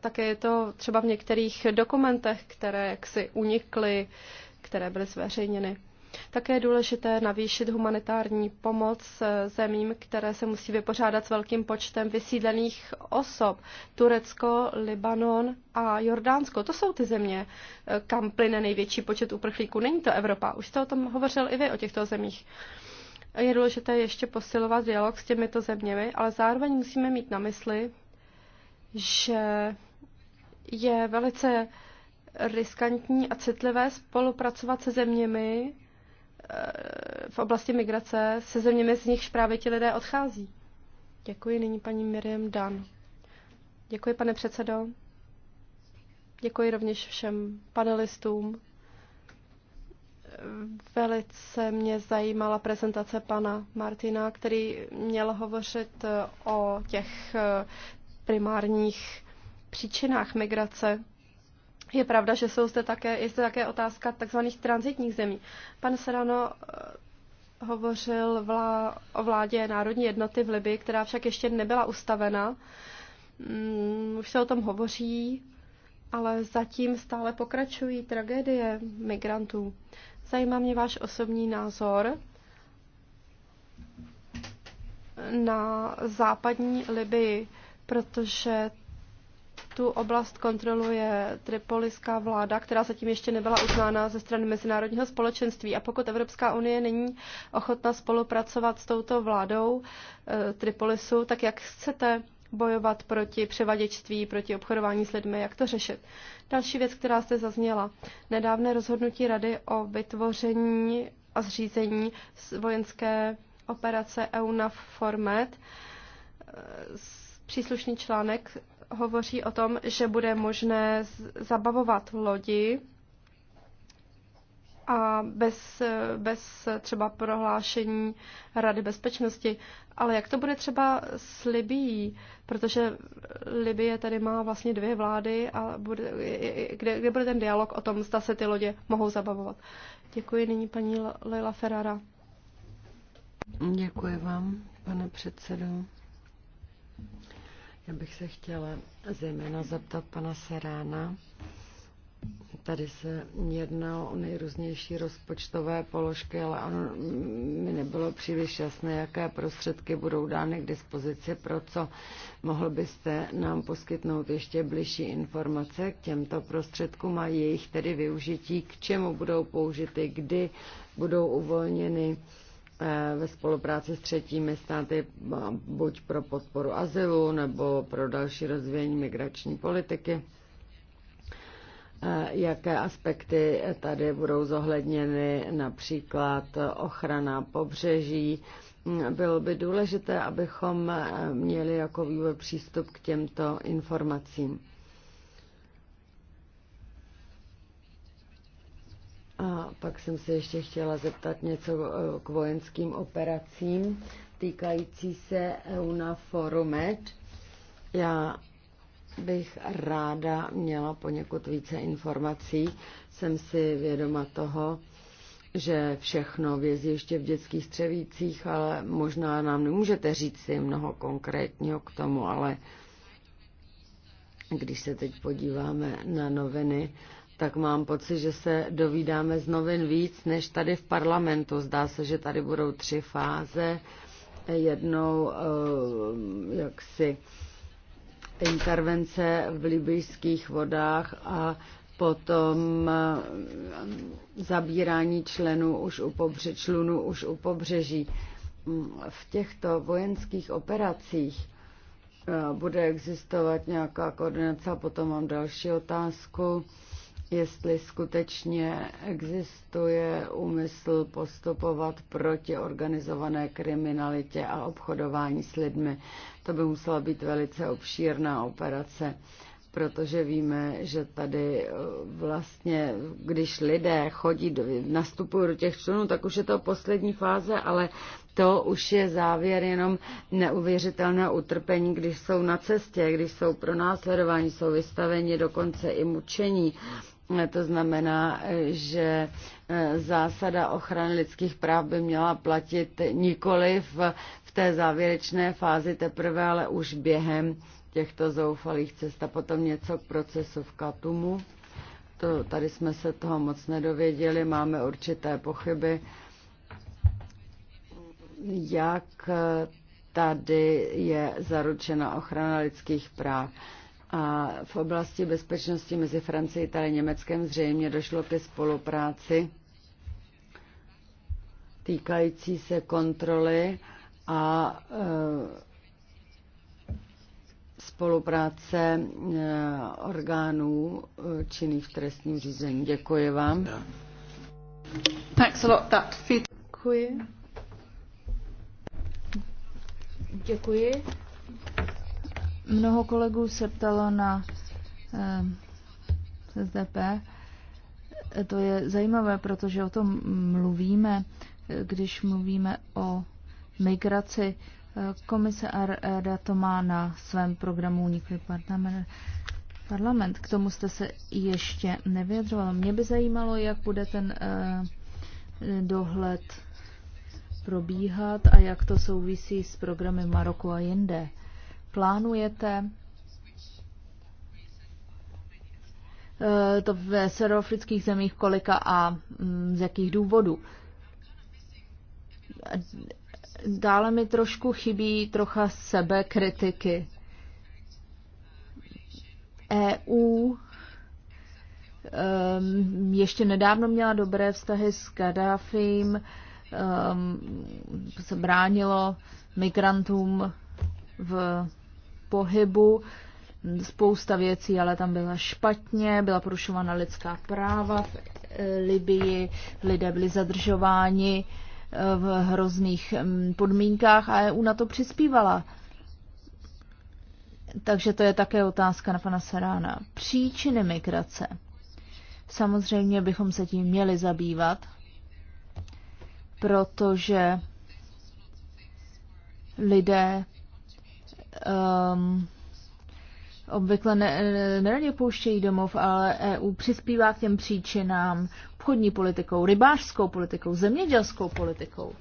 také je to třeba v některých dokumentech, které jaksi unikly, které byly zveřejněny. Také je důležité navýšit humanitární pomoc eh, zemím, které se musí vypořádat s velkým počtem vysídlených osob. Turecko, Libanon a Jordánsko. To jsou ty země, eh, kam plyne největší počet uprchlíků. Není to Evropa. Už jste o tom hovořil i vy, o těchto zemích. Je důležité ještě posilovat dialog s těmito zeměmi, ale zároveň musíme mít na mysli, že je velice riskantní a citlivé spolupracovat se zeměmi, v oblasti migrace se zeměmi, z nichž právě ti lidé odchází. Děkuji nyní paní Miriam Dan. Děkuji, pane předsedo. Děkuji rovněž všem panelistům. Velice mě zajímala prezentace pana Martina, který měl hovořit o těch primárních příčinách migrace. Je pravda, že jsou zde také, je zde také otázka tzv. transitních zemí. Pan Serano eh, hovořil vlá, o vládě Národní jednoty v Libii, která však ještě nebyla ustavena. Mm, už se o tom hovoří, ale zatím stále pokračují tragédie migrantů. Zajímá mě váš osobní názor na západní Libii, protože tu oblast kontroluje tripoliská vláda, která zatím ještě nebyla uznána ze strany mezinárodního společenství. A pokud Evropská unie není ochotna spolupracovat s touto vládou eh, Tripolisu, tak jak chcete bojovat proti převaděčství, proti obchodování s lidmi, jak to řešit. Další věc, která jste zazněla, nedávné rozhodnutí Rady o vytvoření a zřízení vojenské operace EUNAV Format. Eh, příslušný článek hovoří o tom, že bude možné zabavovat lodi a bez, bez třeba prohlášení Rady bezpečnosti. Ale jak to bude třeba s Libií? Protože Libie tady má vlastně dvě vlády a bude, kde, kde bude ten dialog o tom, zda se ty lodě mohou zabavovat. Děkuji nyní paní Leila Ferrara. Děkuji vám, pane předsedo. Já bych se chtěla zejména zeptat pana Serána. Tady se jednalo o nejrůznější rozpočtové položky, ale ono mi nebylo příliš jasné, jaké prostředky budou dány k dispozici, pro co. Mohl byste nám poskytnout ještě bližší informace k těmto prostředkům a jejich tedy využití, k čemu budou použity, kdy budou uvolněny ve spolupráci s třetími státy buď pro podporu azylu nebo pro další rozvíjení migrační politiky. Eh, jaké aspekty tady budou zohledněny, například ochrana pobřeží. Bylo by důležité, abychom měli jako vývoj přístup k těmto informacím. A pak jsem se ještě chtěla zeptat něco eh, k vojenským operacím týkající se EUNAFORu Já bych ráda měla poněkud více informací. Jsem si vědoma toho, že všechno vězí ještě v dětských střevících, ale možná nám nemůžete říct si mnoho konkrétního k tomu, ale když se teď podíváme na noviny, tak mám pocit, že se dovídáme z novin víc než tady v parlamentu. Zdá se, že tady budou tři fáze. Jednou eh, jaksi intervence v libyjských vodách a potom eh, zabírání členů už u pobře, člunů už u pobřeží. V těchto vojenských operacích eh, bude existovat nějaká koordinace a potom mám další otázku jestli skutečně existuje úmysl postupovat proti organizované kriminalitě a obchodování s lidmi. To by musela být velice obšírná operace, protože víme, že tady eh, vlastně, když lidé chodí, do, nastupují do těch člunů, tak už je to poslední fáze, ale to už je závěr jenom neuvěřitelné utrpení, když jsou na cestě, když jsou pro následování, jsou vystaveni dokonce i mučení to znamená, že eh, zásada ochrany lidských práv by měla platit nikoli v, v té závěrečné fázi teprve, ale už během těchto zoufalých cest. A potom něco k procesu v Katumu. To, tady jsme se toho moc nedověděli, máme určité pochyby, jak eh, tady je zaručena ochrana lidských práv. A v oblasti bezpečnosti mezi Francií, Itálií a Německem zřejmě došlo ke spolupráci týkající se kontroly a e, spolupráce e, orgánů e, činných v trestním řízení. Děkuji vám. Thanks a lot. That fit. Děkuji. Děkuji. Mnoho kolegů se ptalo na eh, SDP. To je zajímavé, protože o tom mluvíme, když mluvíme o migraci. Komise a rada to má na svém programu nikoli parlament. parlament. K tomu jste se ještě nevyjadřoval. Mě by zajímalo, jak bude ten eh, dohled probíhat a jak to souvisí s programy Maroko a jinde plánujete eh, to ve severoafrických zemích kolika a mm, z jakých důvodů. Dále mi trošku chybí trocha sebekritiky. EU um, ehm, ještě nedávno měla dobré vztahy s Gaddafim, um, ehm, se bránilo migrantům v pohybu, spousta věcí, ale tam byla špatně, byla porušována lidská práva v eh, Libii, lidé byli zadržováni eh, v hrozných mm, podmínkách a EU na to přispívala. Takže to je také otázka na pana Sarána. Příčiny migrace. Samozřejmě bychom se tím měli zabývat, protože lidé um, obvykle neradě ne, pouštějí domov, ale EU přispívá k těm příčinám obchodní politikou, rybářskou politikou, zemědělskou politikou.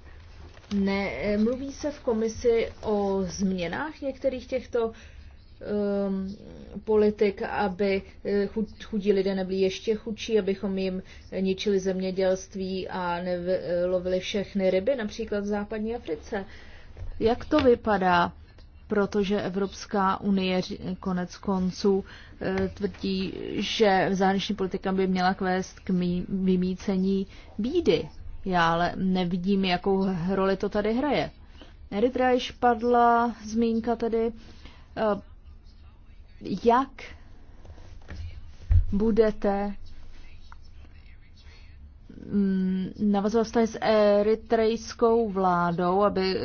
Ne, e, mluví se v komisi o změnách některých těchto um, politik, aby e, chudí lidé nebyli ještě chudší, abychom jim ničili zemědělství a nelovili všechny ryby, například v západní Africe. Jak to vypadá? protože Evropská unie konec konců eh, tvrdí, že zahraniční politika by měla kvést k vymícení bídy. Já ale nevidím, jakou roli to tady hraje. Eritrea již padla zmínka tedy, eh, jak budete mm, navazovat vztahy s eritrejskou vládou, aby eh,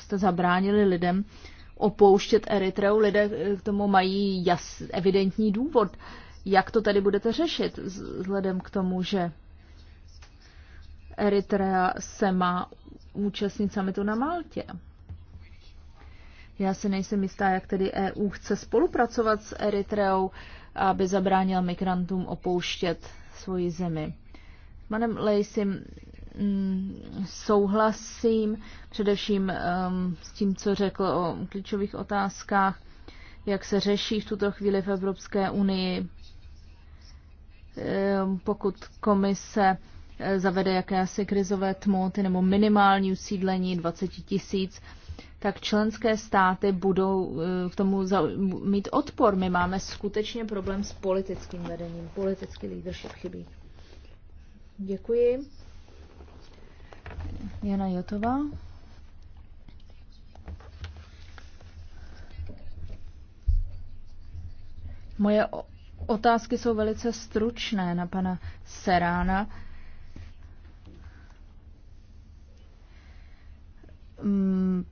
jste zabránili lidem opouštět Eritreu. Lidé eh, k tomu mají jas, evidentní důvod. Jak to tady budete řešit vzhledem k tomu, že Eritrea se má účastnit samitu na Maltě? Já si nejsem jistá, jak tedy EU chce spolupracovat s Eritreou, aby zabránil migrantům opouštět svoji zemi. Manem Lejsim, Mm, souhlasím především um, s tím, co řekl o klíčových otázkách, jak se řeší v tuto chvíli v Evropské unii, um, pokud komise eh, zavede jakési krizové tmoty nebo minimální usídlení 20 tisíc, tak členské státy budou eh, k tomu mít odpor. My máme skutečně problém s politickým vedením. Politický leadership chybí. Děkuji. Jana Jotová. Moje otázky jsou velice stručné na pana Serána. Mm,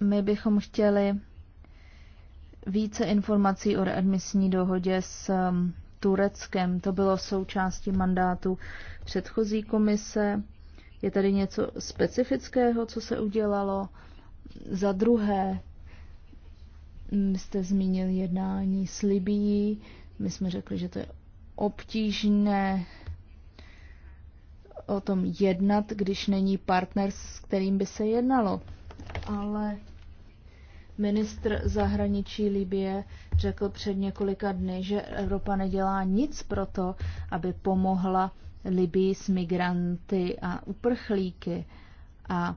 my bychom chtěli více informací o readmisní dohodě s mm, Tureckem. To bylo součástí mandátu předchozí komise. Je tady něco specifického, co se udělalo? Za druhé, mm, jste zmínil jednání s Libií. My jsme řekli, že to je obtížné o tom jednat, když není partner, s kterým by se jednalo. Ale ministr zahraničí Libie řekl před několika dny, že Evropa nedělá nic pro to, aby pomohla Libii s migranty a uprchlíky a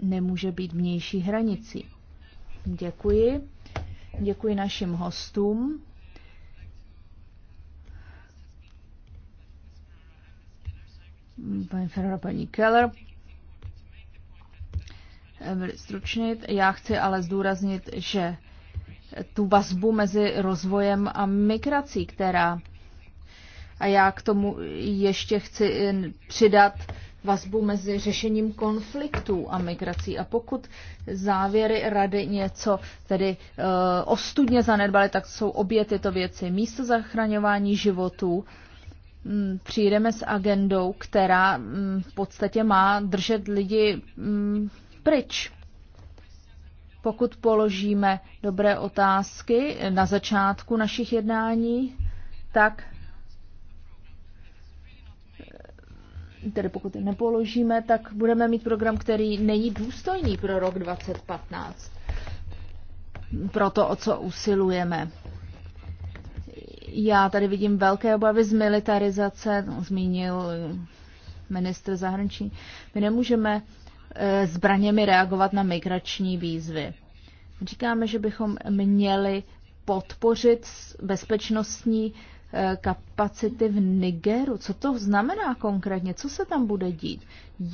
nemůže být vnější hranicí. Děkuji. Děkuji našim hostům. Pani Ferrara, paní Keller. Stručnit. Já chci ale zdůraznit, že tu vazbu mezi rozvojem a migrací, která a já k tomu ještě chci eh, přidat vazbu mezi řešením konfliktů a migrací. A pokud závěry rady něco tedy e, ostudně zanedbaly, tak jsou obě tyto věci. Místo zachraňování životů m, mm, přijdeme s agendou, která m, mm, v podstatě má držet lidi m, mm, pryč. Pokud položíme dobré otázky na začátku našich jednání, tak tedy pokud nepoložíme, tak budeme mít program, který není důstojný pro rok 2015. Pro to, o co usilujeme. Já tady vidím velké obavy z militarizace, no, zmínil ministr zahraničí. My nemůžeme eh, zbraněmi reagovat na migrační výzvy. Říkáme, že bychom měli podpořit bezpečnostní kapacity v Nigeru. Co to znamená konkrétně? Co se tam bude dít?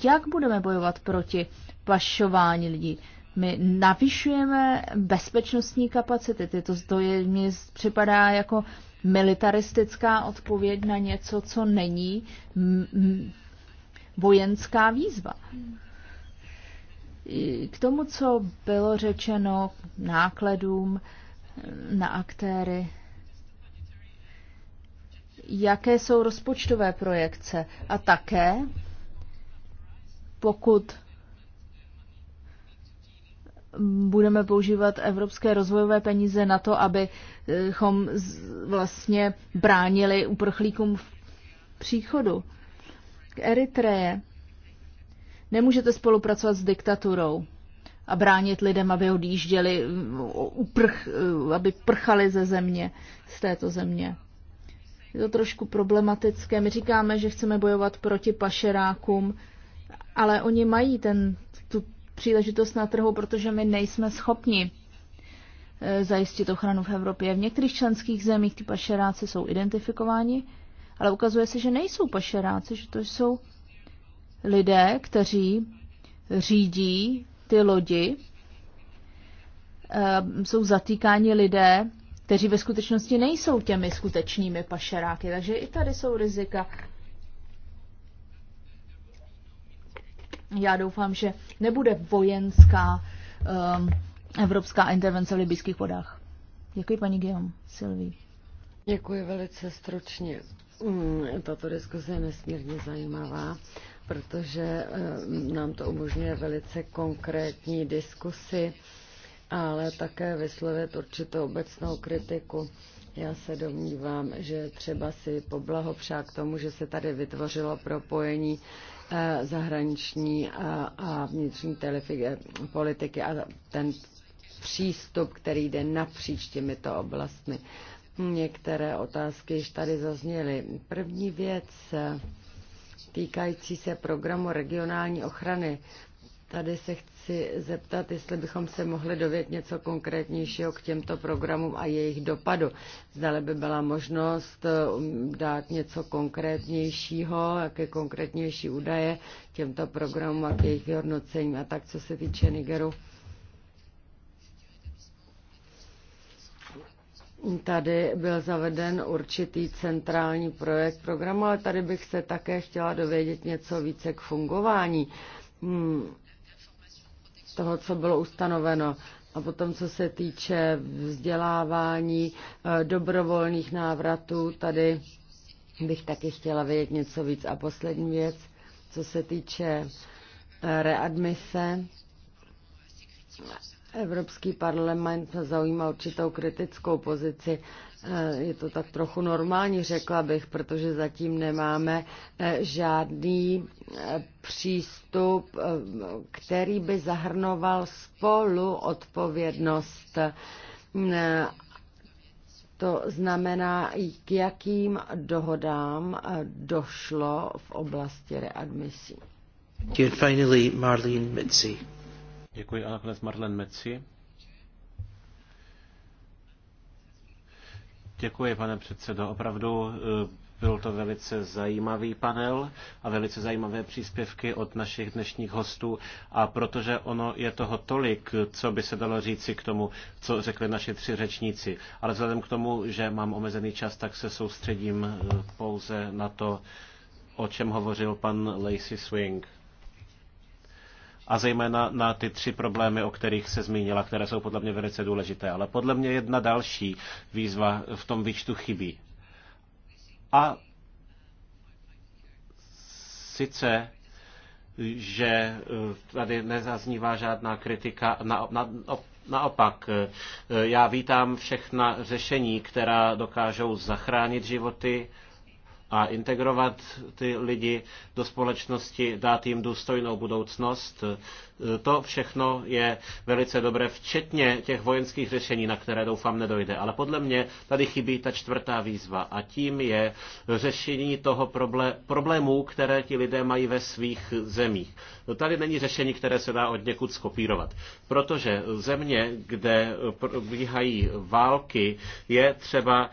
Jak budeme bojovat proti pašování lidí? My navyšujeme bezpečnostní kapacity. Tyto to je, mně připadá jako militaristická odpověď na něco, co není vojenská výzva. K tomu, co bylo řečeno nákladům na aktéry jaké jsou rozpočtové projekce a také, pokud budeme používat evropské rozvojové peníze na to, abychom vlastně bránili uprchlíkům v příchodu. K Eritreje nemůžete spolupracovat s diktaturou a bránit lidem, aby odjížděli, uprch, aby prchali ze země, z této země je to trošku problematické. My říkáme, že chceme bojovat proti pašerákům, ale oni mají ten, tu příležitost na trhu, protože my nejsme schopni e, zajistit ochranu v Evropě. V některých členských zemích ty pašeráci jsou identifikováni, ale ukazuje se, že nejsou pašeráci, že to jsou lidé, kteří řídí ty lodi, e, jsou zatýkáni lidé, kteří ve skutečnosti nejsou těmi skutečnými pašeráky. Takže i tady jsou rizika. Já doufám, že nebude vojenská um, evropská intervence v libyských vodách. Děkuji paní Guillaume, Silví. Děkuji velice stručně. Mm, tato diskuze je nesmírně zajímavá, protože eh, nám to umožňuje velice konkrétní diskusy ale také vyslovit určitou obecnou kritiku. Já se domnívám, že třeba si poblahopřát k tomu, že se tady vytvořilo propojení eh, zahraniční a, a vnitřní politiky a ten přístup, který jde napříč těmito oblastmi. Některé otázky již tady zazněly. První věc eh, týkající se programu regionální ochrany. Tady se chci zeptat, jestli bychom se mohli dovět něco konkrétnějšího k těmto programům a jejich dopadu. Zdali by byla možnost um, dát něco konkrétnějšího, jaké konkrétnější údaje těmto programům a k jejich hodnocení A tak, co se týče Nigeru, Tady byl zaveden určitý centrální projekt programu, ale tady bych se také chtěla dovědět něco více k fungování. Hmm toho, co bylo ustanoveno. A potom, co se týče vzdělávání, eh, dobrovolných návratů, tady bych taky chtěla vědět něco víc. A poslední věc, co se týče eh, readmise, Evropský parlament zaujímá určitou kritickou pozici Eh, je to tak trochu normální, řekla bych, protože zatím nemáme eh, žádný eh, přístup, který by zahrnoval spolu odpovědnost. To znamená, k jakým dohodám došlo v oblasti readmisí. Děkuji a nakonec Marlene Metzi. Děkuji, pane předsedo. Opravdu eh, byl to velice zajímavý panel a velice zajímavé příspěvky od našich dnešních hostů. A protože ono je toho tolik, co by se dalo říci k tomu, co řekli naši tři řečníci. Ale vzhledem k tomu, že mám omezený čas, tak se soustředím eh, pouze na to, o čem hovořil pan Lacey Swing a zejména na ty tři problémy, o kterých se zmínila, které jsou podle mě velice důležité. Ale podle mě jedna další výzva v tom výčtu chybí. A sice že eh, tady nezaznívá žádná kritika na, na, Naopak, eh, já vítám všechna řešení, která dokážou zachránit životy, a integrovat ty lidi do společnosti, dát jim důstojnou budoucnost. To všechno je velice dobré, včetně těch vojenských řešení, na které doufám nedojde. Ale podle mě tady chybí ta čtvrtá výzva a tím je řešení toho problému, které ti lidé mají ve svých zemích. No tady není řešení, které se dá od někud skopírovat. Protože země, kde probíhají války, je třeba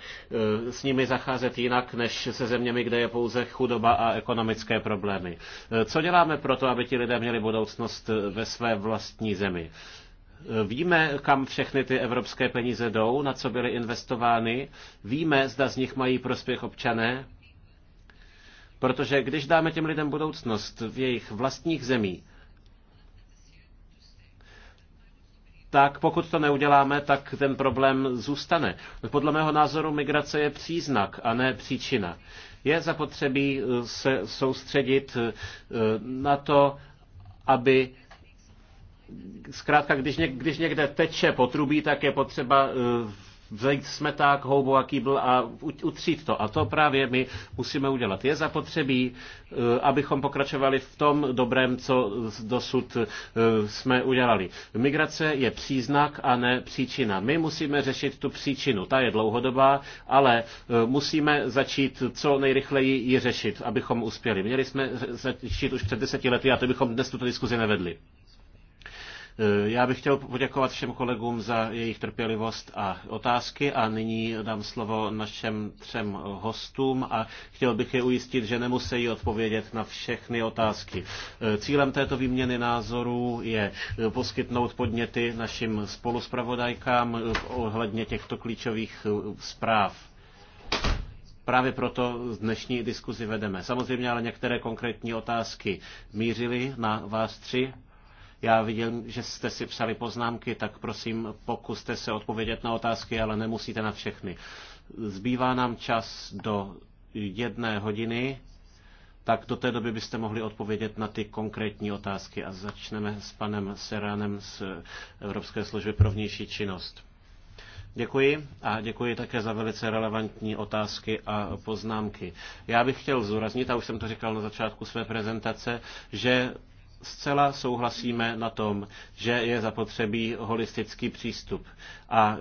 eh, s nimi zacházet jinak, než se zeměmi, kde je pouze chudoba a ekonomické problémy. Eh, co děláme pro to, aby ti lidé měli budoucnost eh, ve své vlastní zemi? Víme, kam všechny ty evropské peníze jdou, na co byly investovány. Víme, zda z nich mají prospěch občané. Protože když dáme těm lidem budoucnost v jejich vlastních zemích, tak pokud to neuděláme, tak ten problém zůstane. Podle mého názoru migrace je příznak a ne příčina. Je zapotřebí eh, se soustředit eh, na to, aby zkrátka, když, někde teče potrubí, tak je potřeba eh, vzít smeták, houbu a kýbl a utřít to. A to právě my musíme udělat. Je zapotřebí, eh, abychom pokračovali v tom dobrém, co dosud eh, jsme udělali. Migrace je příznak a ne příčina. My musíme řešit tu příčinu. Ta je dlouhodobá, ale eh, musíme začít co nejrychleji ji řešit, abychom uspěli. Měli jsme začít už před deseti lety a to bychom dnes tuto diskuzi nevedli. Eh, já bych chtěl poděkovat všem kolegům za jejich trpělivost a otázky a nyní dám slovo našem třem hostům a chtěl bych je ujistit, že nemusí odpovědět na všechny otázky. Eh, cílem této výměny názorů je eh, poskytnout podněty našim spoluspravodajkám ohledně těchto klíčových zpráv. Právě proto dnešní diskuzi vedeme. Samozřejmě ale některé konkrétní otázky mířily na vás tři, já viděl, že jste si psali poznámky, tak prosím, pokuste se odpovědět na otázky, ale nemusíte na všechny. Zbývá nám čas do jedné hodiny, tak do té doby byste mohli odpovědět na ty konkrétní otázky. A začneme s panem Seránem z Evropské služby pro vnější činnost. Děkuji a děkuji také za velice relevantní otázky a poznámky. Já bych chtěl zúraznit, a už jsem to říkal na začátku své prezentace, že zcela souhlasíme na tom, že je zapotřebí holistický přístup. A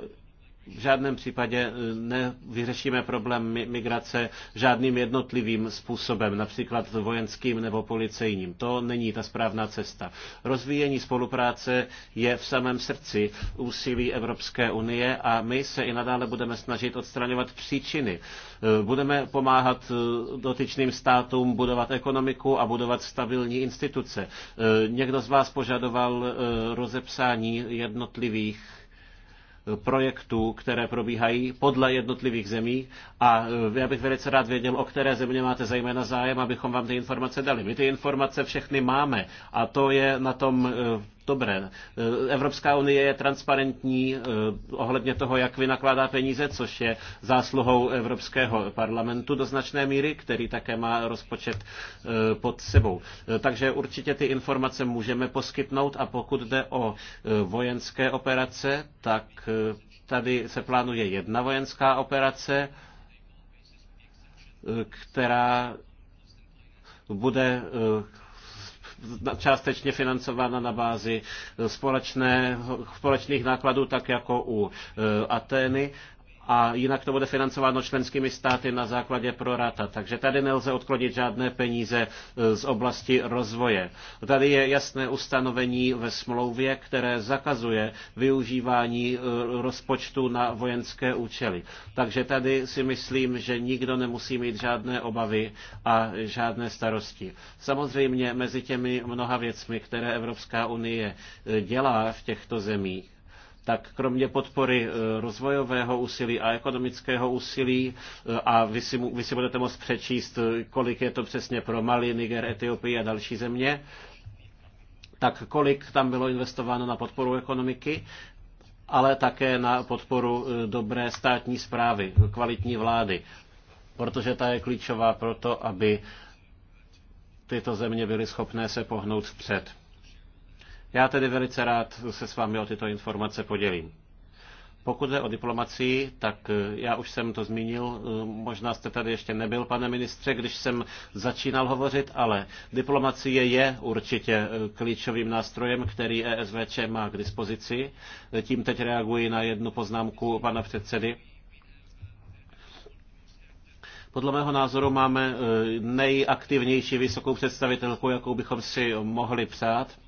v žádném případě eh, nevyřešíme problém migrace žádným jednotlivým způsobem, například vojenským nebo policejním. To není ta správná cesta. Rozvíjení spolupráce je v samém srdci úsilí Evropské unie a my se i nadále budeme snažit odstraňovat příčiny. Eh, budeme pomáhat eh, dotyčným státům budovat ekonomiku a budovat stabilní instituce. Někdo z vás požadoval rozepsání jednotlivých projektů, které probíhají podle jednotlivých zemí a eh, já bych velice rád věděl, o které země máte zejména zájem, abychom vám ty informace dali. My ty informace všechny máme a to je na tom eh, dobré. Eh, Evropská unie je transparentní eh, ohledně toho, jak vynakládá peníze, což je zásluhou Evropského parlamentu do značné míry, který také má rozpočet eh, pod sebou. Takže určitě ty informace můžeme poskytnout a pokud jde o vojenské operace, tak tady se plánuje jedna vojenská operace, která bude částečně financována na bázi eh, společné, společných nákladů, tak jako u eh, Atény a jinak to bude financováno členskými státy na základě prorata. Takže tady nelze odklonit žádné peníze e, z oblasti rozvoje. Tady je jasné ustanovení ve smlouvě, které zakazuje využívání e, rozpočtu na vojenské účely. Takže tady si myslím, že nikdo nemusí mít žádné obavy a žádné starosti. Samozřejmě mezi těmi mnoha věcmi, které Evropská unie e, dělá v těchto zemích, tak kromě podpory e, rozvojového úsilí a ekonomického úsilí, e, a vy si, vy si budete moct přečíst, e, kolik je to přesně pro Mali, Niger, Etiopii a další země, tak kolik tam bylo investováno na podporu ekonomiky, ale také na podporu dobré státní zprávy, kvalitní vlády, protože ta je klíčová pro to, aby tyto země byly schopné se pohnout vpřed. Já tedy velice rád se s vámi o tyto informace podělím. Pokud jde o diplomacii, tak eh, já už jsem to zmínil, eh, možná jste tady ještě nebyl, pane ministře, když jsem začínal hovořit, ale diplomacie je určitě eh, klíčovým nástrojem, který ESVČ má k dispozici. Tím teď reaguji na jednu poznámku pana předsedy. Podle mého názoru máme nejaktivnější vysokou představitelku, jakou bychom si mohli přát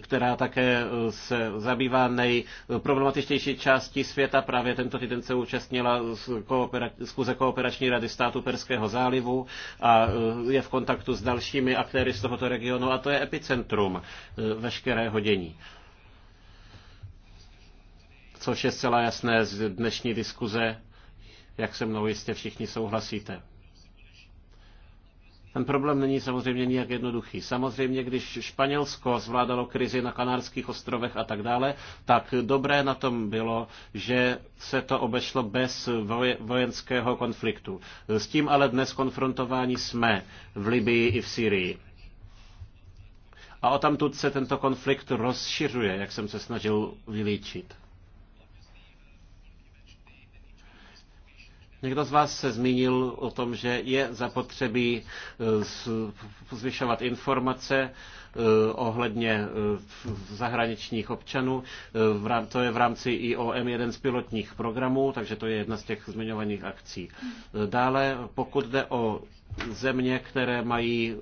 která také eh, se zabývá nejproblematičtější částí světa. Právě tento týden se účastnila zkuze Kooperační rady státu Perského zálivu a eh, je v kontaktu s dalšími aktéry z tohoto regionu a to je epicentrum eh, veškerého dění což je zcela jasné z dnešní diskuze, jak se mnou jistě všichni souhlasíte. Ten problém není samozřejmě nijak jednoduchý. Samozřejmě, když Španělsko zvládalo krizi na Kanárských ostrovech a tak dále, tak dobré na tom bylo, že se to obešlo bez vojenského konfliktu. S tím ale dnes konfrontováni jsme v Libii i v Syrii. A o tamtud se tento konflikt rozšiřuje, jak jsem se snažil vylíčit. Někdo z vás se zmínil o tom, že je zapotřebí eh, zvyšovat informace eh, ohledně eh, zahraničních občanů. To je v rámci IOM jeden z pilotních programů, takže to je jedna z těch zmiňovaných akcí. Dále, pokud jde o země, které mají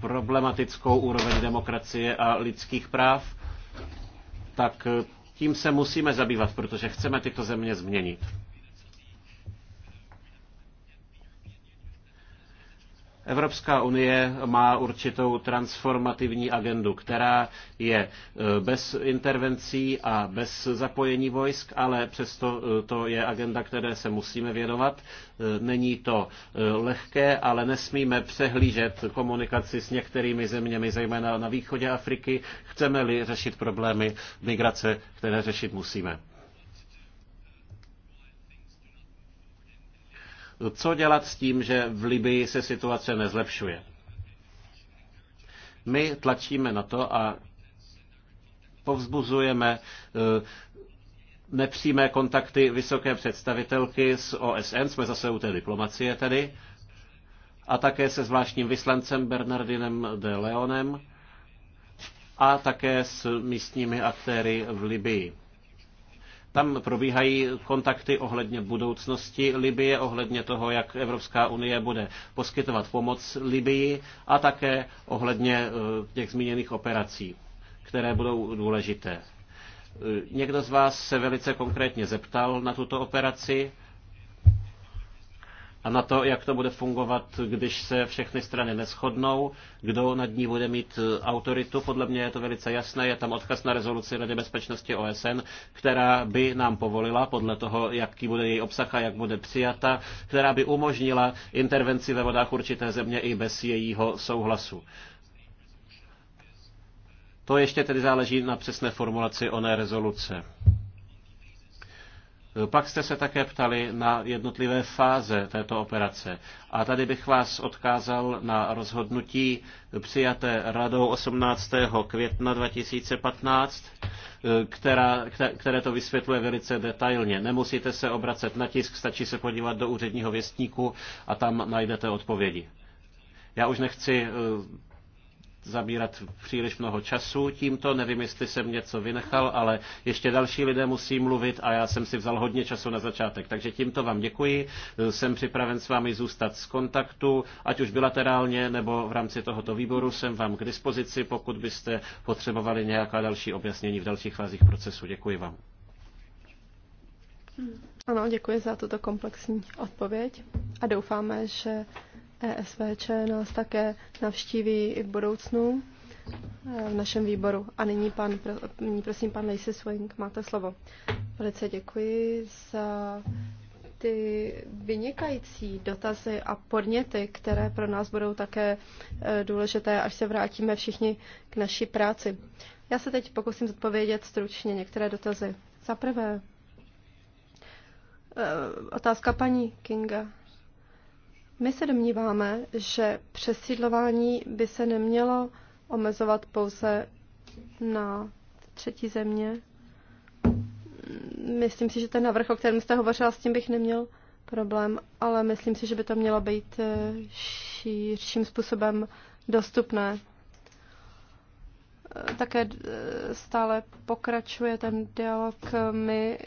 problematickou úroveň demokracie a lidských práv, tak tím se musíme zabývat, protože chceme tyto země změnit. Evropská unie má určitou transformativní agendu, která je e, bez intervencí a bez zapojení vojsk, ale přesto e, to je agenda, které se musíme věnovat. E, není to lehké, ale nesmíme přehlížet komunikaci s některými zeměmi, zejména na východě Afriky, chceme-li řešit problémy migrace, které řešit musíme. Co dělat s tím, že v Libii se situace nezlepšuje? My tlačíme na to a povzbuzujeme eh, nepřímé kontakty vysoké představitelky z OSN, jsme zase u té diplomacie tedy, a také se zvláštním vyslancem Bernardinem de Leonem a také s místními aktéry v Libii. Tam probíhají kontakty ohledně budoucnosti Libie, ohledně toho, jak Evropská unie bude poskytovat pomoc Libii a také ohledně eh, těch zmíněných operací, které budou důležité. Eh, někdo z vás se velice konkrétně zeptal na tuto operaci a na to, jak to bude fungovat, když se všechny strany neschodnou, kdo nad ní bude mít e, autoritu. Podle mě je to velice jasné, je tam odkaz na rezoluci Rady bezpečnosti OSN, která by nám povolila, podle toho, jaký bude její obsah a jak bude přijata, která by umožnila intervenci ve vodách určité země i bez jejího souhlasu. To ještě tedy záleží na přesné formulaci oné rezoluce. Pak jste se také ptali na jednotlivé fáze této operace. A tady bych vás odkázal na rozhodnutí přijaté radou 18. května 2015, která, které to vysvětluje velice detailně. Nemusíte se obracet na tisk, stačí se podívat do úředního věstníku a tam najdete odpovědi. Já už nechci eh, zabírat příliš mnoho času tímto. Nevím, jestli jsem něco vynechal, ale ještě další lidé musí mluvit a já jsem si vzal hodně času na začátek. Takže tímto vám děkuji. Jsem připraven s vámi zůstat z kontaktu, ať už bilaterálně nebo v rámci tohoto výboru. Jsem vám k dispozici, pokud byste potřebovali nějaká další objasnění v dalších fázích procesu. Děkuji vám. Ano, děkuji za tuto komplexní odpověď a doufáme, že ESVČ nás také navštíví i v budoucnu e, v našem výboru. A nyní, pan, nyní prosím, pan Lacey Swing, máte slovo. Velice děkuji za ty vynikající dotazy a podněty, které pro nás budou také e, důležité, až se vrátíme všichni k naší práci. Já se teď pokusím zodpovědět stručně některé dotazy. Za prvé, e, otázka paní Kinga my se domníváme, že přesídlování by se nemělo omezovat pouze na třetí země. Myslím si, že ten navrh, o kterém jste hovořila, s tím bych neměl problém, ale myslím si, že by to mělo být eh, širším způsobem dostupné. Eh, také eh, stále pokračuje ten dialog. My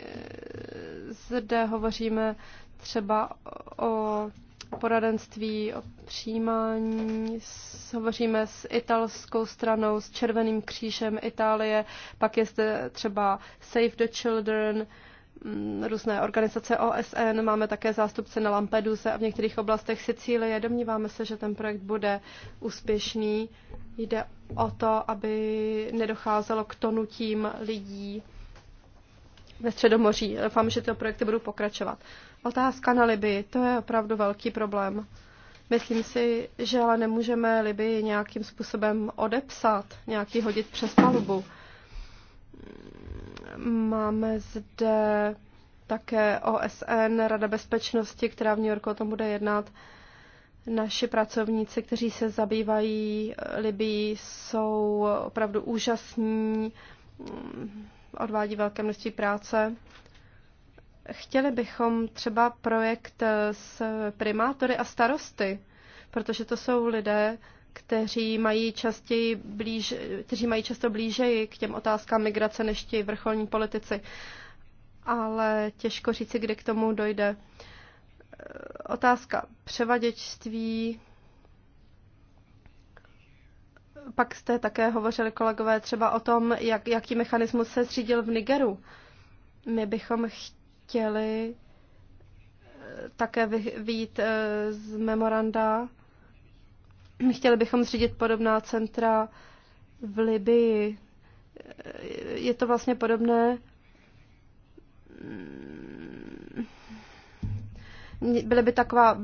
zde hovoříme třeba o poradenství, o přijímání. Hovoříme s italskou stranou, s Červeným křížem Itálie, pak je zde třeba Save the Children, mm, různé organizace OSN, máme také zástupce na Lampeduse a v některých oblastech Sicílie. Domníváme se, že ten projekt bude úspěšný. Jde o to, aby nedocházelo k tonutím lidí ve Středomoří. Doufám, že tyto projekty budou pokračovat. Otázka na Libii, to je opravdu velký problém. Myslím si, že ale nemůžeme Libii nějakým způsobem odepsat, nějaký hodit přes palubu. Máme zde také OSN, Rada bezpečnosti, která v New Yorku o tom bude jednat. Naši pracovníci, kteří se zabývají eh, Libii, jsou opravdu úžasní, mm, odvádí velké množství práce. Chtěli bychom třeba projekt eh, s primátory a starosty, protože to jsou lidé, kteří mají, častěji blíž, kteří mají často blížeji k těm otázkám migrace než ti vrcholní politici. Ale těžko říci, kdy k tomu dojde. Eh, otázka převaděčství. Pak jste také hovořili, kolegové, třeba o tom, jak, jaký mechanismus se zřídil v Nigeru. My bychom chtěli chtěli eh, také vyjít eh, z memoranda. Chtěli bychom zřídit podobná centra v Libii. Eh, je to vlastně podobné byly by taková,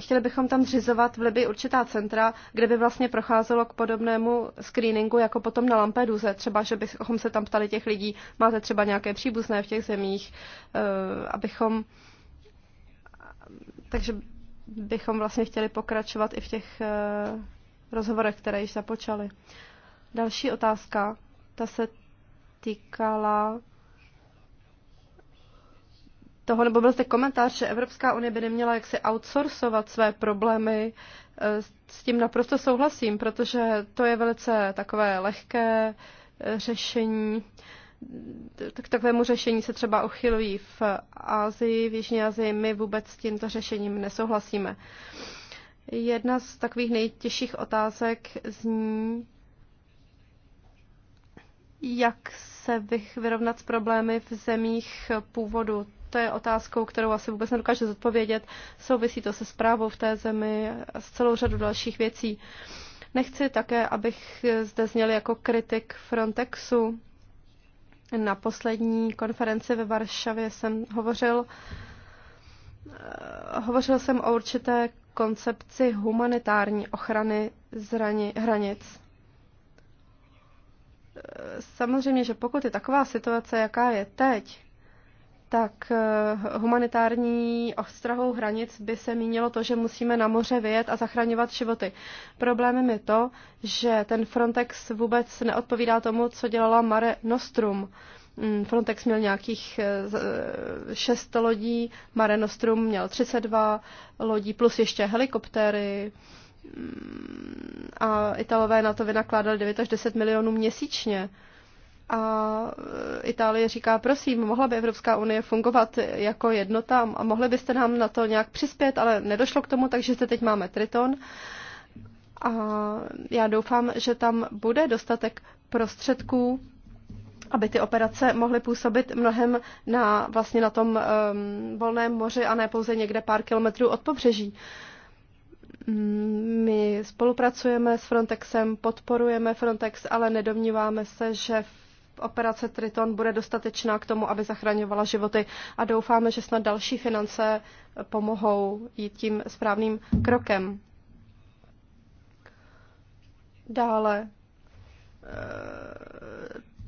chtěli bychom tam zřizovat v by určitá centra, kde by vlastně procházelo k podobnému screeningu jako potom na Lampeduze. Třeba, že bychom se tam ptali těch lidí, máte třeba nějaké příbuzné v těch zemích, eh, abychom takže bychom vlastně chtěli pokračovat i v těch eh, rozhovorech, které již započaly. Další otázka, ta se týkala toho, nebo byl zde komentář, že Evropská unie by neměla jaksi outsourcovat své problémy. E, s tím naprosto souhlasím, protože to je velice takové lehké e, řešení. K takovému řešení se třeba uchylují v Ázii, v Jižní Asii. My vůbec s tímto řešením nesouhlasíme. Jedna z takových nejtěžších otázek zní, jak se vyrovnat s problémy v zemích původu to je otázkou, kterou asi vůbec nedokáže zodpovědět. Souvisí to se zprávou v té zemi a s celou řadu dalších věcí. Nechci také, abych zde zněl jako kritik Frontexu. Na poslední konferenci ve Varšavě jsem hovořil, eh, hovořil jsem o určité koncepci humanitární ochrany zrani, hranic. Eh, samozřejmě, že pokud je taková situace, jaká je teď, tak eh, humanitární ostrahou hranic by se mínilo to, že musíme na moře vyjet a zachraňovat životy. Problémem je to, že ten Frontex vůbec neodpovídá tomu, co dělala Mare Nostrum. Mm, Frontex měl nějakých eh, šest lodí, Mare Nostrum měl 32 lodí, plus ještě helikoptéry mm, a Italové na to vynakládali 9 až 10 milionů měsíčně. A Itálie říká, prosím, mohla by Evropská unie fungovat jako jednota a mohli byste nám na to nějak přispět, ale nedošlo k tomu, takže se teď máme Triton. A já doufám, že tam bude dostatek prostředků, aby ty operace mohly působit mnohem na, vlastně na tom um, volném moři a ne pouze někde pár kilometrů od pobřeží. Mm, my spolupracujeme s Frontexem, podporujeme Frontex, ale nedomníváme se, že operace Triton bude dostatečná k tomu, aby zachraňovala životy a doufáme, že snad další finance pomohou jít tím správným krokem. Dále eh,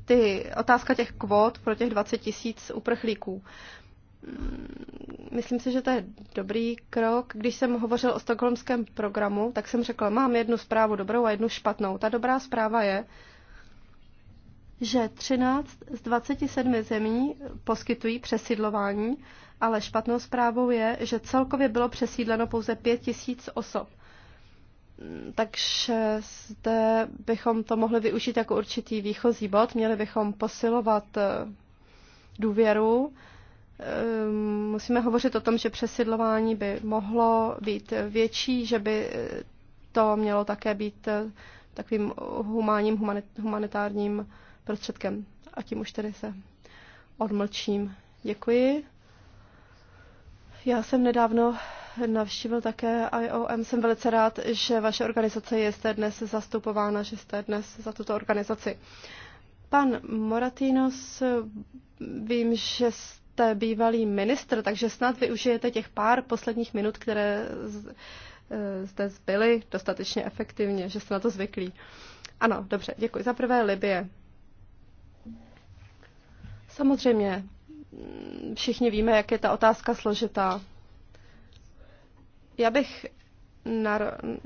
ty, otázka těch kvót pro těch 20 tisíc uprchlíků. Myslím si, že to je dobrý krok. Když jsem hovořil o stokholmském programu, tak jsem řekl, mám jednu zprávu dobrou a jednu špatnou. Ta dobrá zpráva je, že 13 z 27 zemí poskytují přesídlování, ale špatnou zprávou je, že celkově bylo přesídleno pouze 5 tisíc osob. Takže zde bychom to mohli využít jako určitý výchozí bod. Měli bychom posilovat eh, důvěru. Ehm, musíme hovořit o tom, že přesidlování by mohlo být větší, že by eh, to mělo také být eh, takovým humánním humanitárním prostředkem. A tím už tedy se odmlčím. Děkuji. Já jsem nedávno navštívil také IOM. Jsem velice rád, že vaše organizace je zde dnes zastupována, že jste dnes za tuto organizaci. Pan Moratinos, vím, že jste bývalý ministr, takže snad využijete těch pár posledních minut, které e, zde zbyly dostatečně efektivně, že jste na to zvyklí. Ano, dobře, děkuji. Za prvé Libie. Samozřejmě, všichni víme, jak je ta otázka složitá. Já bych nar-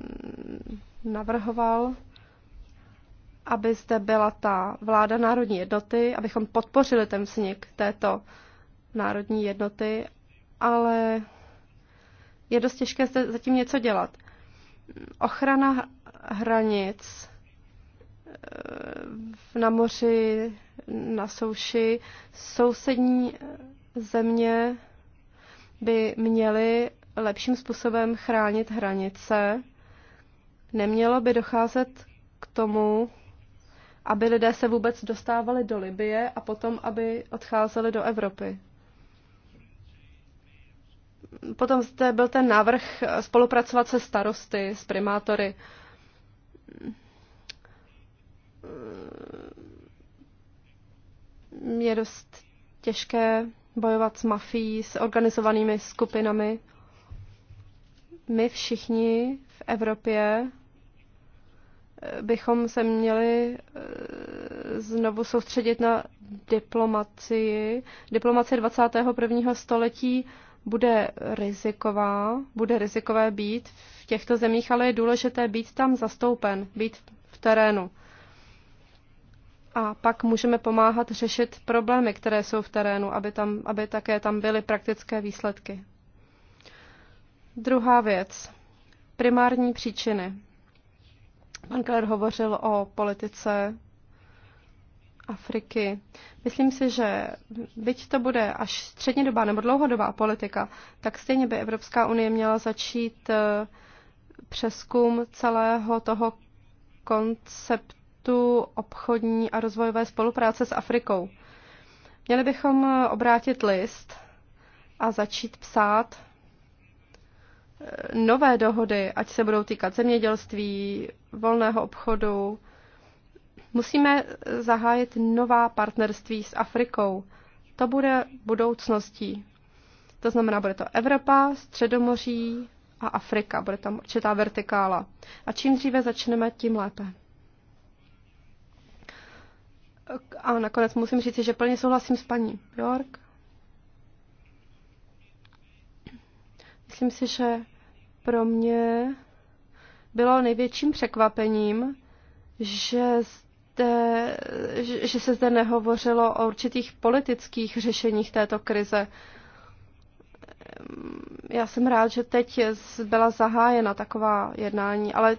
navrhoval, aby zde byla ta vláda národní jednoty, abychom podpořili ten vznik této národní jednoty, ale je dost těžké zde zatím něco dělat. Ochrana hranic na moři, na souši. Sousední země by měly lepším způsobem chránit hranice. Nemělo by docházet k tomu, aby lidé se vůbec dostávali do Libie a potom, aby odcházeli do Evropy. Potom zde byl ten návrh eh, spolupracovat se starosty, s primátory. Eh, je dost těžké bojovat s mafií, s organizovanými skupinami. My všichni v Evropě eh, bychom se měli eh, znovu soustředit na diplomacii. Diplomacie 21. století bude riziková, bude rizikové být v těchto zemích, ale je důležité být tam zastoupen, být v terénu a pak můžeme pomáhat řešit problémy, které jsou v terénu, aby, tam, aby také tam byly praktické výsledky. Druhá věc. Primární příčiny. Pan Kler hovořil o politice Afriky. Myslím si, že byť to bude až střednědobá nebo dlouhodobá politika, tak stejně by Evropská unie měla začít eh, přeskum celého toho konceptu projektu obchodní a rozvojové spolupráce s Afrikou. Měli bychom obrátit list a začít psát eh, nové dohody, ať se budou týkat zemědělství, volného obchodu. Musíme zahájit nová partnerství s Afrikou. To bude budoucností. To znamená, bude to Evropa, Středomoří a Afrika. Bude tam určitá vertikála. A čím dříve začneme, tím lépe. A nakonec musím říct, že plně souhlasím s paní Bjork. Myslím si, že pro mě bylo největším překvapením, že, zde, že se zde nehovořilo o určitých politických řešeních této krize. Já jsem rád, že teď byla zahájena taková jednání, ale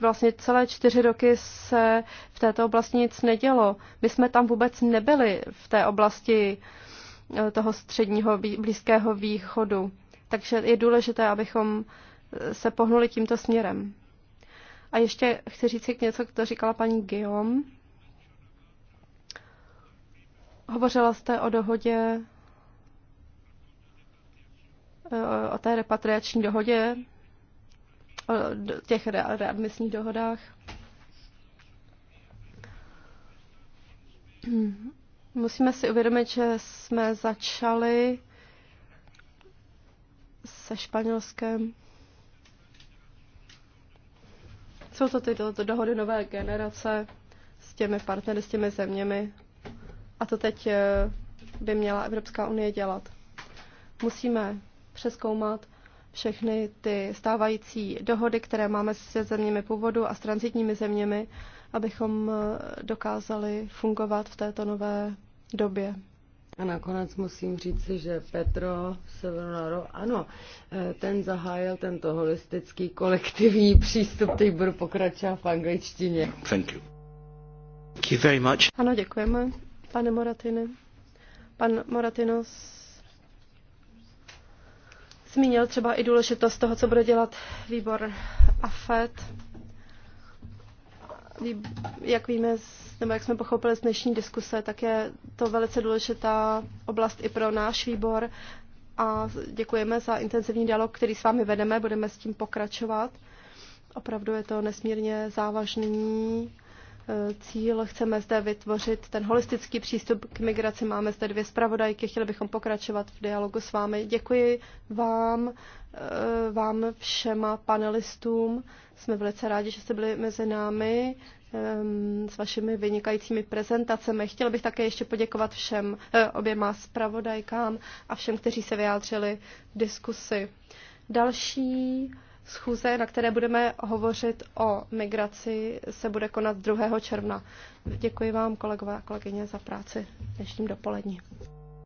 vlastně celé čtyři roky se v této oblasti nic nedělo. My jsme tam vůbec nebyli v té oblasti eh, toho středního blízkého východu. Takže je důležité, abychom eh, se pohnuli tímto směrem. A ještě chci říct si k něco, co říkala paní Gion. Hovořila jste o dohodě, eh, o té repatriační dohodě o těch readmisních dohodách. Musíme si uvědomit, že jsme začali se Španělskem. Jsou to tyto to dohody nové generace s těmi partnery, s těmi zeměmi. A to teď eh, by měla Evropská unie dělat. Musíme přeskoumat všechny ty stávající dohody, které máme se zeměmi původu a s transitními zeměmi, abychom eh, dokázali fungovat v této nové době. A nakonec musím říci, že Petro Severnaro, ano, eh, ten zahájil tento holistický kolektivní přístup, teď budu pokračovat v angličtině. Thank you. Thank you very much. Ano, děkujeme, pane Moratine. Pan Moratinos zmínil třeba i důležitost toho, co bude dělat výbor AFET. Jak víme, nebo jak jsme pochopili z dnešní diskuse, tak je to velice důležitá oblast i pro náš výbor a děkujeme za intenzivní dialog, který s vámi vedeme, budeme s tím pokračovat. Opravdu je to nesmírně závažný cíl. Chceme zde vytvořit ten holistický přístup k migraci. Máme zde dvě zpravodajky, chtěli bychom pokračovat v dialogu s vámi. Děkuji vám, eh, vám všema panelistům. Jsme velice rádi, že jste byli mezi námi ehm, s vašimi vynikajícími prezentacemi. Chtěl bych také ještě poděkovat všem eh, oběma zpravodajkám a všem, kteří se vyjádřili v diskusi. Další Schůze, na které budeme hovořit o migraci, se bude konat 2. června. Děkuji vám, kolegové a kolegyně, za práci dnešním dopolední.